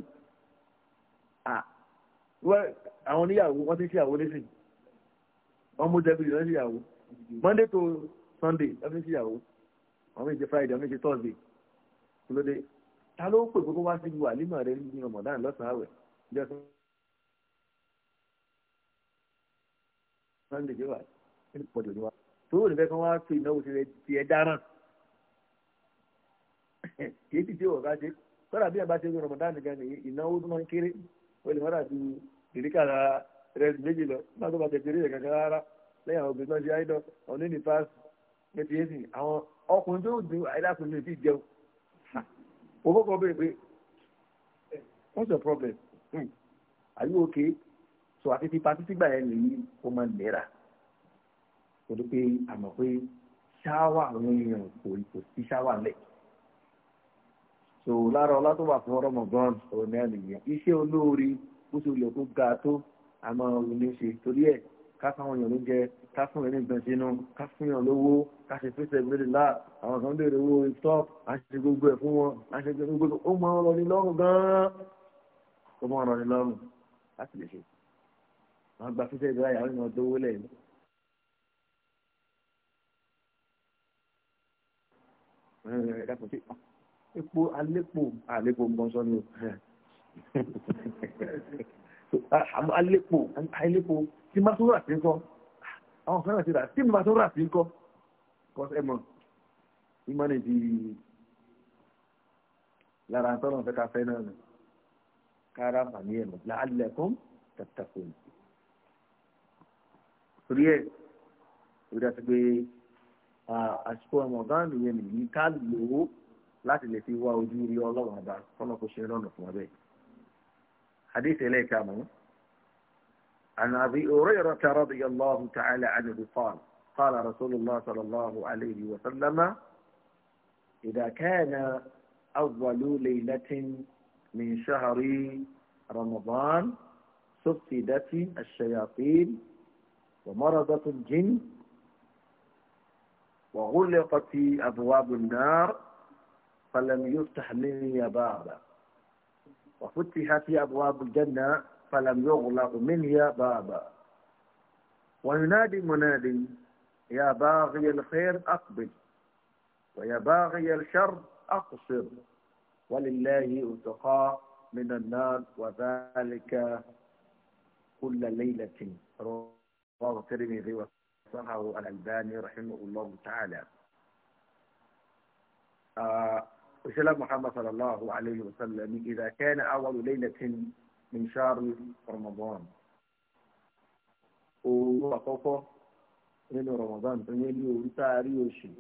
àwọn oníyàwó wọ́n ti ń ṣèyàwó lẹ́sìn wọ́n mú dẹ́bìrì wọ́n ń ṣèyàwó monday to sunday wọ́n fi ń ṣèyàwó wọ́n fi ṣe friday wọ́n fi ṣe thursday kí ló dé ta ló ń pè kókó wá síbi wà nímọ̀ rẹ ní ọmọdé lọ́sàn-án àwẹ̀ sunday jẹ́ wà ẹni pọ̀jù ni wa tó o nífẹ̀ẹ́ kan wá fi ìnáwó ti rẹ̀ ti ẹ̀ dáràn kìí ti jẹ́ ọ̀gá jẹ́ kọ́dà bí àbá ṣe ń rọmọdán nìkan ní ìnáwó tó máa ń kéré ó lè mọ́ra ju ìríkàrà rẹ̀ méjì lọ nígbà tó bá tẹ̀ tẹ̀lé rẹ̀ kankan rárá lẹ́yìn àwọn obìnrin náà ṣe àìdọ́ ọ̀nà ní pass ẹtì ẹtì àwọn ọkùnrin tó dùn àìdákùnrin ti jẹun òkókò bẹ̀rẹ̀ pé what's your problem? Hmm. are you okay? so àti ti patí sígbà yẹn lèyí ó máa nira torí pé àmọ̀ pé ṣáwà àwọn èèyàn kò kò sí ṣáwà lẹ̀ so lára ọlá tó wà fún Ramadan òun náà nìyẹn iṣẹ́ olóore bó ṣe lè kó ga tó àmọ́ òun ní ṣe torí ẹ̀ ká fáwọn èèyàn ló jẹ ká fún ẹni gbọ̀n sínú ká fún èèyàn lówó ká ṣe fẹsẹ̀ gbélé lá àwọn kan béèrè owó stop á ṣe gbogbo ẹ̀ fún wọn á ṣe gbogbo ó máa ń rọni lọ́rùn gan ó máa ń rọni lọ́rùn láti lè ṣe àwọn gba fífẹ́ ìgbà yàrá ìmọ̀ dówó lẹ́yìn. Ah, epo alépo ah, alépo gbọ́nsọ́ ni o [LAUGHS] ah, alépo alépo tí máa tó rà sí nǹkan àwọn kan náà ti rà tí máa tó rà sí nǹkan kọ́sí ẹ̀ mọ̀ ìmọ̀ ni ti lára tọ́nà fẹ́ ká fẹ́ náà ni, kára fàmí ẹ̀ mọ̀ làálẹ̀ fún tẹ̀tẹ̀kùn. torí ẹ̀ ó dájú pé àsìkò ọmọọ̀gán nìyẹn nìyí ká lò ó láti lè fi wá ojú rí ọlọ́run ọba kó ṣe fún حديث إليك عن أبي هريرة رضي الله تعالى عنه قال قال رسول الله صلى الله عليه وسلم إذا كان أول ليلة من شهر رمضان سفدت الشياطين ومرضت الجن وغلقت أبواب النار فلم يفتح منها بابا وفتحت أبواب الجنة فلم يغلق منها بابا وينادي منادي يا باغي الخير أقبل ويا باغي الشر أقصر ولله أتقى من النار وذلك كل ليلة روح رواه الترمذي وصححه الألباني رحمه الله تعالى وسلام محمد صلى الله عليه وسلم إذا كان أول ليلة من شهر رمضان وقفه nínú rọmọdán tó yẹ ní orí tá a rí oṣù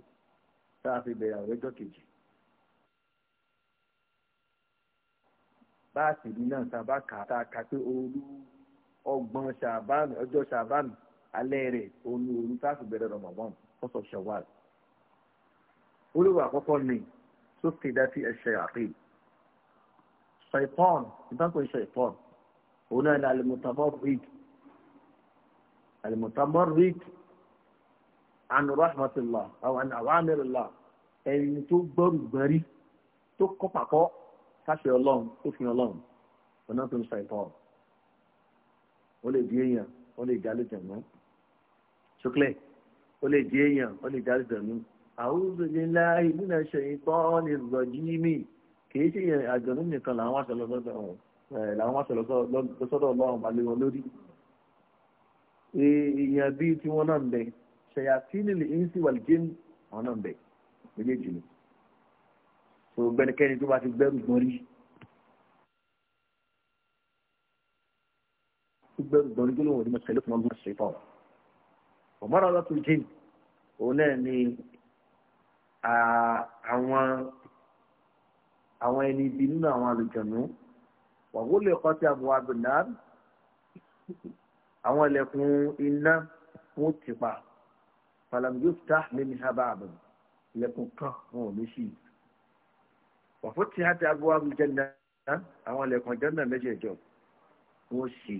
tá a fi bẹ̀rẹ̀ àwọn ẹjọ́ kejì. báàsì ní náà tá a bá kà á tá a kà pé olú ọgbọ̀n ṣàbánù ọjọ́ ṣàbánù alẹ́ rẹ̀ òun ni òun tá a fi bẹ̀rẹ̀ Ramadan fọ́sọ̀ Shawwal olùwà àkọ́kọ́ ni sókè dátì ẹ̀ṣẹ̀ àfihàn ṣàìpọ́n ìtàkùn ṣàìpọ́n òun náà ni al-mutamarrid al-mutamarrid an rahmatillah àwọn àwámẹ́rẹ̀lá ẹni tó gbọ́rù gbẹ́rí tó kọ́ pàkọ́ káṣẹ ọlọ́run tó fi ọlọ́run ọ̀nà tó ń ṣàìpọ́n ó lè di èèyàn ó lè jálè jẹ̀mọ́ ṣókèlè ó lè jẹ́ èèyàn ó lè jáde dànù a'udhu billahi minash shaytanir rajim kì í ṣe èèyàn àjọ̀nú nìkan làwọn wá sọ̀rọ̀ sọ́dọ̀ làwọn wá sọ̀rọ̀ sọ́dọ̀ ọlọ́run balẹ̀ wọn lórí èèyàn bíi tí wọ́n náà ń bẹ ṣayatini lil insi wal jinn àwọn náà ń bẹ méjèèjì ni tó gbẹnikẹ́ni tó bá ti gbẹ́rù gbọ́n rí gbẹ́rù gbọ́n rí gbọ́n rí mọ̀ tẹ́lẹ̀ fún ọlọ́run ṣe fún ọ ọ̀mọ́ra ọlọ́tún jìn òun náà ni àwọn àwọn ẹni ibi nínú àwọn àlùjọ̀nù wàwúlò ẹ̀kọ́ tí abu abdullá àwọn ilẹ̀kùn iná wọn ti pa falamjúta mímí habab ilẹ̀kùn kan wọn ò ní sí i wàfútí àti abu abdullá àwọn ilẹ̀kùn jẹ́nà méjèèjọ wọn sì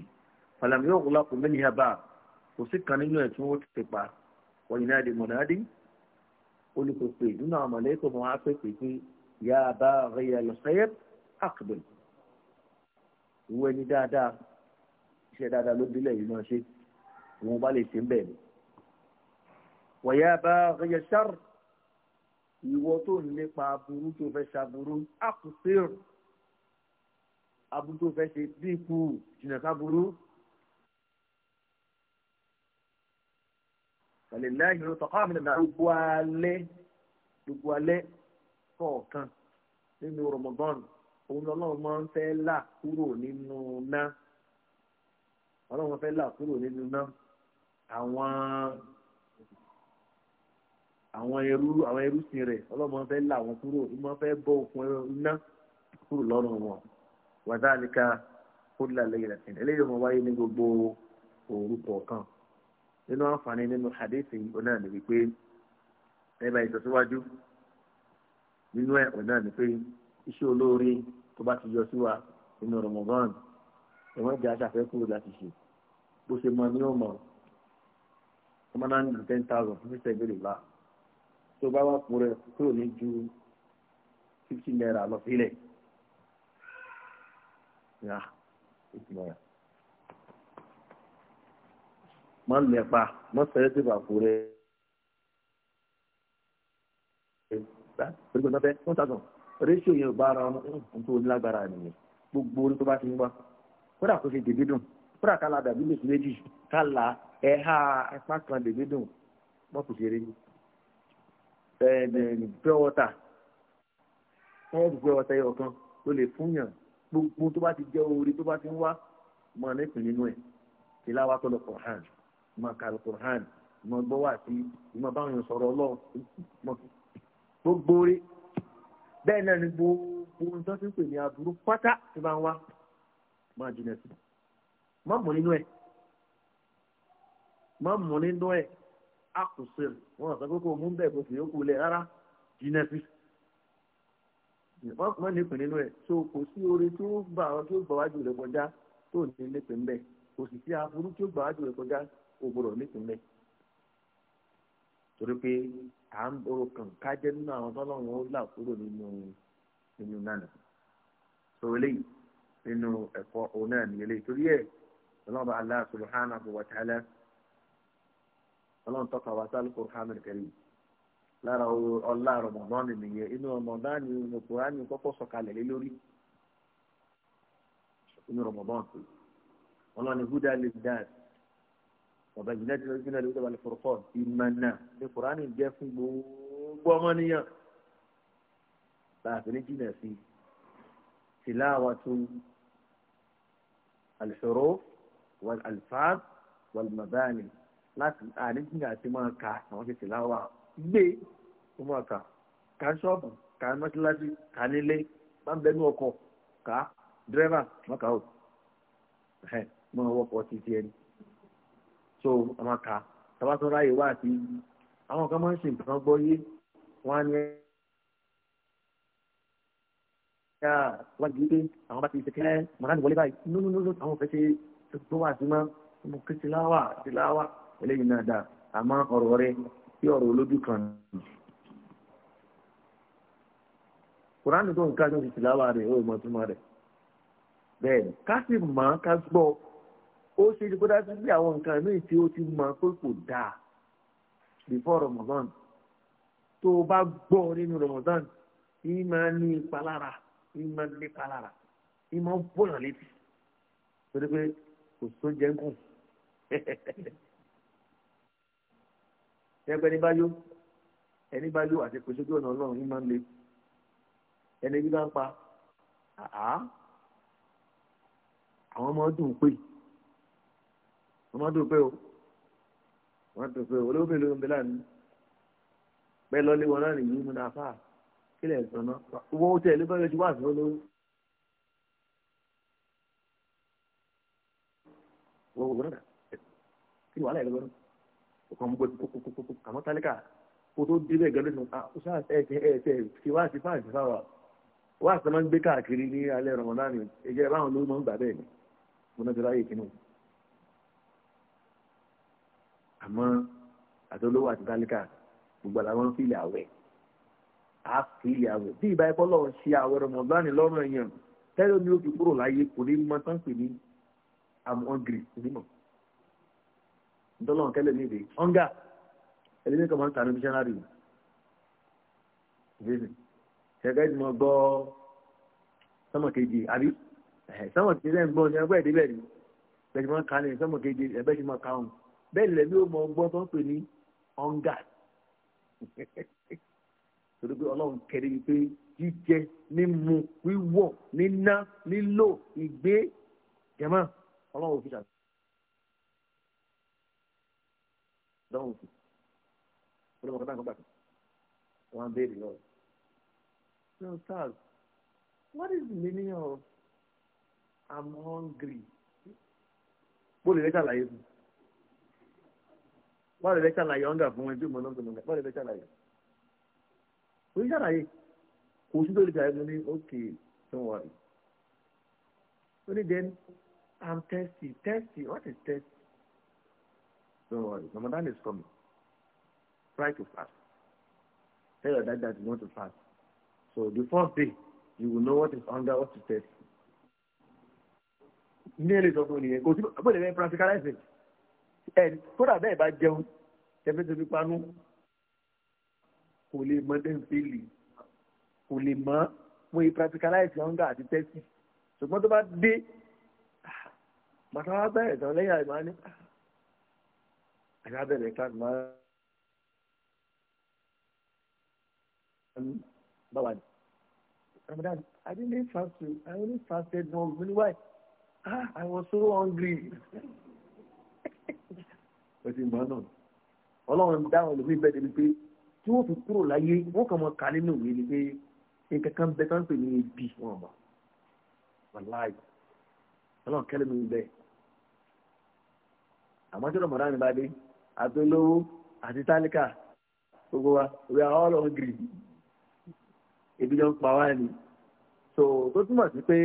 falamjúta mímí habab kò sí kan nínú ẹ̀ tí wọ́n ti pa wọ́n yìí náà di mọ̀nàdí olùkópe nínú àwọn mọ̀lẹ́kọ̀ mọ́ apẹ́pẹ́ pé yá a bá rẹ̀yà lọ́sẹ̀yẹ́ àkùdẹ̀ ìwọ ẹni dáadáa iṣẹ́ dáadáa ló délẹ̀ yìí náà ṣe wọn bá lè ṣe ń bẹ̀ ni wọ́n yá a bá rẹ̀yà sáré ìwọ tó ń lépa aburú tó fẹ́ ṣaburú àkùsẹ́rù aburú tó fẹ́ ṣe dínkù jìnnà sáburú. àlèláyìn ló tọ́kọ́ àmì nàá gbogbo alẹ́ gbogbo alẹ́ kọ̀ọ̀kan nínú rọmọdọ́nù òun lọ́lọ́run máa ń fẹ́ là kúrò nínú ná ọlọ́run fẹ́ là kúrò nínú ná àwọn àwọn ẹrú àwọn ẹrúsìn rẹ̀ ọlọ́run fẹ́ là wọn kúrò ìmọ̀ fẹ́ bọ́ òkun iná kúrò lọ́rùn wọn wàdálíkà kó lálẹ́ yìí rẹ̀ eléyìí wọn wáyé ní gbogbo òru kọ̀ọ̀kan nínú àǹfààní nínú hadith ọ̀nà ni wípé ẹ̀bà ìtẹ̀síwájú nínú ẹ̀ ọ̀nà ni pé iṣẹ́ olóore tó bá ti yọ sí wa nínú Ramadan ẹ̀wọ̀n ìjà aṣàfẹ́kù láti ṣe bó ṣe mọ ní ọmọ ọmọ náà ní ten thousand fún fífẹ́ ìbéèrè tó bá wà kú kúrò ní ju fifty naira lọ sílẹ̀ yà eight naira mọ́ lẹ́pa mọ́ sẹ́yẹ́ sí bàkú rẹ̀ pẹ̀lú ọ̀nà fẹ́ one thousand ratio yẹn ò bá ara ọ̀nà tó lágbára nìyẹn gbogbo orí tó bá ti ń wá kódà kó ṣe dèbí dùn kódà ká la dàbí lòsì méjì ká la ẹ̀ha ẹ̀pá kan dèbí dùn wọ́n kò ṣeré ní. pure water wọ́n kò pure water ọ̀kan tó lè fún gbogbo tó bá ti jẹ́ orí tó bá ti ń wá mọ̀ nípìn nínú ẹ̀ kí láwa tó lọ kọ̀ hàn máa ka alukur'an máa gbọ́ wá sí gbogbo rí bẹ́ẹ̀ náà ni gbogbo ohun tó ti ń pè ní aburú pátá ti máa ń wá máa jìnà sí má nínú má nínú a kò sèrè wọn sọ pé mú bẹ́ẹ̀ kò sì yókù lẹ̀ rárá jìnà sí nínú tó kò sí tó gbà ó gbọ́dọ̀ nípìnlẹ̀ torí pé à ń dọ̀rọ̀ kàn kájẹ́ nínú àwọn tọ́lọ́run ó là kúrò nínú nínú náà sọ̀rọ̀ eléyìí nínú ẹ̀kọ́ òun náà nìyẹn eléyìí torí ẹ̀ ọlọ́run Allah subhanahu wa ta'ala ọlọ́run tọ́ka wa sálù Qur'an al-Karim lára ọlá Ramadan nìyẹn inú Ramadan ni inú Qur'an kọ́kọ́ sọ̀kalẹ̀ lé lórí inú Ramadan ọlọ́run húdà lè dáàsì bàbá yìí náà ti lọ́jọ́ náà lórí ìdàbàlẹ̀ fọ̀rọ̀kọ́ ìmọ̀nà ní kùránì jẹ́ fún gbogbo ọmọnìyàn láàfin jìnnà sí tìláwàtú alṣòro alfáàb wàlmàbáàlì láti àníjìnnà àti máa ka àwọn ṣe tìláwà gbé ó máa ka ká ṣọ́ọ̀bù ká mọ́tíláṣí ká nílé bá ń bẹnu ọkọ̀ ká dírẹ́fà mọ́kà ó mọ́ ọwọ́ pọ̀ títí ẹni so ọmọ ká tabatọ́ ráyè wá àti àwọn kan máa ń ṣe nǹkan gbọ́ yé wọ́n á ní ẹ́ wọ́n ti gbé àwọn bá ti ṣe kẹ́lẹ́ màdá ní wọlé báyìí nínú nínú àwọn fẹ́ ṣe tó wà sí mọ́ mo ké tìláwà tìláwà eléyìí náà dà àmọ́ ọ̀rọ̀ rẹ sí ọ̀rọ̀ olójú kan nì. kùránì tó ń ká ní oṣù tìláwà rẹ̀ ó mọ̀ túmọ̀ rẹ̀ bẹ́ẹ̀ ká sì mọ̀ ká gbọ́ ó ṣe é kódà sí pé àwọn nǹkan míì tí ó ti mọ pé kò dáa before Ramadan tó o bá gbọ́ nínú Ramadan yìí máa ní ìpalára yìí máa ní ìpalára yìí máa ń bọ̀yàn létí torí pé kò sóúnjẹ ń kù ẹgbẹ́ ní bá ẹni bá àti kò ọ̀nà ọlọ́run yìí máa ń le ẹni bí bá ń pa àá àwọn ọmọ ọdún pè wọ́n dúpẹ́ o wọ́n dúpẹ́ o olówó mélòó ń bẹ lánàá bẹ́ẹ̀ lọ́lé wọn náà nìyí múná ah, fà kílẹ̀ gbé káàkiri ní alẹ́ rọ̀mọ́dánì ẹ̀jẹ̀ báwọn ló máa ń gbà bẹ́ẹ̀ ni mo náà ti ráyè kínú àmọ́ àtolówó àti tálíkà gbogbo àlàmọ́ ń fìlẹ̀ àwẹ̀ á fìlẹ̀ àwẹ̀ bí ìbá ẹ̀kọ́ lọ́wọ́ ṣe àwẹ̀ rọmọdánì lọ́rùn èèyàn tẹ́lẹ̀ ni ó fi kúrò láyé kò ní mọ tán pè ní am hungry onímọ̀ ntọ́lọ́wọ́n tẹ́lẹ̀ ní èdè ọ̀ngà ẹlẹ́ni kan máa ń tànú missionary ìbéèrè ṣẹ̀kẹ́ ti mọ gbọ́ sọ́mọ̀ kejì àbí sọ́mọ̀ kejì ẹ̀ ń gbọ́ ọ̀ṣẹ́ ẹgbẹ́ ìdíbẹ̀ ni bẹ́ẹ̀ ti máa ń ka ní sọ́mọ̀ kejì ẹ̀bẹ́ ti máa ka ọ̀hún bẹ́ẹ̀ lẹ́ni ó ọgbọ́n tó ń pè ní ọ̀ǹgà torí pé ọlọ́run kẹ́rin wípé jíjẹ mímu wíwọ̀ níná lílò ìgbé jẹ̀mọ́ ọlọ́run fi ṣàtúnṣe. dánwò sí ọlọ́run ọ̀gá náà gbàgbé wọn á béèrè lọ́wọ́. no sir what is the meaning of i'm hungry. bó lè rẹ́ ṣàlàyé mi wọ́n lè fẹ́ ṣàlàyé ọ̀ǹgà fún wọn bí mo náà gbọ̀ngàn wọ́n lè fẹ́ ṣàlàyé kò sí ṣàlàyé kò sí lórí ìgbà ní òkè don't worry ó ní then i'm thirsty thirsty what is thirsty don't worry ramadan is coming try to fast tell your dad that you want to fast so the first day you will know what is under. what is thirst ní ẹ lè sọ fún ènìyàn kò sí bó lè fẹ́ practicalize it ẹni kódà bẹ́ẹ̀ bá jẹun tẹ́fẹ́ tó fi panú kò lè mọ dẹ́nfẹ́lì kò lè mọ mo yí practicalize hunger àti tẹ́sí ṣùgbọ́n tó bá dé màtá wá bẹ̀rẹ̀ tán lẹ́yìn àìmọ́ ní àyà bẹ̀rẹ̀ ká máa ń bá wà ní. Ramadan, I didn't fast too. I only fasted once. Why? Ah, I was so hungry ó ti mọ̀ náà ọlọ́run dáhùn lómi bẹ́ẹ̀ débi pé tí wọ́n fi kúrò láyé wọ́n kàn mọ́ ká nínú ìwé ni pé nǹkan kan bẹ tán pè ní ebi wọn mọ̀ wàláì ọlọ́run kẹ́lẹ́ mi bẹ́ẹ̀ àmọ́ tí ọ̀rọ̀ mi bá dé àtolówó àti tálíkà gbogbo wa we are all hungry ebi jọ ń pa wá ni so tó túmọ̀ sí pé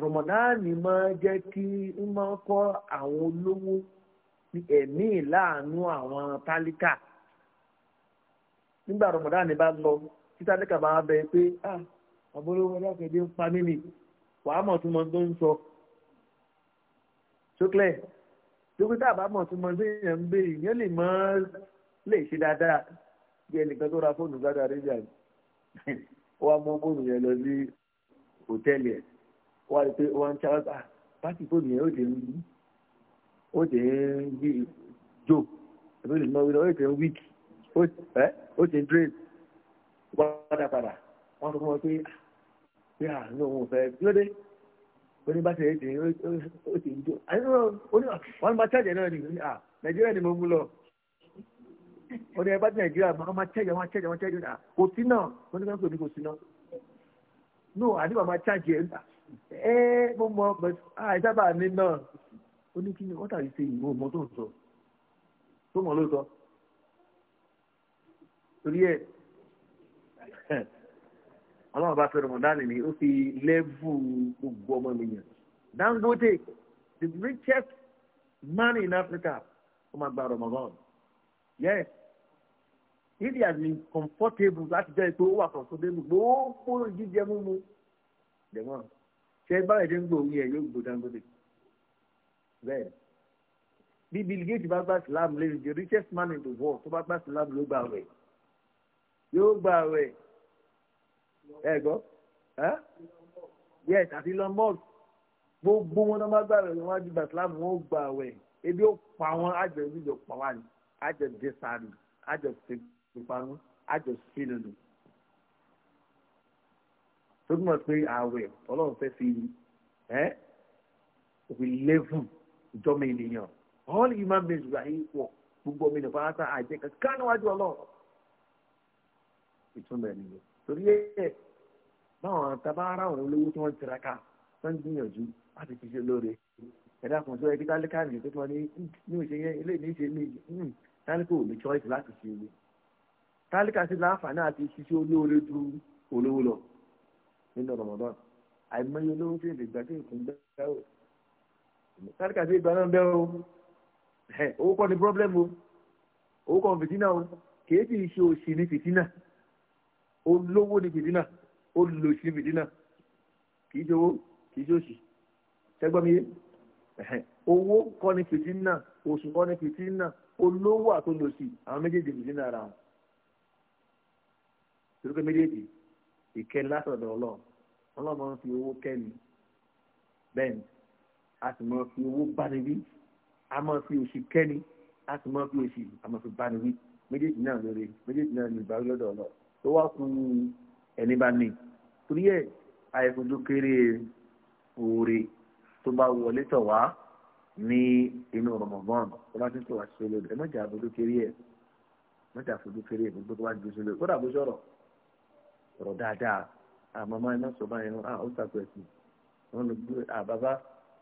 rọmọdáàni máa jẹ́ kí n máa kọ́ àwọn olówó ní ẹ̀mí ìláàánú àwọn tálíkà nígbà rọmọdánì bá lọ tí tálíkà bá bẹ pé ah àbúrò wọn lákèdè ń pa mí ni wàá mọ̀ tó mọ tó ń sọ ṣókèlè dókítà bá mọ̀ tó mọ tó yẹn ń béèrè yẹn lè mọ́ lè ṣe dáadáa bí ẹnìkan tó ra fóònù gbádùn àríjà ó wá mú fóònù yẹn lọ sí hòtẹ́ẹ̀lì ẹ̀ wá rí pé wọ́n ń ṣáwá bá fóònù yẹn ó dé ń bí ó ti ń bí jò ẹbí lè mọ wí lọ ó ti ń wíìkì ó ti ń dírèsì padà padà wọ́n sọ fún wọn pé ah, pé àánú ah, òun fẹ́ kí ló dé oníbàṣẹ èdè ó ti ń jò àyẹ̀wò wọn ah, máa tẹ̀jẹ̀ náà ni nàìjíríà ni mo mú lọ ó ní ẹbá tí nàìjíríà máa máa tẹ̀jẹ̀ wọn tẹ̀jẹ̀ wọn tẹ̀jẹ̀ náà kò sí náà wọn ní ká ń pè mí kò sí náà no àdìbò máa tẹ̀jẹ̀ ẹ mo mọ àìsábà mi náà ó ní kí ni wọ́n tàbí ṣe ìwọ ọmọ tó ń sọ tó mọ̀ ló sọ torí ẹ̀ ọlọ́run bá fẹ́ rọmọdánì ni ó fi lẹ́bù gbogbo ọmọ ènìyàn Dangote the richest man in Africa ó máa gba rọmọdán yes if he has been comfortable láti jẹ́ pé ó wà comfortable gbogbo jíjẹ mímu dẹ̀mọ́ ṣe báyìí dé ń gbòòrò yẹn yóò gbò Dangote bẹ́ẹ̀ bí Bill Gates bá gba Islam lẹ́yìn the richest man in the world tó bá gba Islam ló gba àwẹ̀ yóò gba àwẹ̀ ẹ gbọ́ yes àti Elon Musk gbogbo wọn náà bá gba àwẹ̀ wọn á di gba Islam wọn ó gba àwẹ̀ ebi ó pa wọn àjọ ìjọ pa wá ni àjọ dẹsàrì àjọ fipánu àjọ sílùlù tó túmọ̀ pé àwẹ̀ ọlọ́run fẹ́ fi ẹ́ òfin lé ìjọba ènìyàn all human beings wà yìí pọ̀ gbogbo ọmọ ènìyàn pátá àìjẹ́ kankan níwájú ọlọ́run ìtumọ̀ ènìyàn torí ẹ̀ báwọn tàbá ara àwọn olówó tí wọ́n tiraka tó ń gbìyànjú láti fi ṣe lóore ẹ̀dá kan sọ ẹbí tálíkà nìyẹn tó ti wọn ní hmm, ní ìṣe yẹn ilé ní ìṣe méjì hmm, tálíkà ò ní choice láti ṣe ilé tálíkà sí láǹfààní àti ṣiṣẹ́ olóore ju olówó lọ nínú Ramadan àìmọye olówó tí èdè gbàgbé ìkúndẹ́wò sáré kàfé ìgbà náà bẹ́ẹ̀ o ni problem o owó kọ́ ni fìtínà o kìí sì ṣe ni fìtínà olówó ni fìtínà olùlòṣì ni fìtínà kìí ṣe owó kìí ṣe òṣì tẹ́gbọ́n yé owó kọ́ ni fìtínà oṣù kọ́ ni fìtínà olówó àtolòṣì àwọn méjèèjì fìtínà ara wọn torípé méjèèjì ìkẹni látọ̀dọ̀ máa ń fi owó kẹ́ni bẹ́ẹ̀ a sì máa fi owó báni wí a máa fi òṣì kẹ́ni a sì máa fi òṣì a máa fi báni wí méjèèjì náà lóore méjèèjì náà ní ìbáwí lọ́dọ̀ ọ̀nà tó wá kú ẹni bá ní torí ẹ̀ àìfojú kéré oore tó bá wọlé tọ̀ wá ní inú Ramadan tó bá ti tọ̀ wá sí olódò ẹ mọ̀jà àfojú kéré ẹ̀ mọ̀jà àfojú kéré ẹ̀ gbogbo tó bá ju sí olódò kódà bó sọ̀rọ̀ sọ̀rọ̀ dáadáa àmọ́ máa ń sọ báyìí náà ó sàkóso wọn lọ gbé àbábá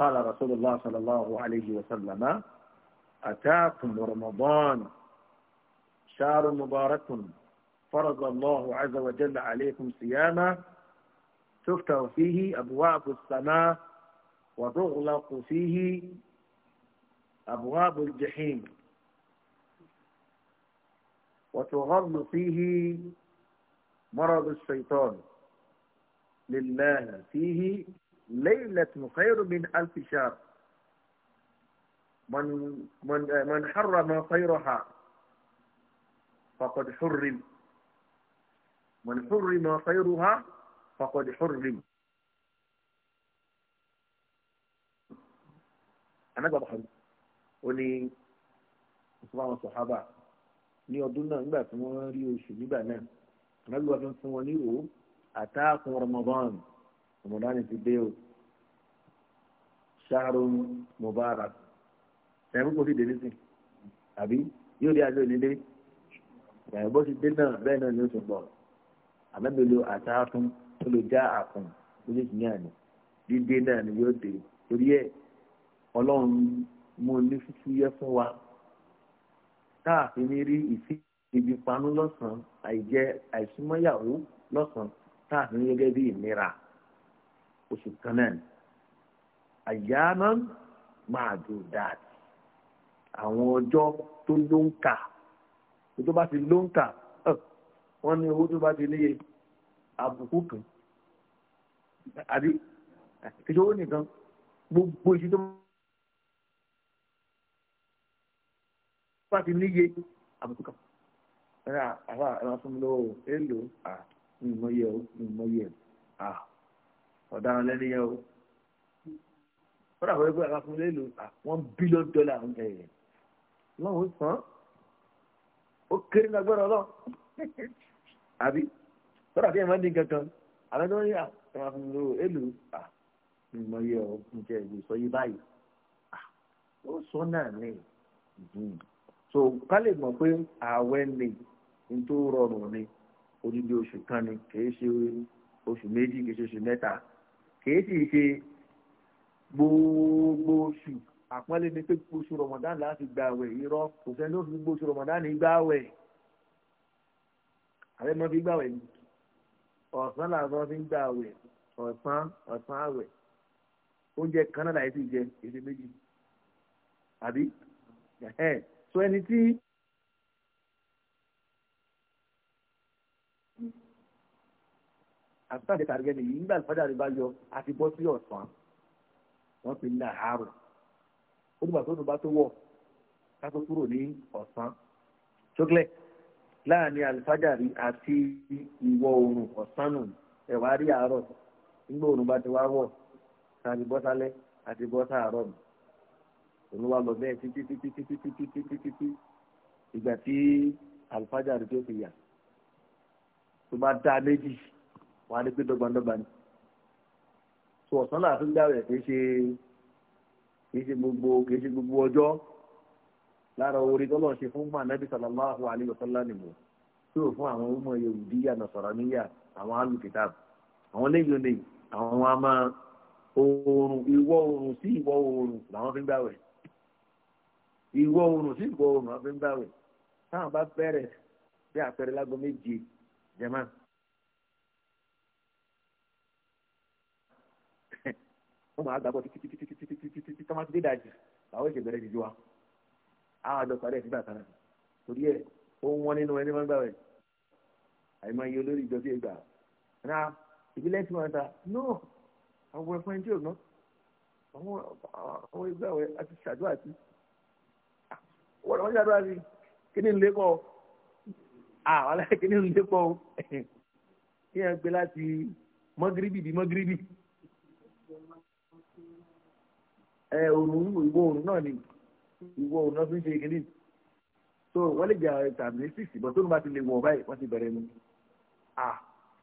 قال رسول الله صلى الله عليه وسلم أتاكم رمضان شهر مبارك فرض الله عز وجل عليكم صياما تفتح فيه أبواب السماء وتغلق فيه أبواب الجحيم وتغل فيه مرض الشيطان لله فيه ليلة خير من ألف شهر من من من حرم خيرها فقد حرم من حرم خيرها فقد حرم أنا بحر وني إسلام الصحابة ní ọdún náà nígbà tí wọ́n rí oṣù nígbà náà ànábì wa fi fún wọn ní o àtàkùn Ramadan Ramadan ti dé o ṣaharun mubarak ẹ̀rú kò sí dé nísìn àbí yóò dé àjọ ìnílé ẹ̀rú bó ti dé náà bẹ́ẹ̀ náà ni ó ti bọ̀ àmẹ́bẹ̀lò àtàkùn tó lè já àkùn ni yóò dé torí ẹ̀ ọlọ́run mú ní fífúyẹ́ fún wa káàfin ní rí ìsí ibi panú lọ́sàn-án àìjẹ àìsúnmọ́yàwó lọ́sàn-án káàfin gẹ́gẹ́ bí ìnira oṣù kan náà ni àyàmọ́ máa dùn dáàtì àwọn ọjọ́ tó ló ń kà tó bá ti ló ń kà wọ́n ní owó tó bá ti níye àbùkù kan àbí kìí owó nìkan gbogbo ìṣú tó bá ti níye àbùkù kan ẹ̀rọ àwọn ẹ̀rọ fún mi lọ́wọ́ èèlò à ń mọ iye ọ̀ ń mọ iye ọ̀ ọ̀daràn lẹ́ni yẹn o kódà kò yẹ kó àwọn akúnlẹ̀ lò one billion dollar ń bẹ̀ yẹn lọ́wọ́ sàn ó kéré lágbára ọlọ́ [LAUGHS] àbí kódà kí ẹ̀ máa ń dín kankan àwọn ẹni tó ń yà ẹ̀ máa fún mi lò èlò ìmọ̀ yẹ ọ́ ń jẹ́ ìwé sọ yí báyìí ó sọ náà ní so ká lè mọ̀ pé ààwẹ̀ ni n tó rọrùn ni odidi oṣù kan ni kì í ṣe oṣù méjì kì í ṣe oṣù mẹ́ta kìí sì ṣe gbogbo oṣù àpọ́nlé ni pé oṣù rọmọdán láti gba àwẹ̀ irọ́ kò sẹ́ni ó fi gbogbo oṣù rọmọdán ní gbà àwẹ̀ àwẹ̀ mọ́ fi gbà àwẹ̀ ni ọ̀sán làwọn fi ń gbà àwẹ̀ ọ̀sán ọ̀sán àwẹ̀ oúnjẹ kan náà láì sì jẹ èdè méjì àbí so ẹni tí. àtúntàdé kàrìgẹ́ nìyí nígbà ìfọ́jà rẹ̀ bá yọ àti bọ́ sí ọ̀sán wọ́n ti ní àárò ó dùgbà tó dùn bá tó wọ̀ ká tó kúrò ní ọ̀sán ṣókẹ́lẹ̀ láàrin àlùfájàrí àti ìwọ̀ oòrùn ọ̀sán nù ẹ̀wà rí àárọ̀ nígbà oòrùn bá ti wá wọ̀ tàbí bọ́sálẹ̀ àti bọ́sàárọ̀ nù òun wá lọ bẹ́ẹ̀ títí títí títí títí títí títí ìgbà tí àlùfájàrí tó fi yà tó bá dá méjì wà á ní pé dọ́gbandọ́gba ni so ọ̀sán là fi ń dáwẹ̀ kì í ṣe kì í ṣe gbogbo kì í ṣe gbogbo ọjọ́ lára orí tọ́lọ̀ ṣe fún mọ́ anábì sallallahu alaihi wasallam nìbò tí ò fún àwọn ọmọ yorùbíyà nasaraniya àwọn alùpìtàbù àwọn lẹ́yìn olè àwọn a máa oòrùn ìwọ̀ oòrùn sí ìwọ̀ oòrùn làwọn fi ń gbàwẹ̀ ìwọ̀ oòrùn sí ìwọ̀ oòrùn làwọn fi ń gbàwẹ̀ táwọn bá bẹ̀rẹ̀ bí àpẹẹrẹ lágbo méje jẹ́mọ́ wọ́n máa gbàgbọ́ títí títí títí títí títí títí tọ́mátì dé dájú àwọn èsì bẹ̀rẹ̀ jíjọ wa àwọn àjọ parí ẹ̀ sígbà kan torí ẹ̀ ohun wọn nínú ẹni máa ń gbà wẹ̀ àìmọ iye olórí ìjọ tí ẹ gbà na ìbílẹ̀ tí wọ́n ta no àwọn ẹ̀fọn ẹni tí ò ná àwọn àwọn ẹgbẹ́ àwẹ̀ àti ṣàdúrà sí wọ́n ṣàdúrà sí kí ni ń lékọ́ àwọn aláìkí ni ń lékọ́ kí ẹ gbé láti mọ́gíríbì bí mọ́gíríbì. ẹ òòrùn ìwọ òòrùn náà ni ìwọ òòrùn náà fi ń ṣe kiri so wọ́n lè jà tàbí six bọ́ tó ń bá ti lè wọ̀ báyìí wọ́n ti bẹ̀rẹ̀ nu ah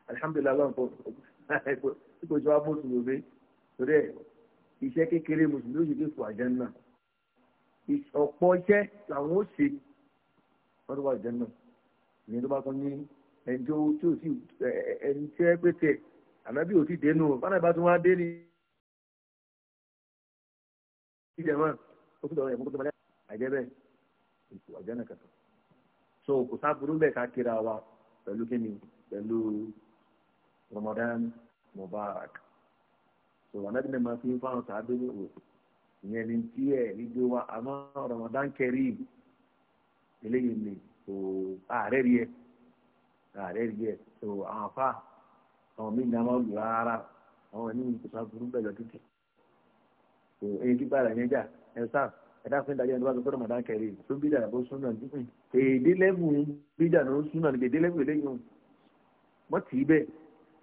alihamudulilayi lọ́nkọ́ ipò ìjọba mùsùlùmí torí ẹ̀ iṣẹ́ kékeré mùsùlùmí yìí kò àjẹ́ náà ọ̀pọ̀ iṣẹ́ làwọn ó ṣe wọ́n tó wà àjẹ́ náà ìyẹn tó bá tán ní ẹni tó tí ò sí ẹni tí ẹ pété ànábì ò ti dénú fúnà ìbátan wá dé ni ìjẹ̀mọ́ ó tún lọ ẹ̀kọ́ tó bẹ̀rẹ̀ àìjẹ́ bẹ́ẹ̀ ètò ọ̀jẹ́ náà kẹta so kò sáburú bẹ́ẹ̀ ká kíra wa pẹ̀lú kíni pẹ̀lú Ramadan Mubarak so anabi náà máa fi ń fáwọn sáà dúró wò ìyẹn ní tí ẹ̀ rí wa àmọ́ Ramadan Kareem eléyìí ni so ààrẹ rí ẹ ààrẹ rí ẹ so àwọn afá àwọn mí ní a máa lù rárá àwọn ẹni ìkòsáburú bẹ́ẹ̀ lọ títí ẹ̀yìn eh, kíkọ́ ara yẹn jà ẹ̀sán ẹ̀dá fún ìdájọ́ ẹ̀dá fún ọmọdé akẹ́rẹ́ tó bídà bó súnà dípìn èdè lẹ́bùn bídà ló súnà ní èdè lẹ́bùn eléyìí hàn wọ́n tì í bẹ́ẹ̀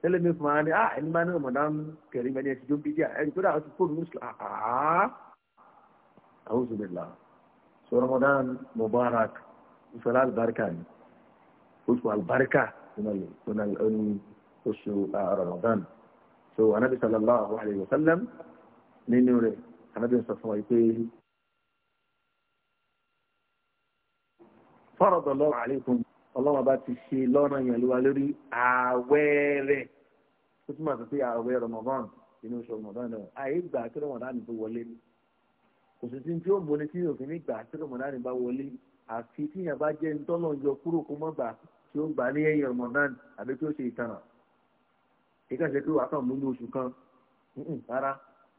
tẹ́lẹ̀ mi fún wa ni, ah ẹni máa ní ọmọdé akẹ́rẹ́ mi ẹni ẹ̀sìn tó bídà ẹni tó dáa ti fóònù mùsùlùmí àhàhà àwọn òṣèlú so ramadan mubarak ìfẹ́lá albarka ni oṣù albarka ní oṣù ah, ramadan so anabi sallallahu alayhi wa sallam ànábì sọ fún wa pé fọ́rọ̀dọ̀ الله àlékún ọlọ́wọ́ bá ti ṣe lọ́nà yẹn ló wa lórí ààwẹ̀ rẹ̀ ó túmọ̀ sí pé ààwẹ̀ rọmọdán inú oṣù rọmọdán náà àyè gbà tí rọmọdán tó wọlé kò sì sí tí ó bọ́ni tí òfin ní gbà tí rọmọdán bá wọlé àfi tíyàn bá jẹ́ ntọ́nà yọ kúrò kó mọ́ gbà tí ó gbà ní ẹ̀yìn rọmọdán àbí tí ó ṣe ìtanà ìkàṣẹ́ pé wàá kàn mú ní oṣù kan rárá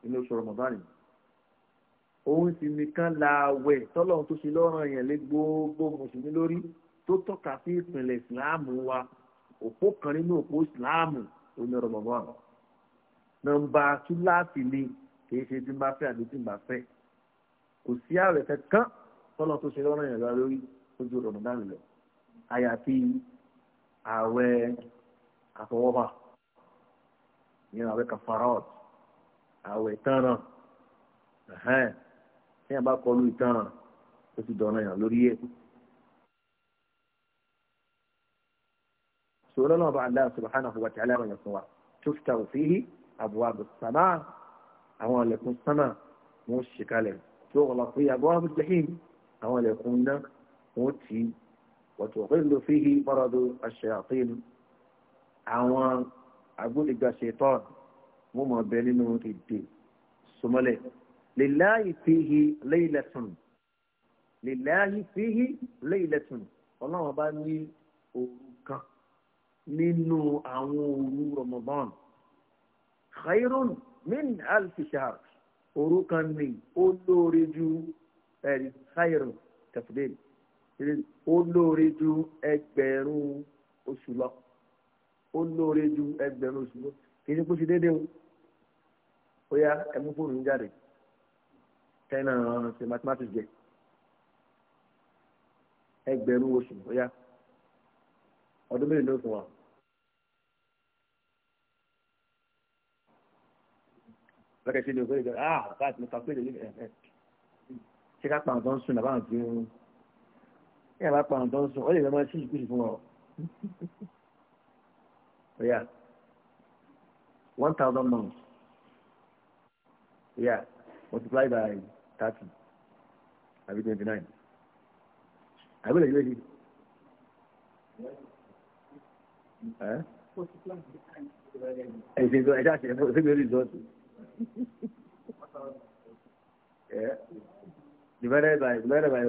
inú oṣù rọmọdán yìí òun sì nìkan làwẹ̀ tọ́lọ́run tó ṣe lọ́rùn yẹn lé gbogbo mùsùlùmí lórí tó tọ́ka sí ìpìlẹ̀ ìsìláàmù wa òpó kan nínú òpó ìsìláàmù oní Ramadan nọ́mbà túláàsì ni kì í ṣe tí n bá fẹ́ àbí tí n bá fẹ́ kò sí ààrẹ kankan tọ́lọ́run tó ṣe lọ́rùn yẹn lórí ojú Ramadan lọ àyàfi ààwẹ̀ àfọwọ́fà ìyẹn ààwẹ̀ kàfàrọ̀t ààwẹ̀ tánràn ní àbá kọlu ìtàn ó ti dọ̀nà yàn lórí ẹ̀. sọ̀rọ̀ náà bá Allah subhanahu wa ta'ala ràn yàn fún wa tó fi tàwọn sí i àbúwá bẹ̀ sàmà àwọn ọ̀lẹ́kùn sàmà wọn ṣe kalẹ̀ tó wọ́n lọ fún àbúwá bẹ̀ jẹ́hìn àwọn ọ̀lẹ́kùn náà wọn ti wọ̀tọ̀kẹ́lò fi hí mọ́rọ̀dọ̀ aṣèyàfín àwọn agbónigbà ṣetán wọn mọ̀ bẹ nínú èdè sọmọlẹ̀ lèláyì fìhí léyìnlẹ́tùn lèláyì fìhí léyìnlẹ́tùn ọlọ́run bá ní òru kan nínú àwọn òru rọmọbọ́n khairun min alfishar òru kan ní ó lóore ju ẹ̀rí khairun tẹ̀fúdẹ́n ó lóore ju ẹgbẹ̀rún oṣù lọ ó lóore ju ẹgbẹ̀rún oṣù lọ kì í ṣe kó ṣe déédéé o ó yá ẹmú fóònù jáde tẹ́nà ṣe mathematics jẹ ẹgbẹ̀rún oṣù ó yá ọdún mélòó ló fún wa. lọ́kẹ́ ṣe lè kó ìjọba ah káàtì mo kàpé lèlé ẹ̀ ṣé ká pa àwọn tó ń sùn làbáwọn fi ń ní àbá pa àwọn tó ń sùn ó lè lọ́mọ sí ìkúsù fún ọ. ó yá one thousand months ó yá multiply by thirty àbí twenty nine àbí lè yọ èyí. ẹ̀sìn tó ẹ̀dá ṣe ẹ̀fọ́ síbi rìsọ́ọ̀tù. divided by divided by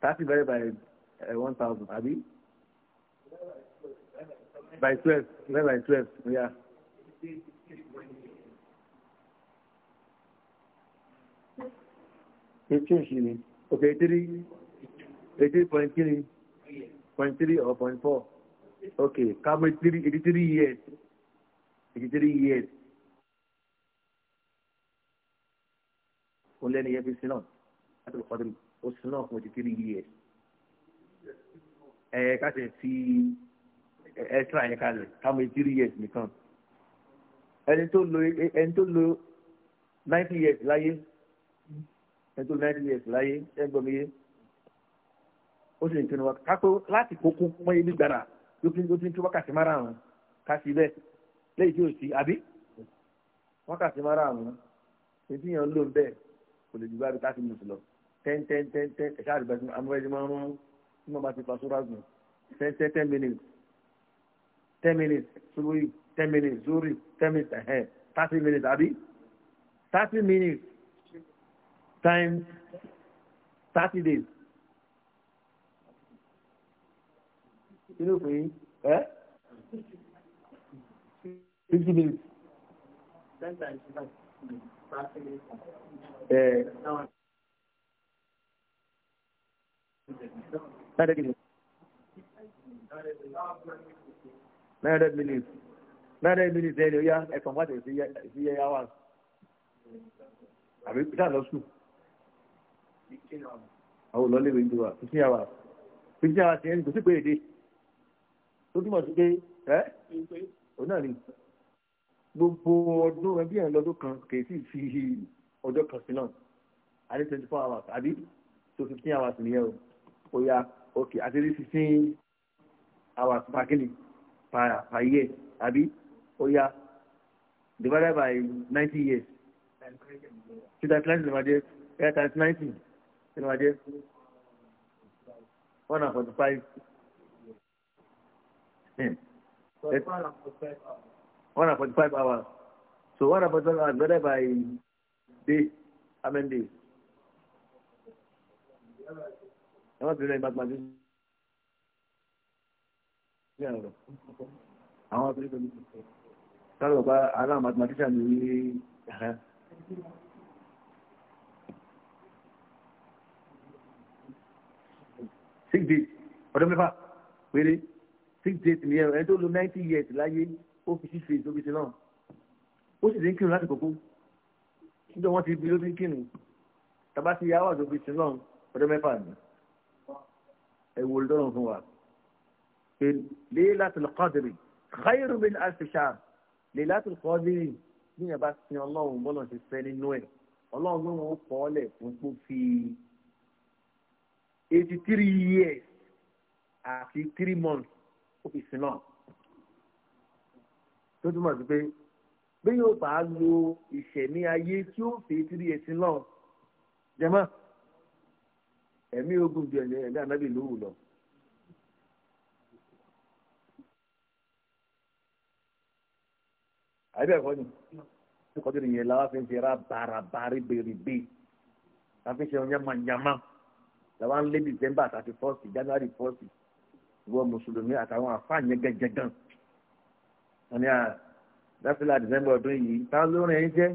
thirty divided by eh, one thousand àbí by twelve divided by twelve yeah. eighteen ṣì ni ok three eighteen point three point three or point four ok ká mọ three eighty three years eighty three years ó lẹ́nu yẹn fi sin náà láti lọ́kọ́ tẹ́lẹ̀ ó sin náà fún eighty three years ẹ̀ ká tẹ̀ fi ẹ̀ẹ́sìrà yẹn kalẹ̀ ká mọ eighty three years nìkan ẹni tó lo ẹni tó lo ninety years láyé ẹni tó ninety years láyé ẹgbọ́n yé ó sì ń pinnu wa kápẹ́ láti kókó mọ́ ibi gbàrà ló ti ń tún wákàtí márùn-ún ká sí bẹ́ẹ̀ lẹ́yìn tí ò sí àbí wákàtí márùn-ún ètí yẹn ló ń bẹ́ẹ̀ kò lè dùgbà bí káfí mùsùlùmí lọ ten ten ten ten ẹ̀ṣá àdìgbà tí amúrẹ́jì máa ń rún tí wọ́n bá ti fasúra gùn ten ten ten minutes ten minutes sórí ten minutes sórí ten minutes ẹ̀hẹ́n thirty minutes àbí thirty minutes times thirty days. You know kí ló pè é ẹ́ fifty minutes. Ẹ nine minutes nine minutes minutes. ẹni ó yá ẹ̀kan wá tẹ̀ sí yẹ hours àbí peter lọ sùn àwọn olólèwé ń dúwà fifty hours fifty hours yẹn kò sí pé èdè tó túmọ̀ sí pé ẹ́ òun náà ni gbogbo ọdún ẹbí ẹ̀ lọ́dún kan kì í sì fi ọjọ́ kan sí náà àdé twenty four hours àbí so fifteen hours nìyẹn o ó yá ok àti rí fifteen hours per kini per per year àbí ó yá divided by ninety years ṣùgbọ́n client lè máa jẹ́ air times ninety kí ló one and forty five hmm. one and forty five hours so one and forty five hours divided by day how many days ẹ wọ́n ti rẹ̀ mathematics ní ọ̀rọ̀ àwọn ọ̀pẹ̀lẹ̀ tó ní sọ́dọ̀ pa aláwọ̀ mathematician ní ẹ̀hẹ́. six days ọdún mẹ́fà péré six days ni ẹni tó lo ninety years láyé ó fi six days lóbi sí náà ó sì ti ń kírun láti kókó níjọ wọn ti bí ló ti ń kírun tàbá ti yá wàdó bí sí náà ọdún mẹ́fà ni ẹ wo lọ́rùn fún wa pé Laylatul Qadri khairu min alf shahr Laylatul Qadri níyàbá sin ọlọ́run bọ́lọ̀ ṣe fẹ́ nínú ẹ̀ ọlọ́run ló ń kọ́ ọ́ lẹ̀ fún kó fi eighty three years àti three months ó fi sin náà tó túmọ̀ sí pé bí yóò bá lo ìṣẹ̀mí ayé tí ó fi three years sin náà jẹ́mọ́ ẹ̀mí ogun ju ẹ̀mí ẹ̀mí ànábì lówù lọ. àbí ẹ̀kọ́ ni kọ́tù nìyẹn la wá fi ń ṣe ra bàràbàrì bèrè bè la fi ń ṣe ọ̀nyàmànyàmà làwọn ń lé december thirty first january first wọ mùsùlùmí àtàwọn àfáàní gẹ́gẹ́gàn wọn ni láfíìlà december ọdún yìí táwọn ló rìn ẹ́ jẹ́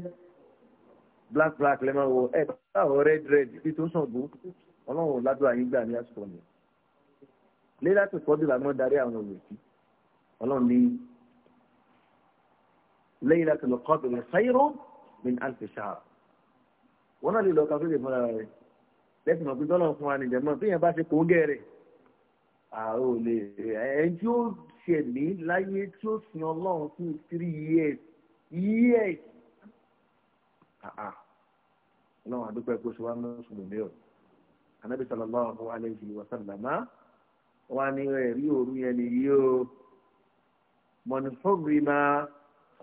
black black lẹ́mọ̀ wọ ẹ̀ báwo red red ibi tó sàn bó ọlọ́run ò ládùúrà yín gbà ní àsìkò ni lẹ́yìn àti ìfọ́dù làwọn darí àwọn olùsí ọlọ́run ní lẹ́yìn láti lọ kọ́ bẹ̀rẹ̀ sáyẹ́rọ́ ní alfẹ́sà wọn náà lè lọ káfíńdì fúnra rẹ̀ lẹ́sìn mọ̀ pé tọ́lọ̀ fún wa nìjẹ́ mọ́ bíyẹn bá ṣe kó gẹ̀rẹ̀ àrò lè ẹ̀ tí ó ṣe mí láyé tí ó sin ọlọ́run fún three years years ọlọ́run àdúpẹ́ kó ṣe wá mùsùlùmí o anábì sallallahu alayhi wa sallama wa ní ẹ̀rí òru yẹn nìyí o mọ̀nìfọ́rì máa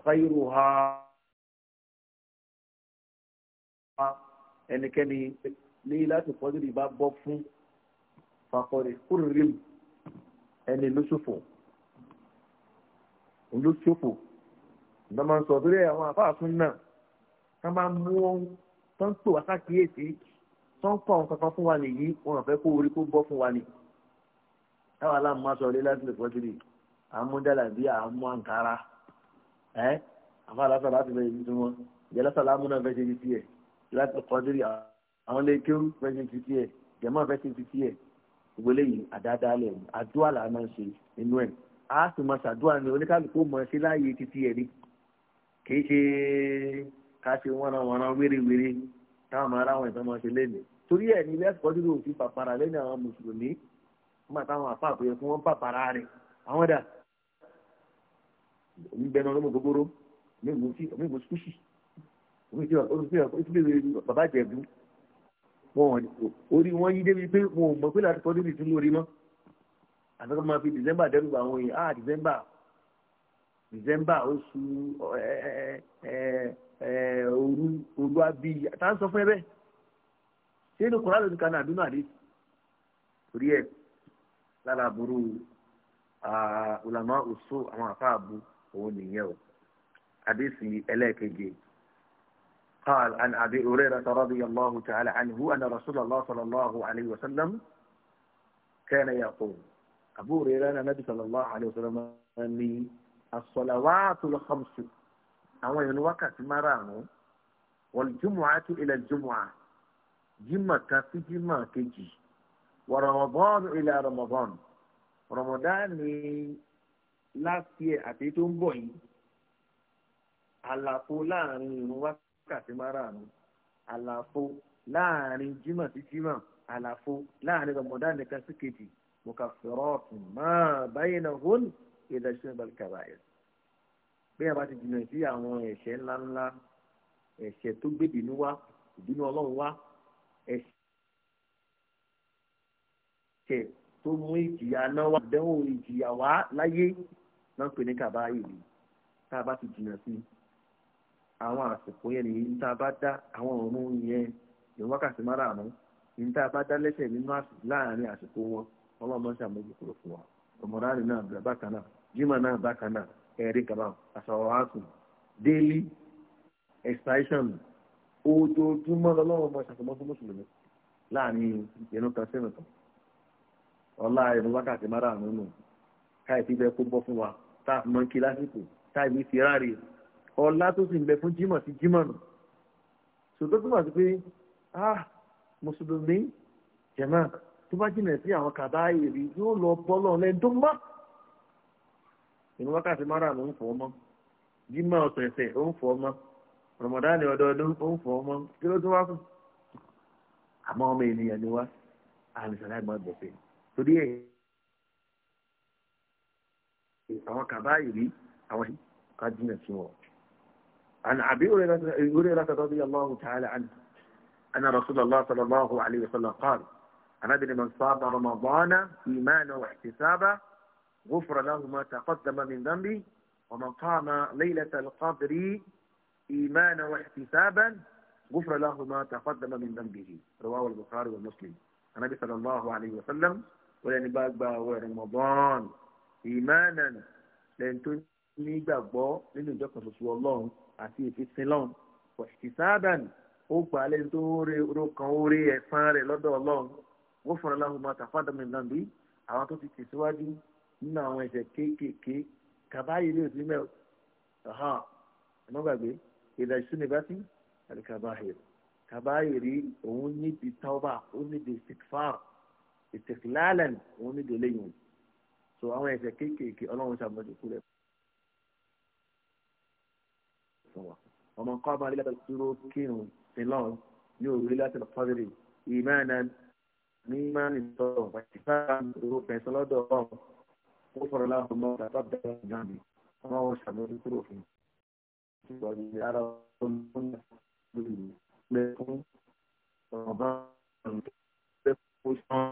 fáyìrò ha ẹnikẹ́ni ní láti fọ́dúrì bá bọ́ fún fakọrẹ kúrìrìm ẹni lóṣòfò lóṣòfò ìdá máa ń sọ lórí àwọn àfáàfin náà ká máa mú ohun tó ń pè wá sákìyèsí tó ń pọ̀ kankan fún wa nìyí wọn fẹ́ kó orí kó bọ́ fún wa ni táwa aláàmú máa sọ lé láti lè fọ́dúrì àmúdàlàbí àmú àǹkárá ẹ àfa àlásà láti lè yí tí wọn ìjẹ́ lásà láàmú náà fẹ́ ṣe ní tiẹ̀ láti kọjú rí àwọn àwọn ilé kéwú fẹsẹ̀ ti tiẹ̀ jẹ̀mọ́ fẹsẹ̀ ti tiẹ̀ gbogbo eléyìí àdáadáalẹ̀ ni àdúrà là máa ń ṣe inú ẹ̀ a sì máa ṣàdúrà ni oníkálukú máa ṣe láàyè títí ẹ̀ ni kìí ṣe ká ṣe wọ́nrawọ́nra wérewére táwọn máa ráwọn ìtàn máa ṣe lẹ́nu torí ẹ̀ ní lẹ́kọ̀ọ́ tí lóòótì pàpàrà lẹ́nu àwọn mùsùlùmí nígbà táwọn àpapọ̀ yẹ kí wọ́n pàpàrà rẹ̀ àwọn dà omi bẹnu ọlọ́mọ gbogbooro omi wọn orí wọn yí débi pé wọn mọ̀ pé láti orí mọ́ àtọ́kọ́ máa fi december dẹ́rù àwọn èèyàn ah december december oṣù òru òru àbí tá à ń sọ fún ẹ bẹ́ẹ̀ ṣé inú kọ́lá lóṣù kan àdúnà àdé lára àwọn òun nìyẹn o àdé قال عن أبي هريرة رضي الله تعالى عنه أن رسول الله صلى الله عليه وسلم كان يقول أبو هريرة النبي صلى الله عليه وسلم الصلوات الخمس أو ينوكت مرانه والجمعة إلى الجمعة جمعة في جمعة كجي ورمضان إلى رمضان رمضان last year àti tó ń bọ̀ yìí wákàtí márààrún àlàfo láàrin jimá sí jimá àlàfo láàrin ramadan nìkan sí kejì mukafirọ́ọ̀tù máa báyìí náà hún ìdájọ́ balùkàbà ẹ̀. bẹ́ẹ̀ bá ti jìnnà sí àwọn ẹ̀ṣẹ̀ ńláńlá ẹ̀ṣẹ̀ tó gbé ìbínú wá ìbínú ọlọ́run wá ẹ̀ṣẹ̀ tó mú ìjìyà náà wá ìdánwò ìjìyà wá láyé náà pè ní kàbáyé tá a bá ti jìnnà sí i. àwọn àsìkò yẹn ní tá a bá dá àwọn òun yẹn ní wákàtí márààrún ní tá a bá dá lẹ́sẹ̀ nínú láàrin àsìkò wọn ọlọ́mọ ṣàmójú kúrò fún wa kaba daily extraction ojoojúmọ́ lọ́wọ́ ọmọ ṣàtọ̀mọ́tò mùsùlùmí láàrin ìyẹnú kan sínú kan ọlá ìlú wákàtí márààrún nù káyìí ti wa táà mọ́ ọlá tó sì ń bẹ fún jímọ̀ sí jímọ̀ nù ṣòtó tó wà sí pé ah mùsùlùmí jẹ̀mọ́ tó bá jìnà sí àwọn kàbá èrè yóò lọ bọ́lọ̀ lẹ́yìn tó mọ́ ìmú wákàtí márùn-ún ń fọ́ ọmọ jímọ̀ ọ̀sẹ̀ẹ̀sẹ̀ ó ń fọ́ ọmọ rọmọdáàni ọdọọdún ó ń fọ́ ọmọ kí ló tún wá fún àmọ́ ọmọ ènìyàn ni wá àlùsàlá ìmọ̀ ọ̀gbẹ̀fẹ̀ torí ẹ̀ àwọn kàbá èrè àwọn ká jìnà sí wọn. عن أبي هريرة رضي الله تعالى عنه أن رسول الله صلى الله عليه وسلم قال أنا أدري من صام رمضان إيمانا واحتسابا غفر له ما تقدم من ذنبه ومن قام ليلة القدر إيمانا واحتسابا غفر له ما تقدم من ذنبه رواه البخاري ومسلم النبي صلى الله عليه وسلم ولن يبقى رمضان إيمانا لن تنجب gbàgbọ́ nínú ìjọ àti ìfisinlọ́n ihtisaban ó gbà lẹ́nu tó rò kan ó rí ẹ̀san rẹ̀ lọ́dọ̀ ọlọ́run wọ́n fọ̀rọ̀ láhùn máa tàfádà mi nàbí àwọn tó ti tẹ̀síwájú nínú àwọn ẹ̀ṣẹ̀ kéékèèké kàbáyé ní òsì mẹ́ọ̀ ọ̀hán ẹ̀mọ́ gbàgbé ìlà ìṣúná ìbá sí àlùkàbáyé kàbáyé rí òun níbi tọ́ba ó níbi sikfar ìtẹ̀sílálẹ̀ òun níbi eléyìí so àwọn ẹ̀ṣẹ̀ kéékèèké ọlọ́run ṣàmójúkú rẹ̀ fún wa ọmọ nǹkan ọmọ alẹ́ dúró kírun sílọ́n yóò rí láti lọ́sọ́dẹ̀rẹ̀ ìmáàna ní máàni sọ̀rọ̀ àti fáwọn ìdúró fẹ̀sán lọ́dọ̀ ọ̀hún ó fọ̀rọ̀ láàbù mọ́ bàbá bẹ̀rẹ̀ ìjọ́ni ọmọ wọn ṣàmójú kúrò fún ìgbàlódé ara olùkọ́ni lè fún ọ̀bá ọ̀hún tó fẹ́ kó sán.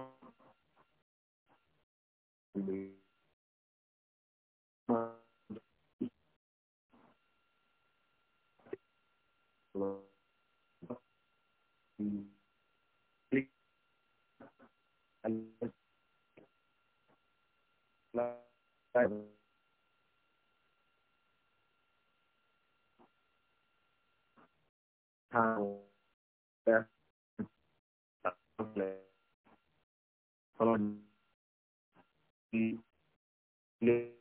how Thank you.